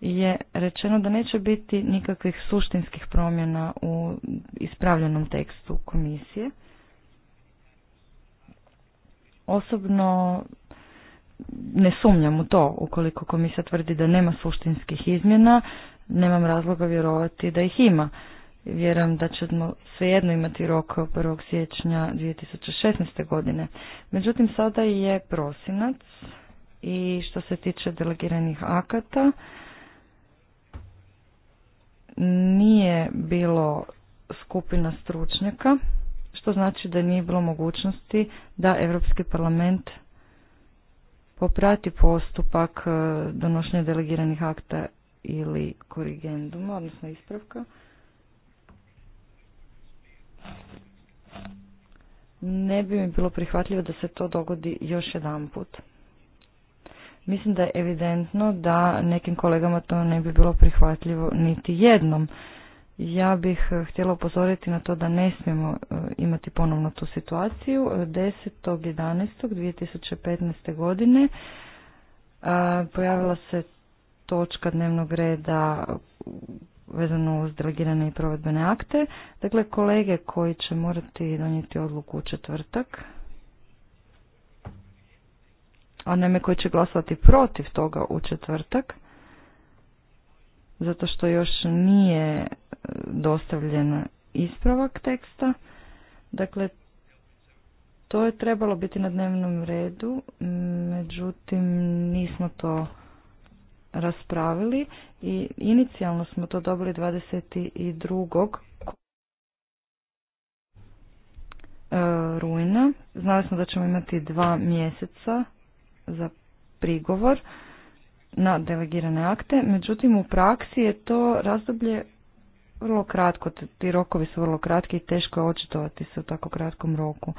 je rečeno da neće biti nikakvih suštinskih promjena u ispravljenom tekstu komisije. Osobno ne sumnjam u to ukoliko komisija tvrdi da nema suštinskih izmjena, nemam razloga vjerovati da ih ima. Vjerujem da ćemo svejedno imati rok 1. siječnja 2016. godine. Međutim, sada je prosinac i što se tiče delegiranih akata, nije bilo skupina stručnjaka, što znači da nije bilo mogućnosti da Europski parlament poprati postupak e, donošenja delegiranih akta ili korigenduma, odnosno ispravka. Ne bi mi bilo prihvatljivo da se to dogodi još jedan put. Mislim da je evidentno da nekim kolegama to ne bi bilo prihvatljivo niti jednom. Ja bih eh, htjela upozoriti na to da ne smijemo eh, imati ponovno tu situaciju. 10.11.2015. godine eh, pojavila se točka dnevnog reda vezano uz delegirane i provedbene akte. Dakle, kolege koji će morati donijeti odluku u četvrtak, onome koji će glasati protiv toga u četvrtak, zato što još nije e, dostavljen ispravak teksta. Dakle, to je trebalo biti na dnevnom redu, međutim nismo to raspravili i inicijalno smo to dobili 22. rujna. Znali smo da ćemo imati dva mjeseca za prigovor na delegirane akte, međutim u praksi je to razdoblje vrlo kratko, ti rokovi su vrlo kratki i teško je očitovati se u tako kratkom roku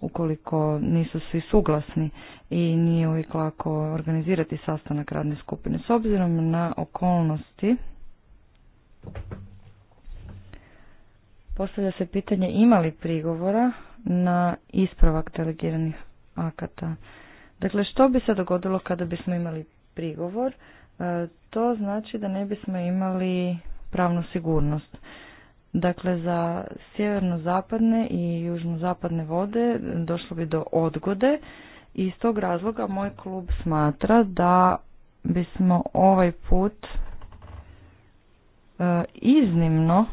ukoliko nisu svi suglasni i nije uvijek lako organizirati sastanak radne skupine. S obzirom na okolnosti postavlja se pitanje ima li prigovora na ispravak delegiranih akata. Dakle, što bi se dogodilo kada bismo imali prigovor? E, to znači da ne bismo imali pravnu sigurnost. Dakle, za sjeverno-zapadne i južno-zapadne vode došlo bi do odgode i iz tog razloga moj klub smatra da bismo ovaj put e, iznimno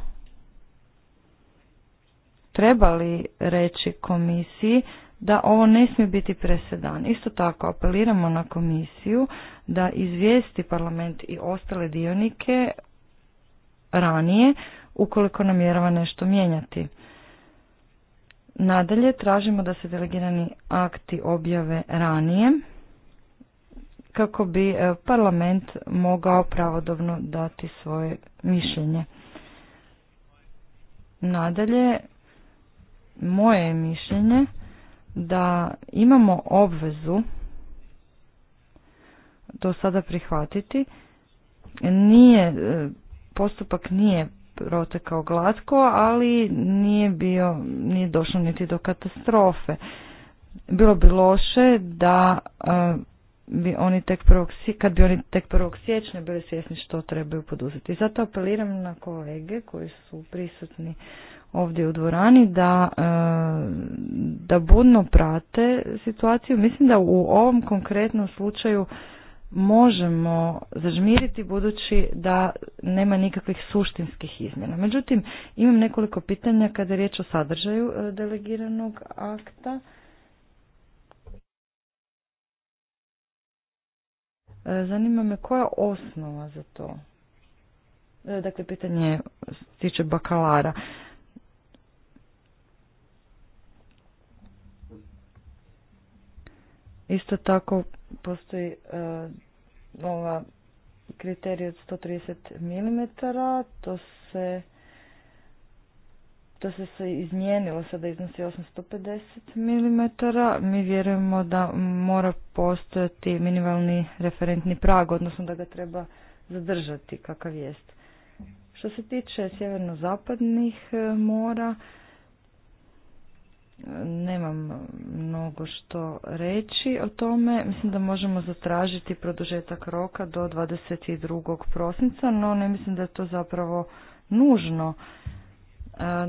trebali reći komisiji da ovo ne smije biti presedan. Isto tako apeliramo na komisiju da izvijesti parlament i ostale dionike ranije ukoliko namjerava nešto mijenjati. Nadalje tražimo da se delegirani akti objave ranije kako bi e, parlament mogao pravodobno dati svoje mišljenje. Nadalje, moje mišljenje da imamo obvezu to sada prihvatiti. Nije, e, postupak nije protekao glatko, ali nije bio, nije došlo niti do katastrofe. Bilo bi loše da e, bi oni tek prvog, kad bi oni tek prvog siječnja bili svjesni što trebaju poduzeti. Zato apeliram na kolege koji su prisutni ovdje u dvorani da, e, da budno prate situaciju. Mislim da u ovom konkretnom slučaju možemo zažmiriti budući da nema nikakvih suštinskih izmjena. Međutim, imam nekoliko pitanja kada je riječ o sadržaju e, delegiranog akta. E, zanima me koja je osnova za to? Dakle, pitanje tiče bakalara. Isto tako postoji e, ova kriterij od 130 mm, to se to se se izmijenilo, sada iznosi 850 mm. Mi vjerujemo da mora postojati minimalni referentni prag, odnosno da ga treba zadržati kakav jest. Što se tiče sjeverno-zapadnih e, mora, nemam mnogo što reći o tome. Mislim da možemo zatražiti produžetak roka do 22. prosinca, no ne mislim da je to zapravo nužno. E,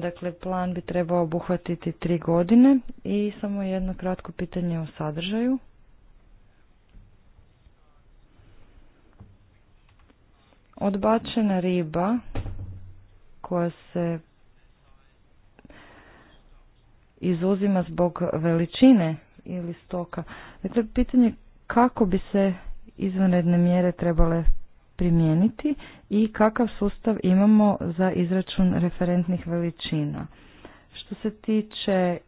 dakle, plan bi trebao obuhvatiti tri godine i samo jedno kratko pitanje o sadržaju. Odbačena riba koja se izuzima zbog veličine ili stoka. Dakle, pitanje kako bi se izvanredne mjere trebale primijeniti i kakav sustav imamo za izračun referentnih veličina. Što se tiče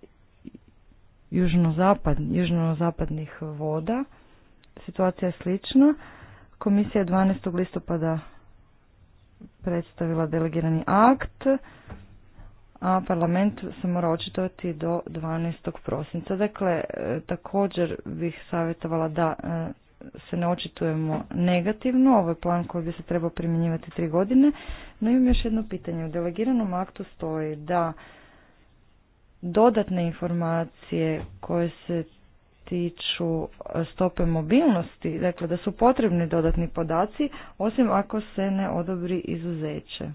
južnozapad, južnozapadnih voda, situacija je slična. Komisija je 12. listopada predstavila delegirani akt a parlament se mora očitovati do 12. prosinca. Dakle, e, također bih savjetovala da e, se ne očitujemo negativno, ovo je plan koji bi se trebao primjenjivati tri godine, no imam još jedno pitanje. U delegiranom aktu stoji da dodatne informacije koje se tiču e, stope mobilnosti, dakle da su potrebni dodatni podaci, osim ako se ne odobri izuzeće.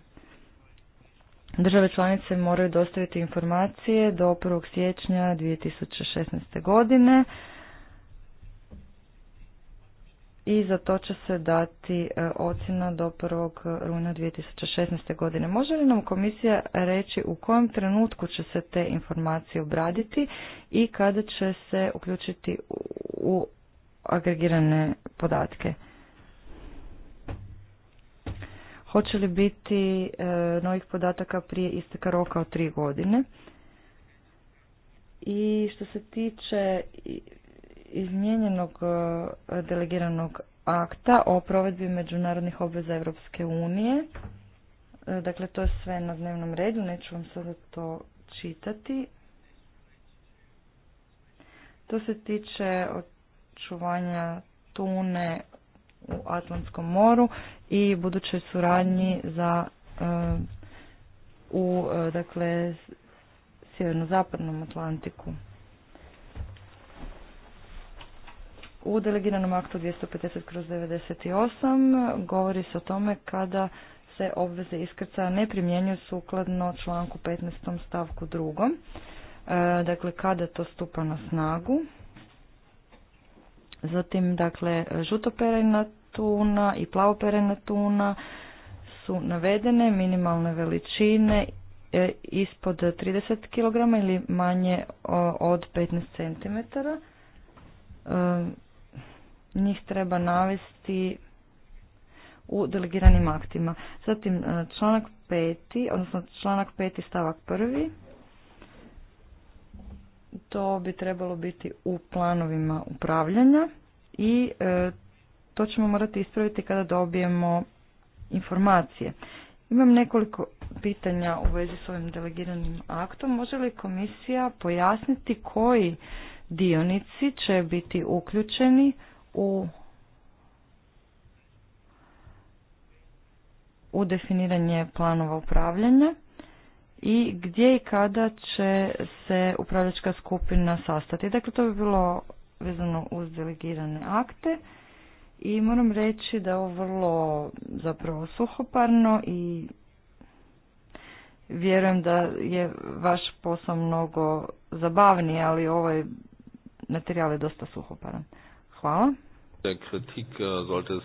Države članice moraju dostaviti informacije do 1. siječnja 2016. godine i za to će se dati e, ocjena do 1. rujna 2016. godine. Može li nam komisija reći u kojem trenutku će se te informacije obraditi i kada će se uključiti u agregirane podatke? Hoće li biti e, novih podataka prije isteka roka od tri godine? I što se tiče izmijenjenog e, delegiranog akta o provedbi međunarodnih obveza Europske unije, e, dakle to je sve na dnevnom redu, neću vam sada to čitati. To se tiče očuvanja tune u Atlantskom moru i budućoj suradnji za e, u e, dakle sjeverno-zapadnom Atlantiku. U delegiranom aktu 250 kroz 98 govori se o tome kada se obveze iskrcaja ne primjenjuju sukladno članku 15. stavku 2. E, dakle, kada to stupa na snagu. Zatim, dakle, žutoperajna tuna i plavoperajna tuna su navedene minimalne veličine e, ispod 30 kg ili manje od 15 cm. E, njih treba navesti u delegiranim aktima. Zatim e, članak 5. odnosno članak 5. stavak 1. To bi trebalo biti u planovima upravljanja i e, to ćemo morati ispraviti kada dobijemo informacije. Imam nekoliko pitanja u vezi s ovim delegiranim aktom. Može li komisija pojasniti koji dionici će biti uključeni u u definiranje planova upravljanja i gdje i kada će se upravljačka skupina sastati. Dakle, to bi bilo vezano uz delegirane akte i moram reći da je ovo vrlo zapravo suhoparno i vjerujem da je vaš posao mnogo zabavniji, ali ovaj materijal je dosta suhoparan. Hvala. Der Kritik äh, sollte es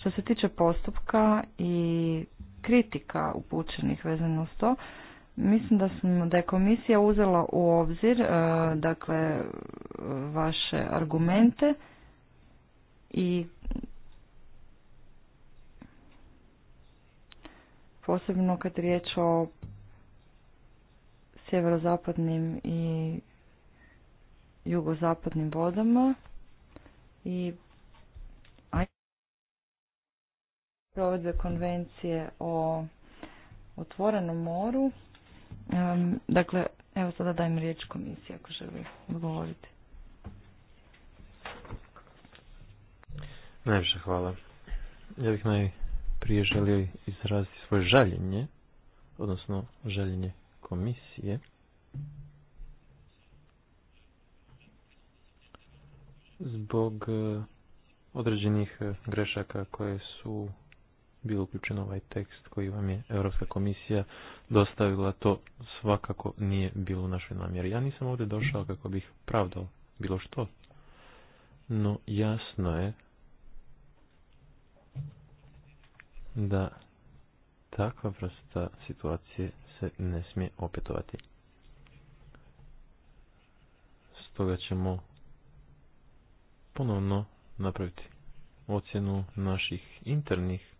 Što se tiče postupka i kritika upućenih vezano to, Mislim da, smo, da je komisija uzela u obzir e, dakle, vaše argumente i posebno kad riječ o sjeverozapadnim i jugozapadnim vodama i provedbe konvencije o otvorenom moru dakle, evo sada dajem riječ komisiji ako želi odgovoriti. Najviše hvala. Ja bih najprije želio izraziti svoje žaljenje, odnosno žaljenje komisije. Zbog eh, određenih eh, grešaka koje su bilo uključeno ovaj tekst koji vam je Europska komisija dostavila, to svakako nije bilo u našoj namjeri. Ja nisam ovdje došao kako bih pravdao bilo što, no jasno je da takva vrsta situacije se ne smije opetovati. Stoga ćemo ponovno napraviti ocjenu naših internih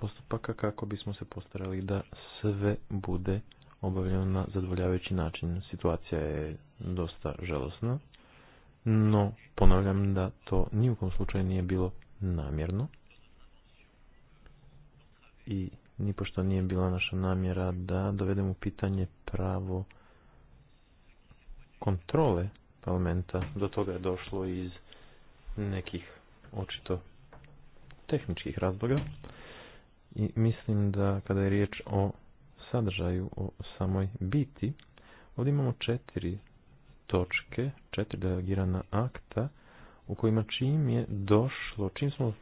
postupaka kako bismo se postarali da sve bude obavljeno na zadovoljavajući način. Situacija je dosta žalosna, no ponavljam da to ni u kom slučaju nije bilo namjerno i nipošto nije bila naša namjera da dovedemo u pitanje pravo kontrole parlamenta. Do toga je došlo iz nekih očito tehničkih razloga. I mislim da kada je riječ o sadržaju, o samoj biti, ovdje imamo četiri točke, četiri delegirana akta u kojima čim je došlo, čim smo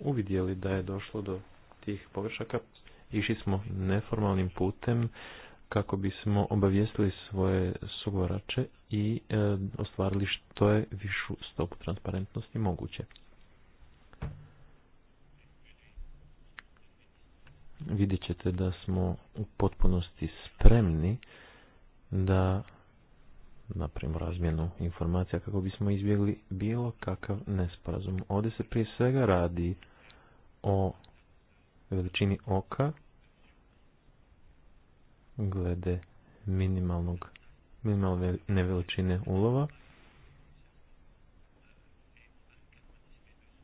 uvidjeli da je došlo do tih površaka, išli smo neformalnim putem kako bismo obavijestili svoje sugovorače i e, ostvarili što je višu stopu transparentnosti moguće. vidjet ćete da smo u potpunosti spremni da napravimo razmjenu informacija kako bismo izbjegli bilo kakav nesporazum. Ovdje se prije svega radi o veličini oka glede minimalnog minimalne veličine ulova.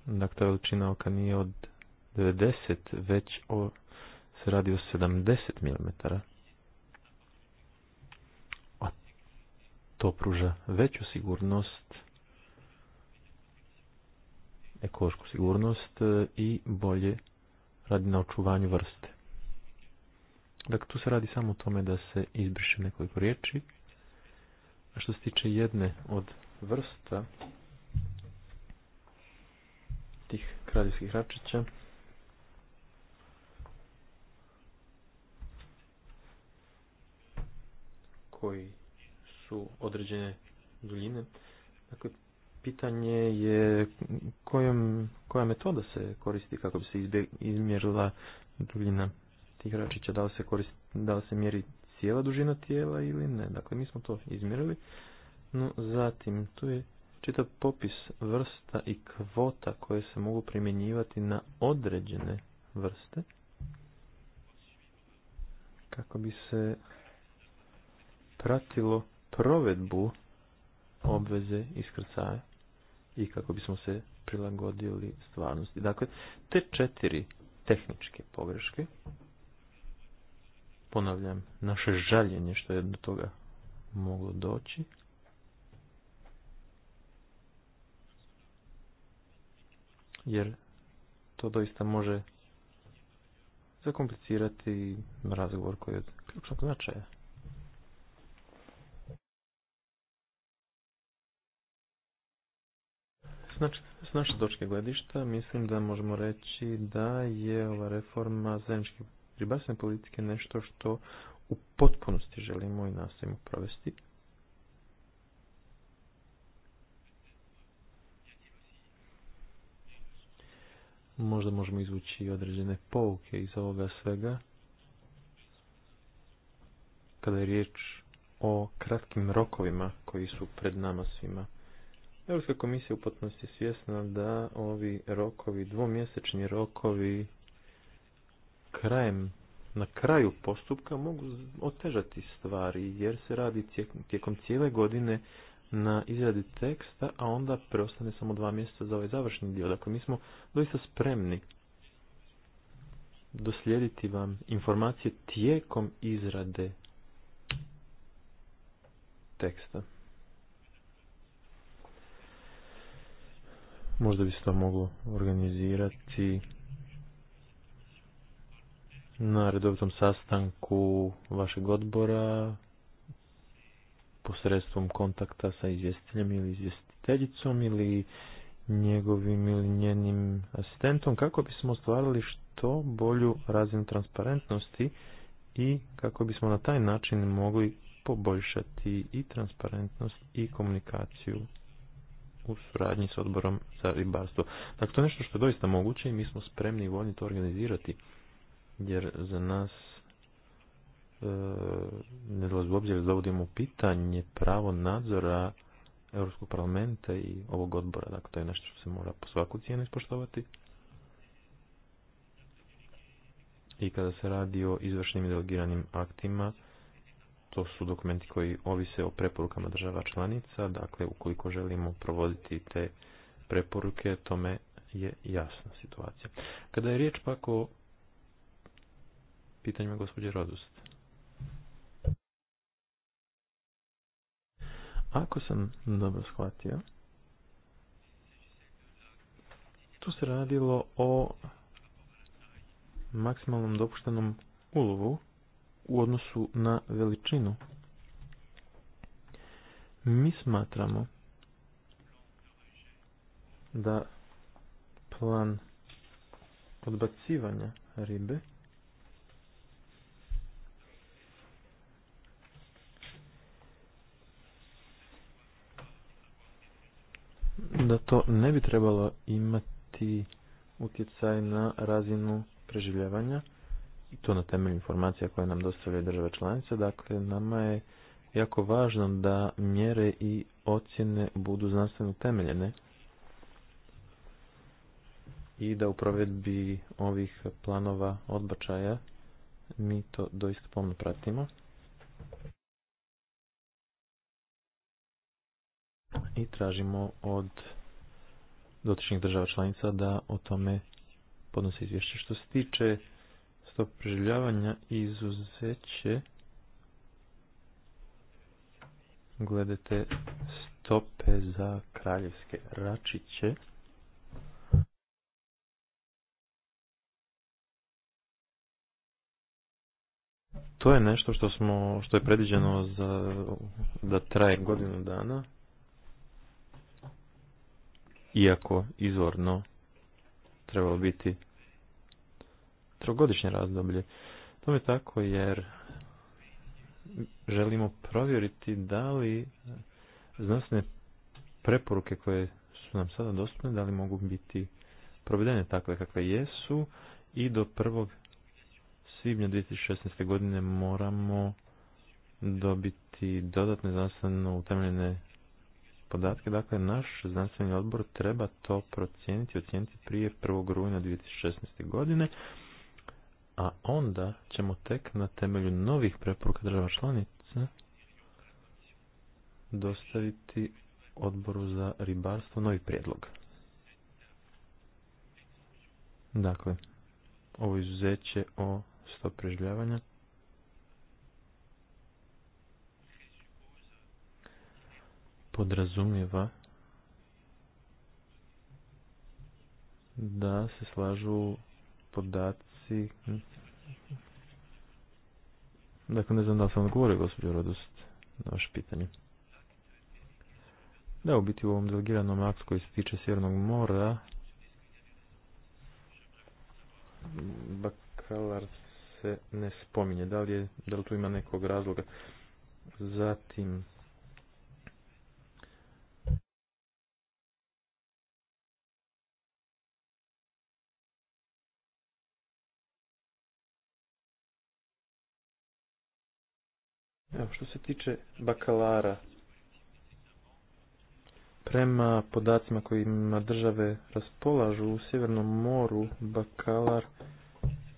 Dakle, veličina oka nije od 90, već o se radi o 70 mm. A to pruža veću sigurnost, ekološku sigurnost e, i bolje radi na očuvanju vrste. Dakle, tu se radi samo o tome da se izbriše nekoliko riječi. A što se tiče jedne od vrsta tih kraljevskih račića, koji su određene duljine. Dakle, pitanje je kojom, koja metoda se koristi kako bi se izmjerila duljina tih račića, da li se, koristi, da li se mjeri cijela dužina tijela ili ne. Dakle, mi smo to izmjerili. No, zatim, tu je čitav popis vrsta i kvota koje se mogu primjenjivati na određene vrste kako bi se pratilo provedbu obveze iskrcaja i kako bismo se prilagodili stvarnosti. Dakle, te četiri tehničke pogreške, ponavljam, naše žaljenje što je do toga moglo doći, jer to doista može zakomplicirati razgovor koji je od ključnog značaja. Znači, s naše točke gledišta mislim da možemo reći da je ova reforma zajedničke ribarstvene politike nešto što u potpunosti želimo i nastavimo provesti. Možda možemo izvući određene pouke iz ovoga svega kada je riječ o kratkim rokovima koji su pred nama svima. Europska komisija u potpunosti svjesna da ovi rokovi, dvomjesečni rokovi krajem, na kraju postupka mogu otežati stvari jer se radi tijekom cijele godine na izradi teksta, a onda preostane samo dva mjeseca za ovaj završni dio. Dakle, mi smo doista spremni doslijediti vam informacije tijekom izrade teksta. Možda bi se to moglo organizirati na redovitom sastanku vašeg odbora posredstvom kontakta sa izvjestiteljem ili izvjestiteljicom ili njegovim ili njenim asistentom kako bismo ostvarili što bolju razinu transparentnosti i kako bismo na taj način mogli poboljšati i transparentnost i komunikaciju u suradnji s odborom za ribarstvo. Dakle, to je nešto što je doista moguće i mi smo spremni i voljni to organizirati, jer za nas e, ne dolazi u obzir da dovodimo pitanje pravo nadzora Europskog parlamenta i ovog odbora. Dakle, to je nešto što se mora po svaku cijenu ispoštovati. I kada se radi o izvršnim i delegiranim aktima, to su dokumenti koji ovise o preporukama država članica, dakle ukoliko želimo provoditi te preporuke, tome je jasna situacija. Kada je riječ pak o pitanjima gospođe Rodust. Ako sam dobro shvatio, tu se radilo o maksimalnom dopuštenom ulovu u odnosu na veličinu. Mi smatramo da plan odbacivanja ribe da to ne bi trebalo imati utjecaj na razinu preživljavanja i to na temelju informacija koje nam dostavljaju države članice. Dakle, nama je jako važno da mjere i ocjene budu znanstveno temeljene i da u provedbi ovih planova odbačaja mi to doista pomno pratimo. I tražimo od dotičnih država članica da o tome podnose izvješće. Što se tiče stop preživljavanja izuzeće Gledajte stope za kraljevske račiće. To je nešto što smo, što je predviđeno za, da traje godinu dana, iako izvorno trebalo biti trogodišnje razdoblje. To je tako jer želimo provjeriti da li znanstvene preporuke koje su nam sada dostupne, da li mogu biti provedene takve kakve jesu i do 1. svibnja 2016. godine moramo dobiti dodatne znanstveno utemeljene podatke. Dakle, naš znanstveni odbor treba to procijeniti, ocijeniti prije 1. rujna 2016. godine a onda ćemo tek na temelju novih preporuka država članica dostaviti odboru za ribarstvo novi prijedlog. Dakle, ovo izuzeće o stop preživljavanja podrazumijeva da se slažu podaci i hm? Dakle, ne znam da li sam odgovorio, gospođo Radost, na vaše pitanje. Da, u biti u ovom delegiranom aktu koji se tiče Sjevernog mora, bakalar se ne spominje. Da li, da li tu ima nekog razloga? Zatim, Evo, što se tiče bakalara, prema podacima kojima države raspolažu u Sjevernom moru, bakalar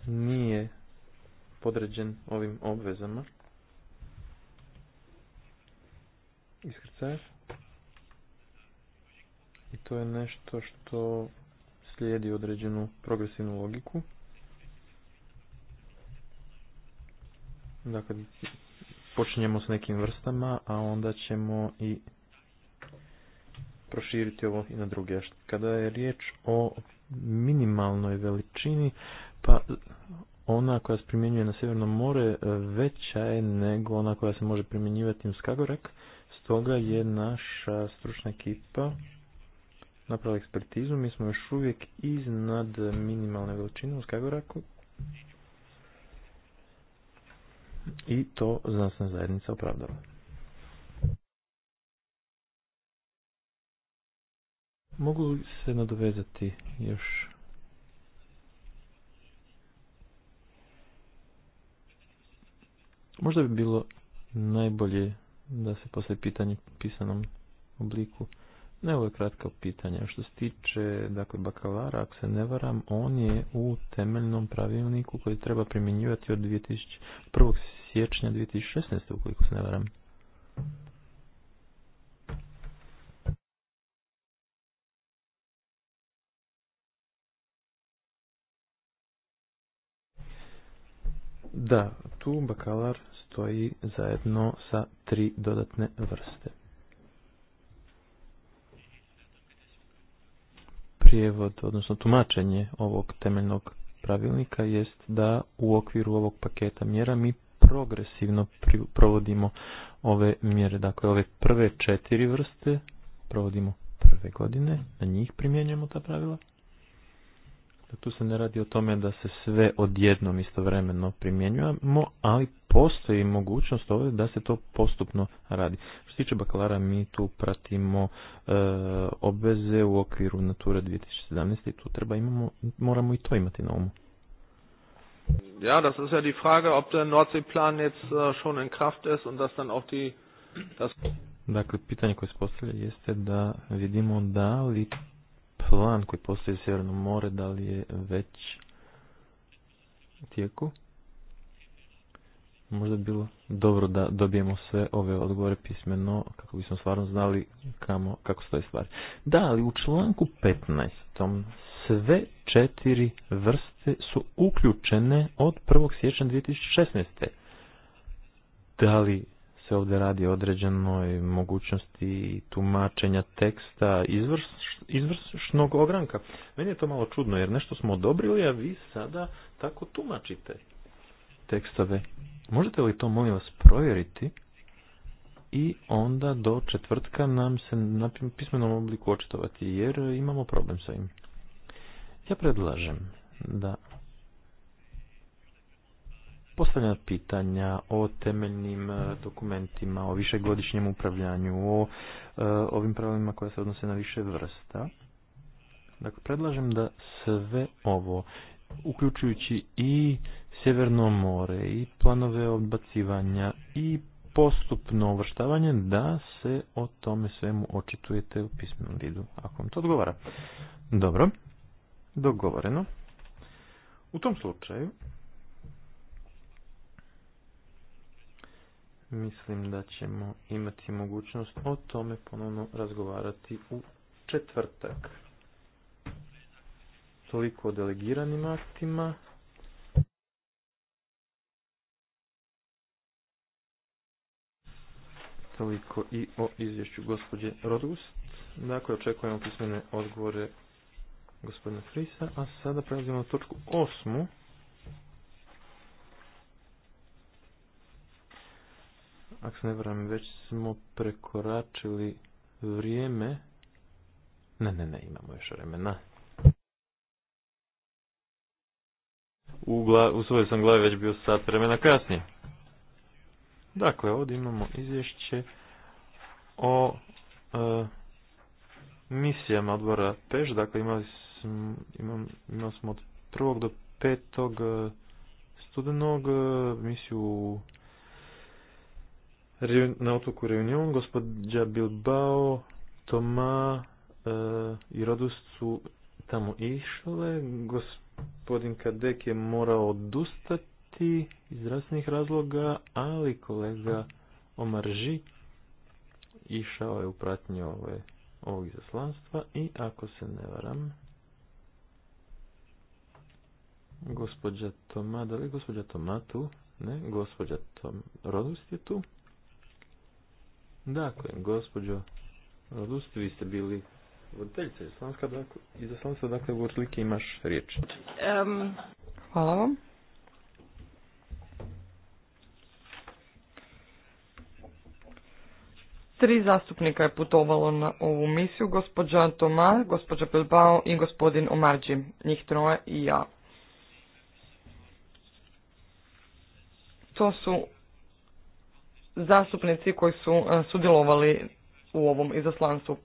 nije podređen ovim obvezama. Iskrcaj. I to je nešto što slijedi određenu progresivnu logiku. Dakle, počinjemo s nekim vrstama, a onda ćemo i proširiti ovo i na druge. Kada je riječ o minimalnoj veličini, pa ona koja se primjenjuje na Sjeverno more veća je nego ona koja se može primjenjivati u Skagorak, stoga je naša stručna ekipa napravila ekspertizu, mi smo još uvijek iznad minimalne veličine u Skagoraku, i to znanstvena zajednica opravdava. Mogu li se nadovezati još Možda bi bilo najbolje da se poslije pitanje u pisanom obliku ne, ovo je kratko pitanje. Što se tiče dakle, bakalara, ako se ne varam, on je u temeljnom pravilniku koji treba primjenjivati od 2000, 1. siječnja 2016. ukoliko se ne varam. Da, tu bakalar stoji zajedno sa tri dodatne vrste. prijevod, odnosno tumačenje ovog temeljnog pravilnika jest da u okviru ovog paketa mjera mi progresivno provodimo ove mjere. Dakle, ove prve četiri vrste provodimo prve godine, na njih primjenjujemo ta pravila. Dakle, tu se ne radi o tome da se sve odjednom istovremeno primjenjujemo, ali postoji mogućnost ovdje da se to postupno radi se tiče bakalara, mi tu pratimo e, obveze u okviru Natura 2017 i tu treba imamo, moramo i to imati na umu. Ja, das ist ja die Frage, ob der Nordseeplan jetzt äh, schon in Kraft ist und das dann auch die... Das... Dakle, pitanje koje se postavlja jeste da vidimo da li plan koji postoji Sjeverno more, da li je već tijeku? možda bi bilo dobro da dobijemo sve ove odgovore pismeno kako bismo stvarno znali kamo, kako stoje stvari. Da, ali u članku 15. sve četiri vrste su uključene od 1. siječnja 2016. Da li se ovdje radi o određenoj mogućnosti tumačenja teksta izvrš, izvršnog ogranka. Meni je to malo čudno jer nešto smo odobrili, a vi sada tako tumačite tekstove Možete li to molim vas provjeriti? I onda do četvrtka nam se na pismenom obliku očitovati jer imamo problem sa im. Ja predlažem da postavljam pitanja o temeljnim e, dokumentima, o višegodišnjem upravljanju, o e, ovim pravilima koja se odnose na više vrsta. Dakle, predlažem da sve ovo uključujući i Sjeverno more i planove odbacivanja i postupno ovrštavanje, da se o tome svemu očitujete u pismenom vidu, ako vam to odgovara. Dobro, dogovoreno. U tom slučaju mislim da ćemo imati mogućnost o tome ponovno razgovarati u četvrtak. Toliko o delegiranim aktima. Toliko i o izvješću gospođe Rodgust. Dakle, očekujemo pismene odgovore gospodina Frisa, a sada prelazimo na točku osmu. Ako se ne varam, već smo prekoračili vrijeme. Ne, ne, ne, imamo još vremena. u, gla, svojoj sam glavi već bio sat vremena kasnije. Dakle, ovdje imamo izvješće o e, misijama odbora PEŠ. Dakle, imali, smo, imam, imali smo od prvog do petog e, studenog e, misiju na otoku Reunion, gospođa Bilbao, Toma i Rodus su tamo išle, Gosp gospodin Kadek je morao odustati iz raznih razloga, ali kolega Omarži išao je u pratnju ove, ovog izaslanstva i ako se ne varam, gospođa Toma, da li gospođa Toma tu? Ne, gospođa Tom, Rodust je tu? Dakle, gospođo Rodust, vi ste bili Voditeljice slanska, dakle, izaslanstva, dakle, imaš riječ. hvala vam. Tri zastupnika je putovalo na ovu misiju, gospođa Toma, gospođa Bilbao i gospodin Omarđi, njih troje i ja. To su zastupnici koji su e, sudjelovali u ovom izaslanstvu.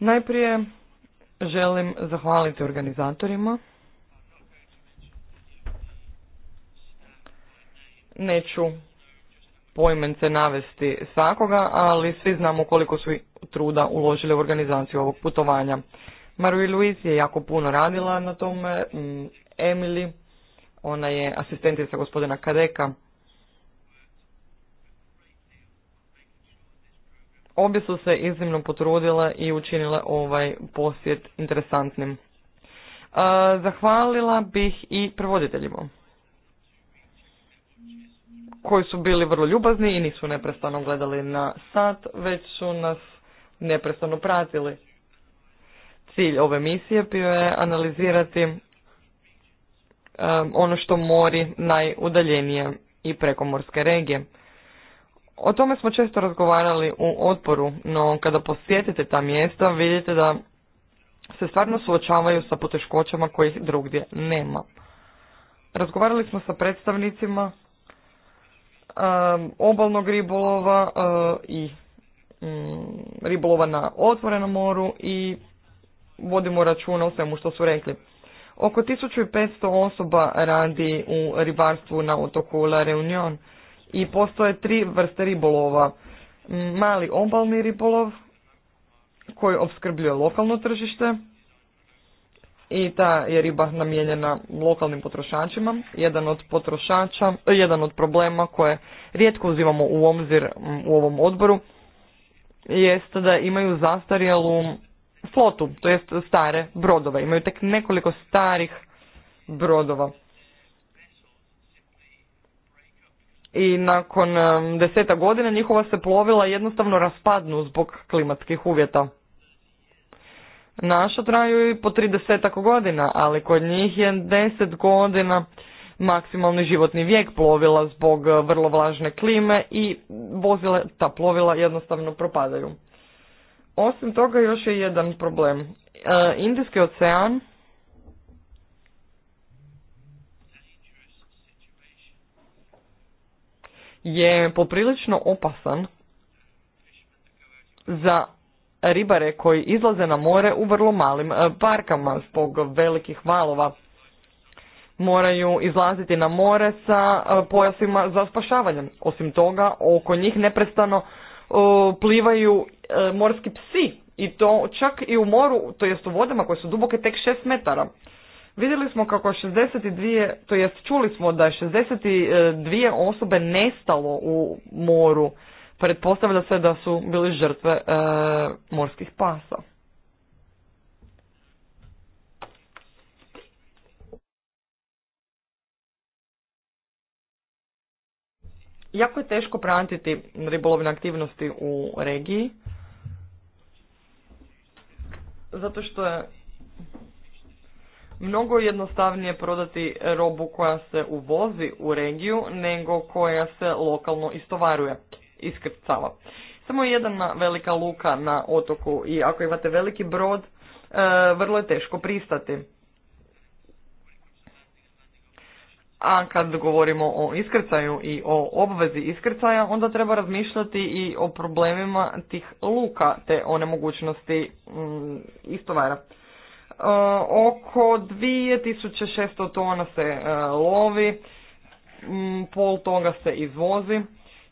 Najprije želim zahvaliti organizatorima. Neću poimence navesti svakoga, ali svi znamo koliko su truda uložili u organizaciju ovog putovanja. Maru i je jako puno radila na tome, mm, Emily, ona je asistentica gospodina Kadeka, Obje su se iznimno potrudile i učinile ovaj posjet interesantnim. E, zahvalila bih i prevoditeljima koji su bili vrlo ljubazni i nisu neprestano gledali na sat, već su nas neprestano pratili. Cilj ove misije bio je analizirati e, ono što mori najudaljenije i prekomorske regije. O tome smo često razgovarali u odporu, no kada posjetite ta mjesta vidite da se stvarno suočavaju sa poteškoćama kojih drugdje nema. Razgovarali smo sa predstavnicima um, obalnog ribolova eh, i mm, ribolova na otvorenom moru i vodimo računa o svemu što su rekli. Oko 1500 osoba radi u ribarstvu na otoku La Reunion i postoje tri vrste ribolova. Mm, mali obalni ribolov koji opskrbljuje lokalno tržište i ta je riba namijenjena lokalnim potrošačima. Jedan od potrošača, eh, jedan od problema koje rijetko uzimamo u omzir mm, u ovom odboru jest da imaju zastarjelu flotu, to jest stare brodove. Imaju tek nekoliko starih brodova. i nakon deseta godina njihova se plovila jednostavno raspadnu zbog klimatskih uvjeta. Naša traju i po tri desetak godina, ali kod njih je deset godina maksimalni životni vijek plovila zbog eh, vrlo vlažne klime i vozile ta plovila jednostavno propadaju. Osim toga još je jedan problem. Eh, Indijski ocean je poprilično opasan za ribare koji izlaze na more u vrlo malim e, parkama zbog velikih valova. Moraju izlaziti na more sa e, pojasima za spašavanje. Osim toga, oko njih neprestano e, plivaju morski psi i to čak i u moru, to jest u vodama koje su duboke tek 6 metara. Vidjeli smo kako 62, to jest čuli smo da je 62 osobe nestalo u moru. Pretpostavlja se da su bili žrtve e, morskih pasa. Jako je teško pratiti ribolovne aktivnosti u regiji, zato što je mnogo jednostavnije prodati robu koja se uvozi u regiju nego koja se lokalno istovaruje, iskrcava. Samo jedna velika luka na otoku i ako imate veliki brod, e, vrlo je teško pristati. A kad govorimo o iskrcaju i o obvezi iskrcaja, onda treba razmišljati i o problemima tih luka, te o nemogućnosti mm, istovara. E, oko 2600 tona se e, lovi, pol toga se izvozi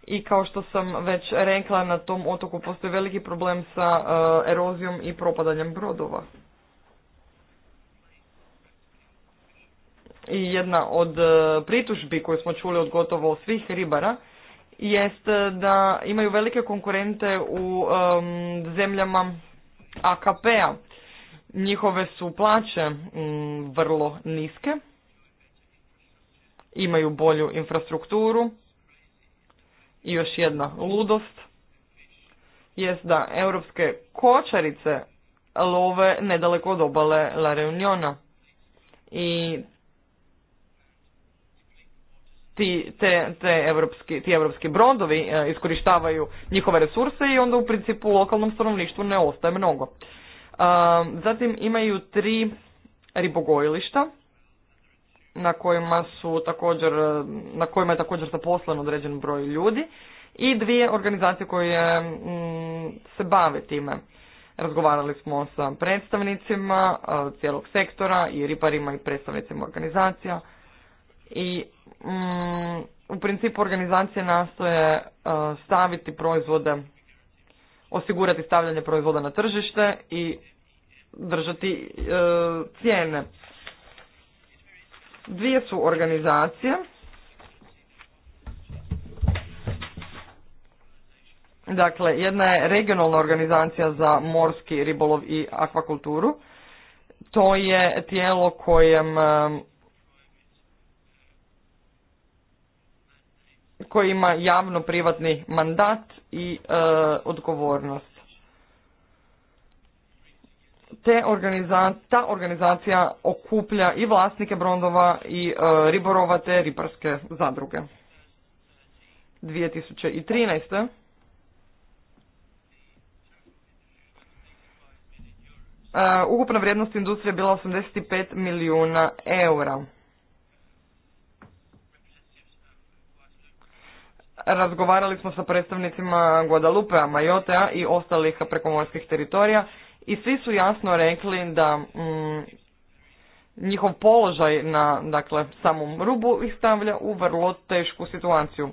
i kao što sam već rekla na tom otoku postoji veliki problem sa e, erozijom i propadanjem brodova. I jedna od pritužbi koju smo čuli od gotovo svih ribara jest da imaju velike konkurente u zemljama AKP-a Njihove su plaće mm, vrlo niske, imaju bolju infrastrukturu i još jedna ludost jest da europske kočarice love nedaleko od obale La Reuniona i ti, te, te evropski, ti evropski brodovi e, iskorištavaju njihove resurse i onda u principu lokalnom stanovništvu ne ostaje mnogo. Zatim imaju tri ribogojilišta na kojima su također, na kojima je također zaposlen određen broj ljudi i dvije organizacije koje mm, se bave time. Razgovarali smo sa predstavnicima cijelog sektora i riparima i predstavnicima organizacija i mm, u principu organizacije nastoje staviti proizvode osigurati stavljanje proizvoda na tržište i držati e, cijene. Dvije su organizacije. Dakle, jedna je regionalna organizacija za morski ribolov i akvakulturu. To je tijelo kojem koji ima javno-privatni mandat i e, odgovornost. Te ta organizacija okuplja i vlasnike brondova i e, riborova te ribarske zadruge. 2013. Uh, e, ukupna vrijednost industrije je bila 85 milijuna eura. Razgovarali smo sa predstavnicima Guadalupe, Majotea i ostalih prekomorskih teritorija i svi su jasno rekli da mm, njihov položaj na dakle, samom rubu ih stavlja u vrlo tešku situaciju. E,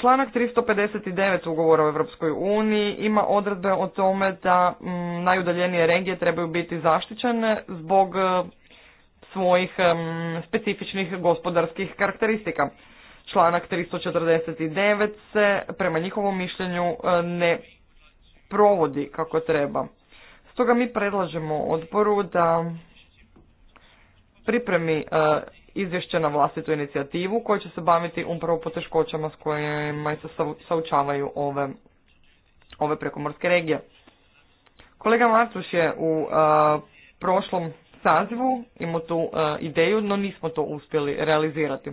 članak 359 ugovora o Europskoj uniji ima odredbe o tome da mm, najudaljenije regije trebaju biti zaštićene zbog e, svojih specifičnih gospodarskih karakteristika. Članak 349 se prema njihovom mišljenju e, ne provodi kako treba. Stoga mi predlažemo odboru da pripremi e, izvješće na vlastitu inicijativu koja će se baviti upravo poteškoćama s kojima se saučavaju ove, ove prekomorske regije. Kolega Marcuš je u e, prošlom sazivu imao tu ideju, no nismo to uspjeli realizirati.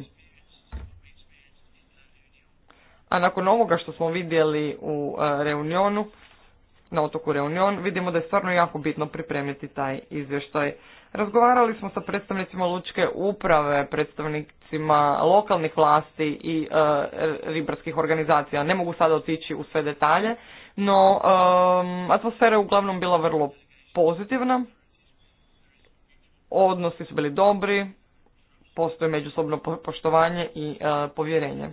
A nakon ovoga što smo vidjeli u e, Reunionu, na otoku Reunion, vidimo da je stvarno jako bitno pripremiti taj izvještaj. Razgovarali smo sa predstavnicima lučke uprave, predstavnicima lokalnih vlasti i e, ribarskih organizacija. Ne mogu sada otići u sve detalje, no atmosfera je uglavnom bila vrlo pozitivna. Odnosi su bili dobri, postoje međusobno poštovanje i e, povjerenje.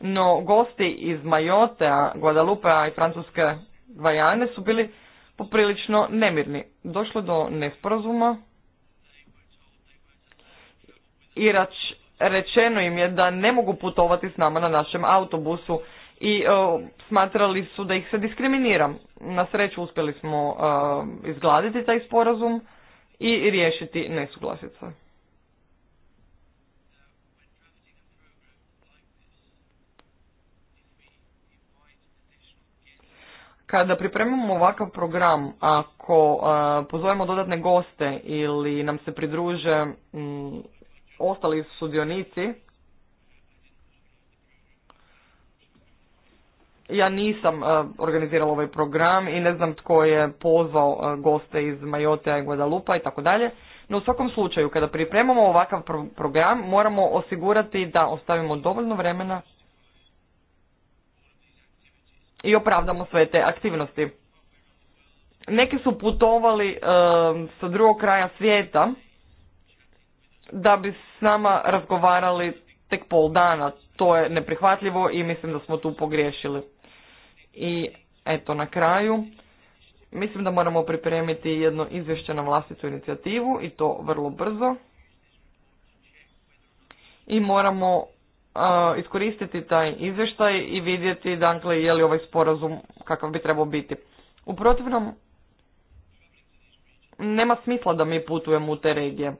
No, gosti iz Majotea, Guadalupea i Francuske Vajane su bili poprilično nemirni. Došlo do nesporazuma i rečeno im je da ne mogu putovati s nama na našem autobusu i e, smatrali su da ih se diskriminira. Na sreću uspjeli smo uh, izgladiti taj sporazum i riješiti nesuglasice. Kada pripremamo ovakav program, ako e, pozovemo dodatne goste ili nam se pridruže mm, ostali sudionici, ja nisam e, organizirala ovaj program i ne znam tko je pozvao e, goste iz Majote, Guadalupa i tako dalje. No u svakom slučaju, kada pripremamo ovakav program, moramo osigurati da ostavimo dovoljno vremena i opravdamo sve te aktivnosti. Neki su putovali sa drugog kraja svijeta da bi s nama razgovarali tek pol dana. To je neprihvatljivo i mislim da smo tu pogriješili. I eto na kraju, mislim da moramo pripremiti jedno izvješće na vlastitu inicijativu i to vrlo brzo. I moramo iskoristiti taj izvještaj i vidjeti dakle je li ovaj sporazum kakav bi trebao biti. U protivnom nema smisla da mi putujemo u te regije.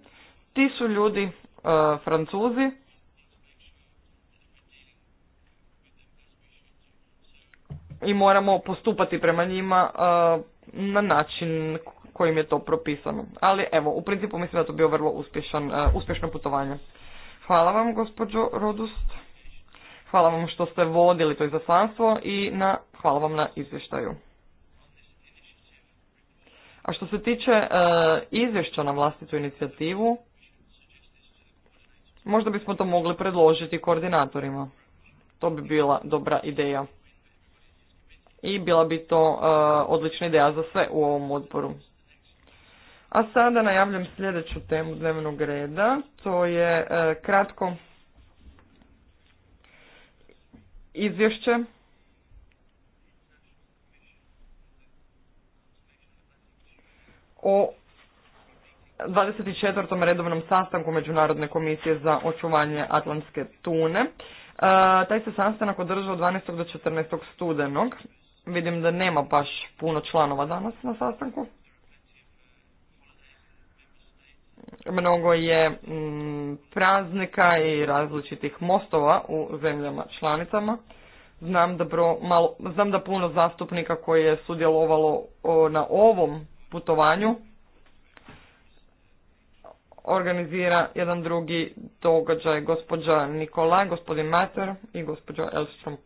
Ti su ljudi e, Francuzi i moramo postupati prema njima e, na način kojim je to propisano. Ali evo, u principu mislim da je to bio vrlo uspješan, e, uspješno putovanje. Hvala vam, gospođo Rodust. Hvala vam što ste vodili to izaslanstvo i na, hvala vam na izvještaju. A što se tiče e, izvješća na vlastitu inicijativu, možda bismo to mogli predložiti koordinatorima. To bi bila dobra ideja. I bila bi to e, odlična ideja za sve u ovom odboru. A sada najavljam sljedeću temu dnevnog reda, to je e, kratko izvješće o 24. redovnom sastanku Međunarodne komisije za očuvanje atlantske tune. E, taj se sastanak održao 12. do 14. studenog. Vidim da nema baš puno članova danas na sastanku mnogo je mm, praznika i različitih mostova u zemljama članicama. Znam da, bro, malo, znam da puno zastupnika koje je sudjelovalo na ovom putovanju organizira jedan drugi događaj gospođa Nikola, gospodin Mater i gospođa Elstrom.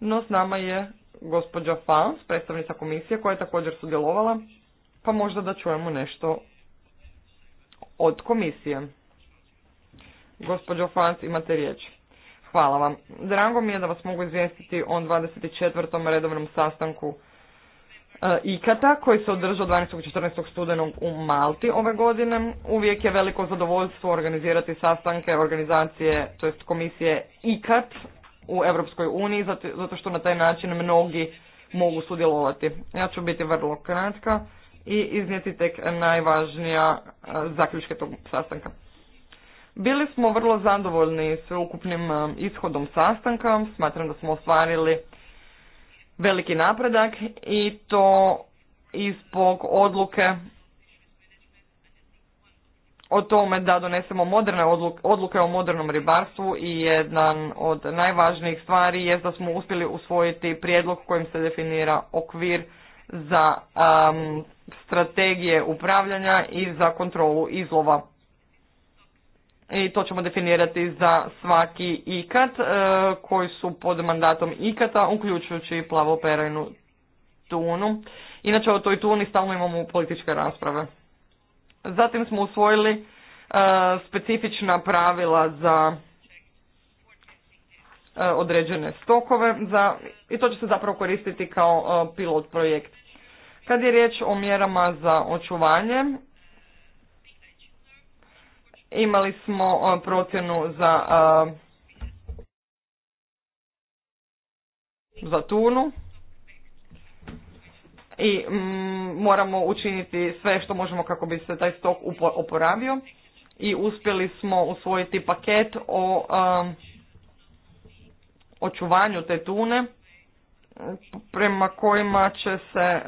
No s nama je gospođa Fans, predstavnica komisije koja je također sudjelovala pa možda da čujemo nešto od komisije. Gospođo Fans, imate riječ. Hvala vam. Drago mi je da vas mogu izvijestiti o 24. redovnom sastanku e, IKATA koji se održao 12. 14. studenog u Malti ove godine. Uvijek je veliko zadovoljstvo organizirati sastanke organizacije, to jest komisije IKAT u Europskoj uniji, zato što na taj način mnogi mogu sudjelovati. Ja ću biti vrlo kratka i iznijeti tek najvažnija zaključke tog sastanka. Bili smo vrlo zadovoljni ukupnim ishodom sastanka, smatram da smo ostvarili veliki napredak i to ispog odluke o tome da donesemo moderne odluke, odluke o modernom ribarstvu i jedan od najvažnijih stvari je da smo uspjeli usvojiti prijedlog kojim se definira okvir za um, strategije upravljanja i za kontrolu izlova. I to ćemo definirati za svaki ikat uh, koji su pod mandatom ikata, uključujući plavoperajnu tunu. Inače o toj tuni stalno imamo političke rasprave. Zatim smo usvojili uh, specifična pravila za E, određene stokove za, i to će se zapravo koristiti kao e, pilot projekt. Kad je riječ o mjerama za očuvanje, imali smo e, procjenu za, za tunu i mm, moramo učiniti sve što možemo kako bi se taj stok oporavio i uspjeli smo usvojiti paket o očuvanju te tune e, prema kojima će se e,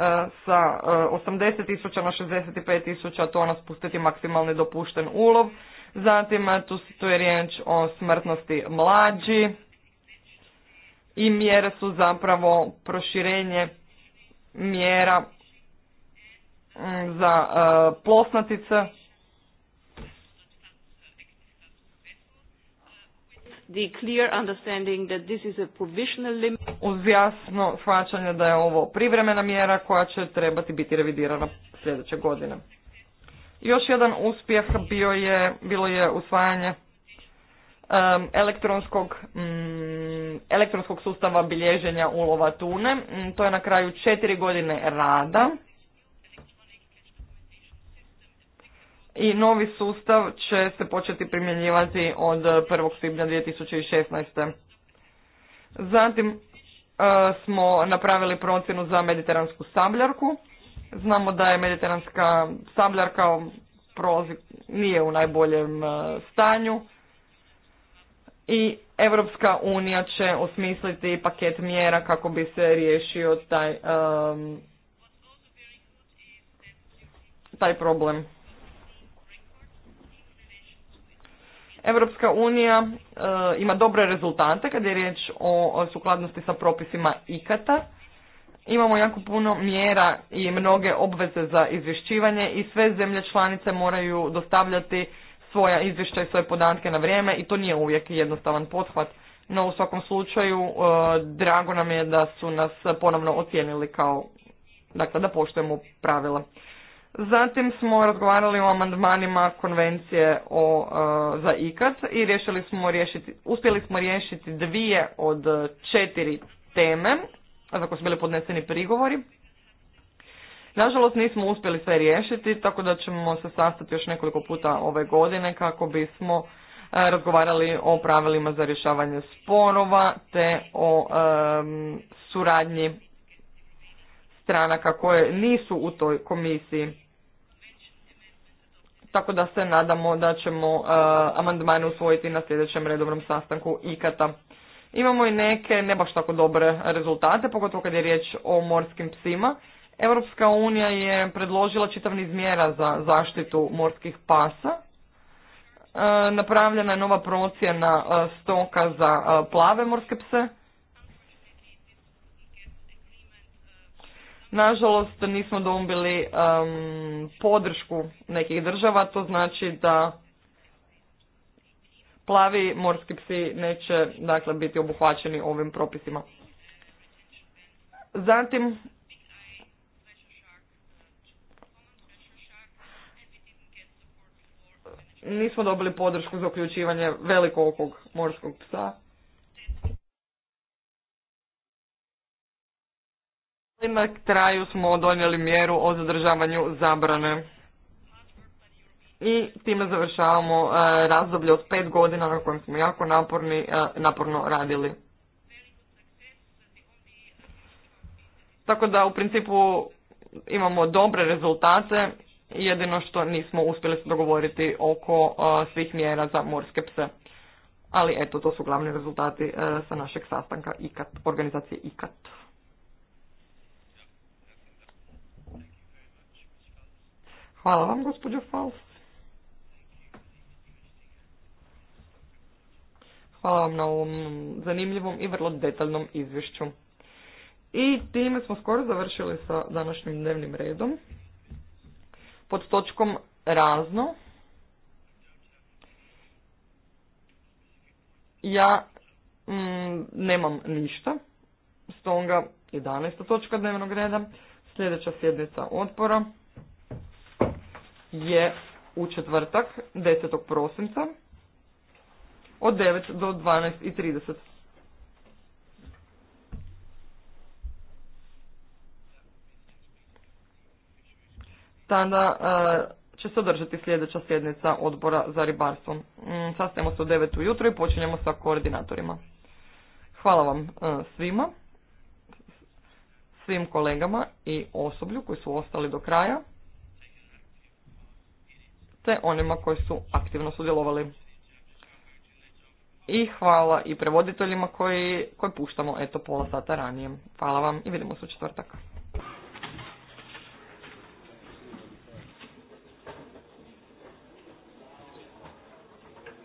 sa 80.000 e, na 65 tisuća tona spustiti maksimalni dopušten ulov. Zatim tu, tu je riječ o smrtnosti mlađi i mjere su zapravo proširenje mjera za plosnatice the clear understanding this is Uz jasno shvaćanje da je ovo privremena mjera koja će trebati biti revidirana sljedeće godine. Još jedan uspjeh bio je, bilo je usvajanje elektronskog, mm, elektronskog sustava bilježenja ulova tune. Mm, to je na kraju četiri godine rada. i novi sustav će se početi primjenjivati od 1. svibnja 2016. Zatim e, smo napravili procjenu za mediteransku sabljarku. Znamo da je mediteranska sabljarka prozi, nije u najboljem e, stanju i Europska unija će osmisliti paket mjera kako bi se riješio taj, e, taj problem. Europska unija e, ima dobre rezultate kad je riječ o, sukladnosti sa propisima ikata. Imamo jako puno mjera i mnoge obveze za izvješćivanje i sve zemlje članice moraju dostavljati svoja izvješća i svoje podatke na vrijeme i to nije uvijek jednostavan pothvat. No u svakom slučaju e, drago nam je da su nas ponovno ocijenili kao, dakle da poštujemo pravila. Zatim smo razgovarali o amandmanima konvencije o, e, za ikad i smo uspjeli smo riješiti dvije od četiri teme za koje su bili podneseni prigovori. Nažalost nismo uspjeli sve riješiti, tako da ćemo se sastati još nekoliko puta ove godine kako bismo e, razgovarali o pravilima za rješavanje sporova te o e, suradnji stranaka koje nisu u toj komisiji. Tako da se nadamo da ćemo uh, amandmane usvojiti na sljedećem redovnom sastanku ikata. Imamo i neke ne baš tako dobre rezultate, pogotovo kad je riječ o morskim psima. Europska unija je predložila čitav niz mjera za zaštitu morskih pasa. Uh, napravljena je nova procjena uh, stoka za plave morske pse. Nažalost, nismo dobili um, podršku nekih država, to znači da plavi morski psi neće dakle, biti obuhvaćeni ovim propisima. Zatim, nismo dobili podršku za uključivanje velikog morskog psa I na kraju smo donijeli mjeru o zadržavanju zabrane. I time završavamo e, razdoblje od pet godina na kojem smo jako naporni, e, naporno radili. Tako da u principu imamo dobre rezultate, jedino što nismo uspjeli se dogovoriti oko e, svih mjera za morske pse. Ali eto, to su glavni rezultati sa našeg sastanka IKAT, organizacije IKAT. Hvala vam, gospođo Faust. Hvala vam na ovom zanimljivom i vrlo detaljnom izvješću. I time smo skoro završili sa današnjim dnevnim redom. Pod točkom razno. Ja mm, nemam ništa. Stonga 11. točka dnevnog reda. Sljedeća sjednica odpora je u četvrtak 10. prosinca od 9 do 12.30. Tada e, će se održati sljedeća sjednica odbora za ribarstvo. Mm, sastajemo se u 9 ujutro i počinjemo sa koordinatorima. Hvala vam e, svima, svim kolegama i osoblju koji su ostali do kraja te onima koji su aktivno sudjelovali. I hvala i prevoditeljima koji, koji puštamo eto pola sata ranije. Hvala vam i vidimo se u četvrtak.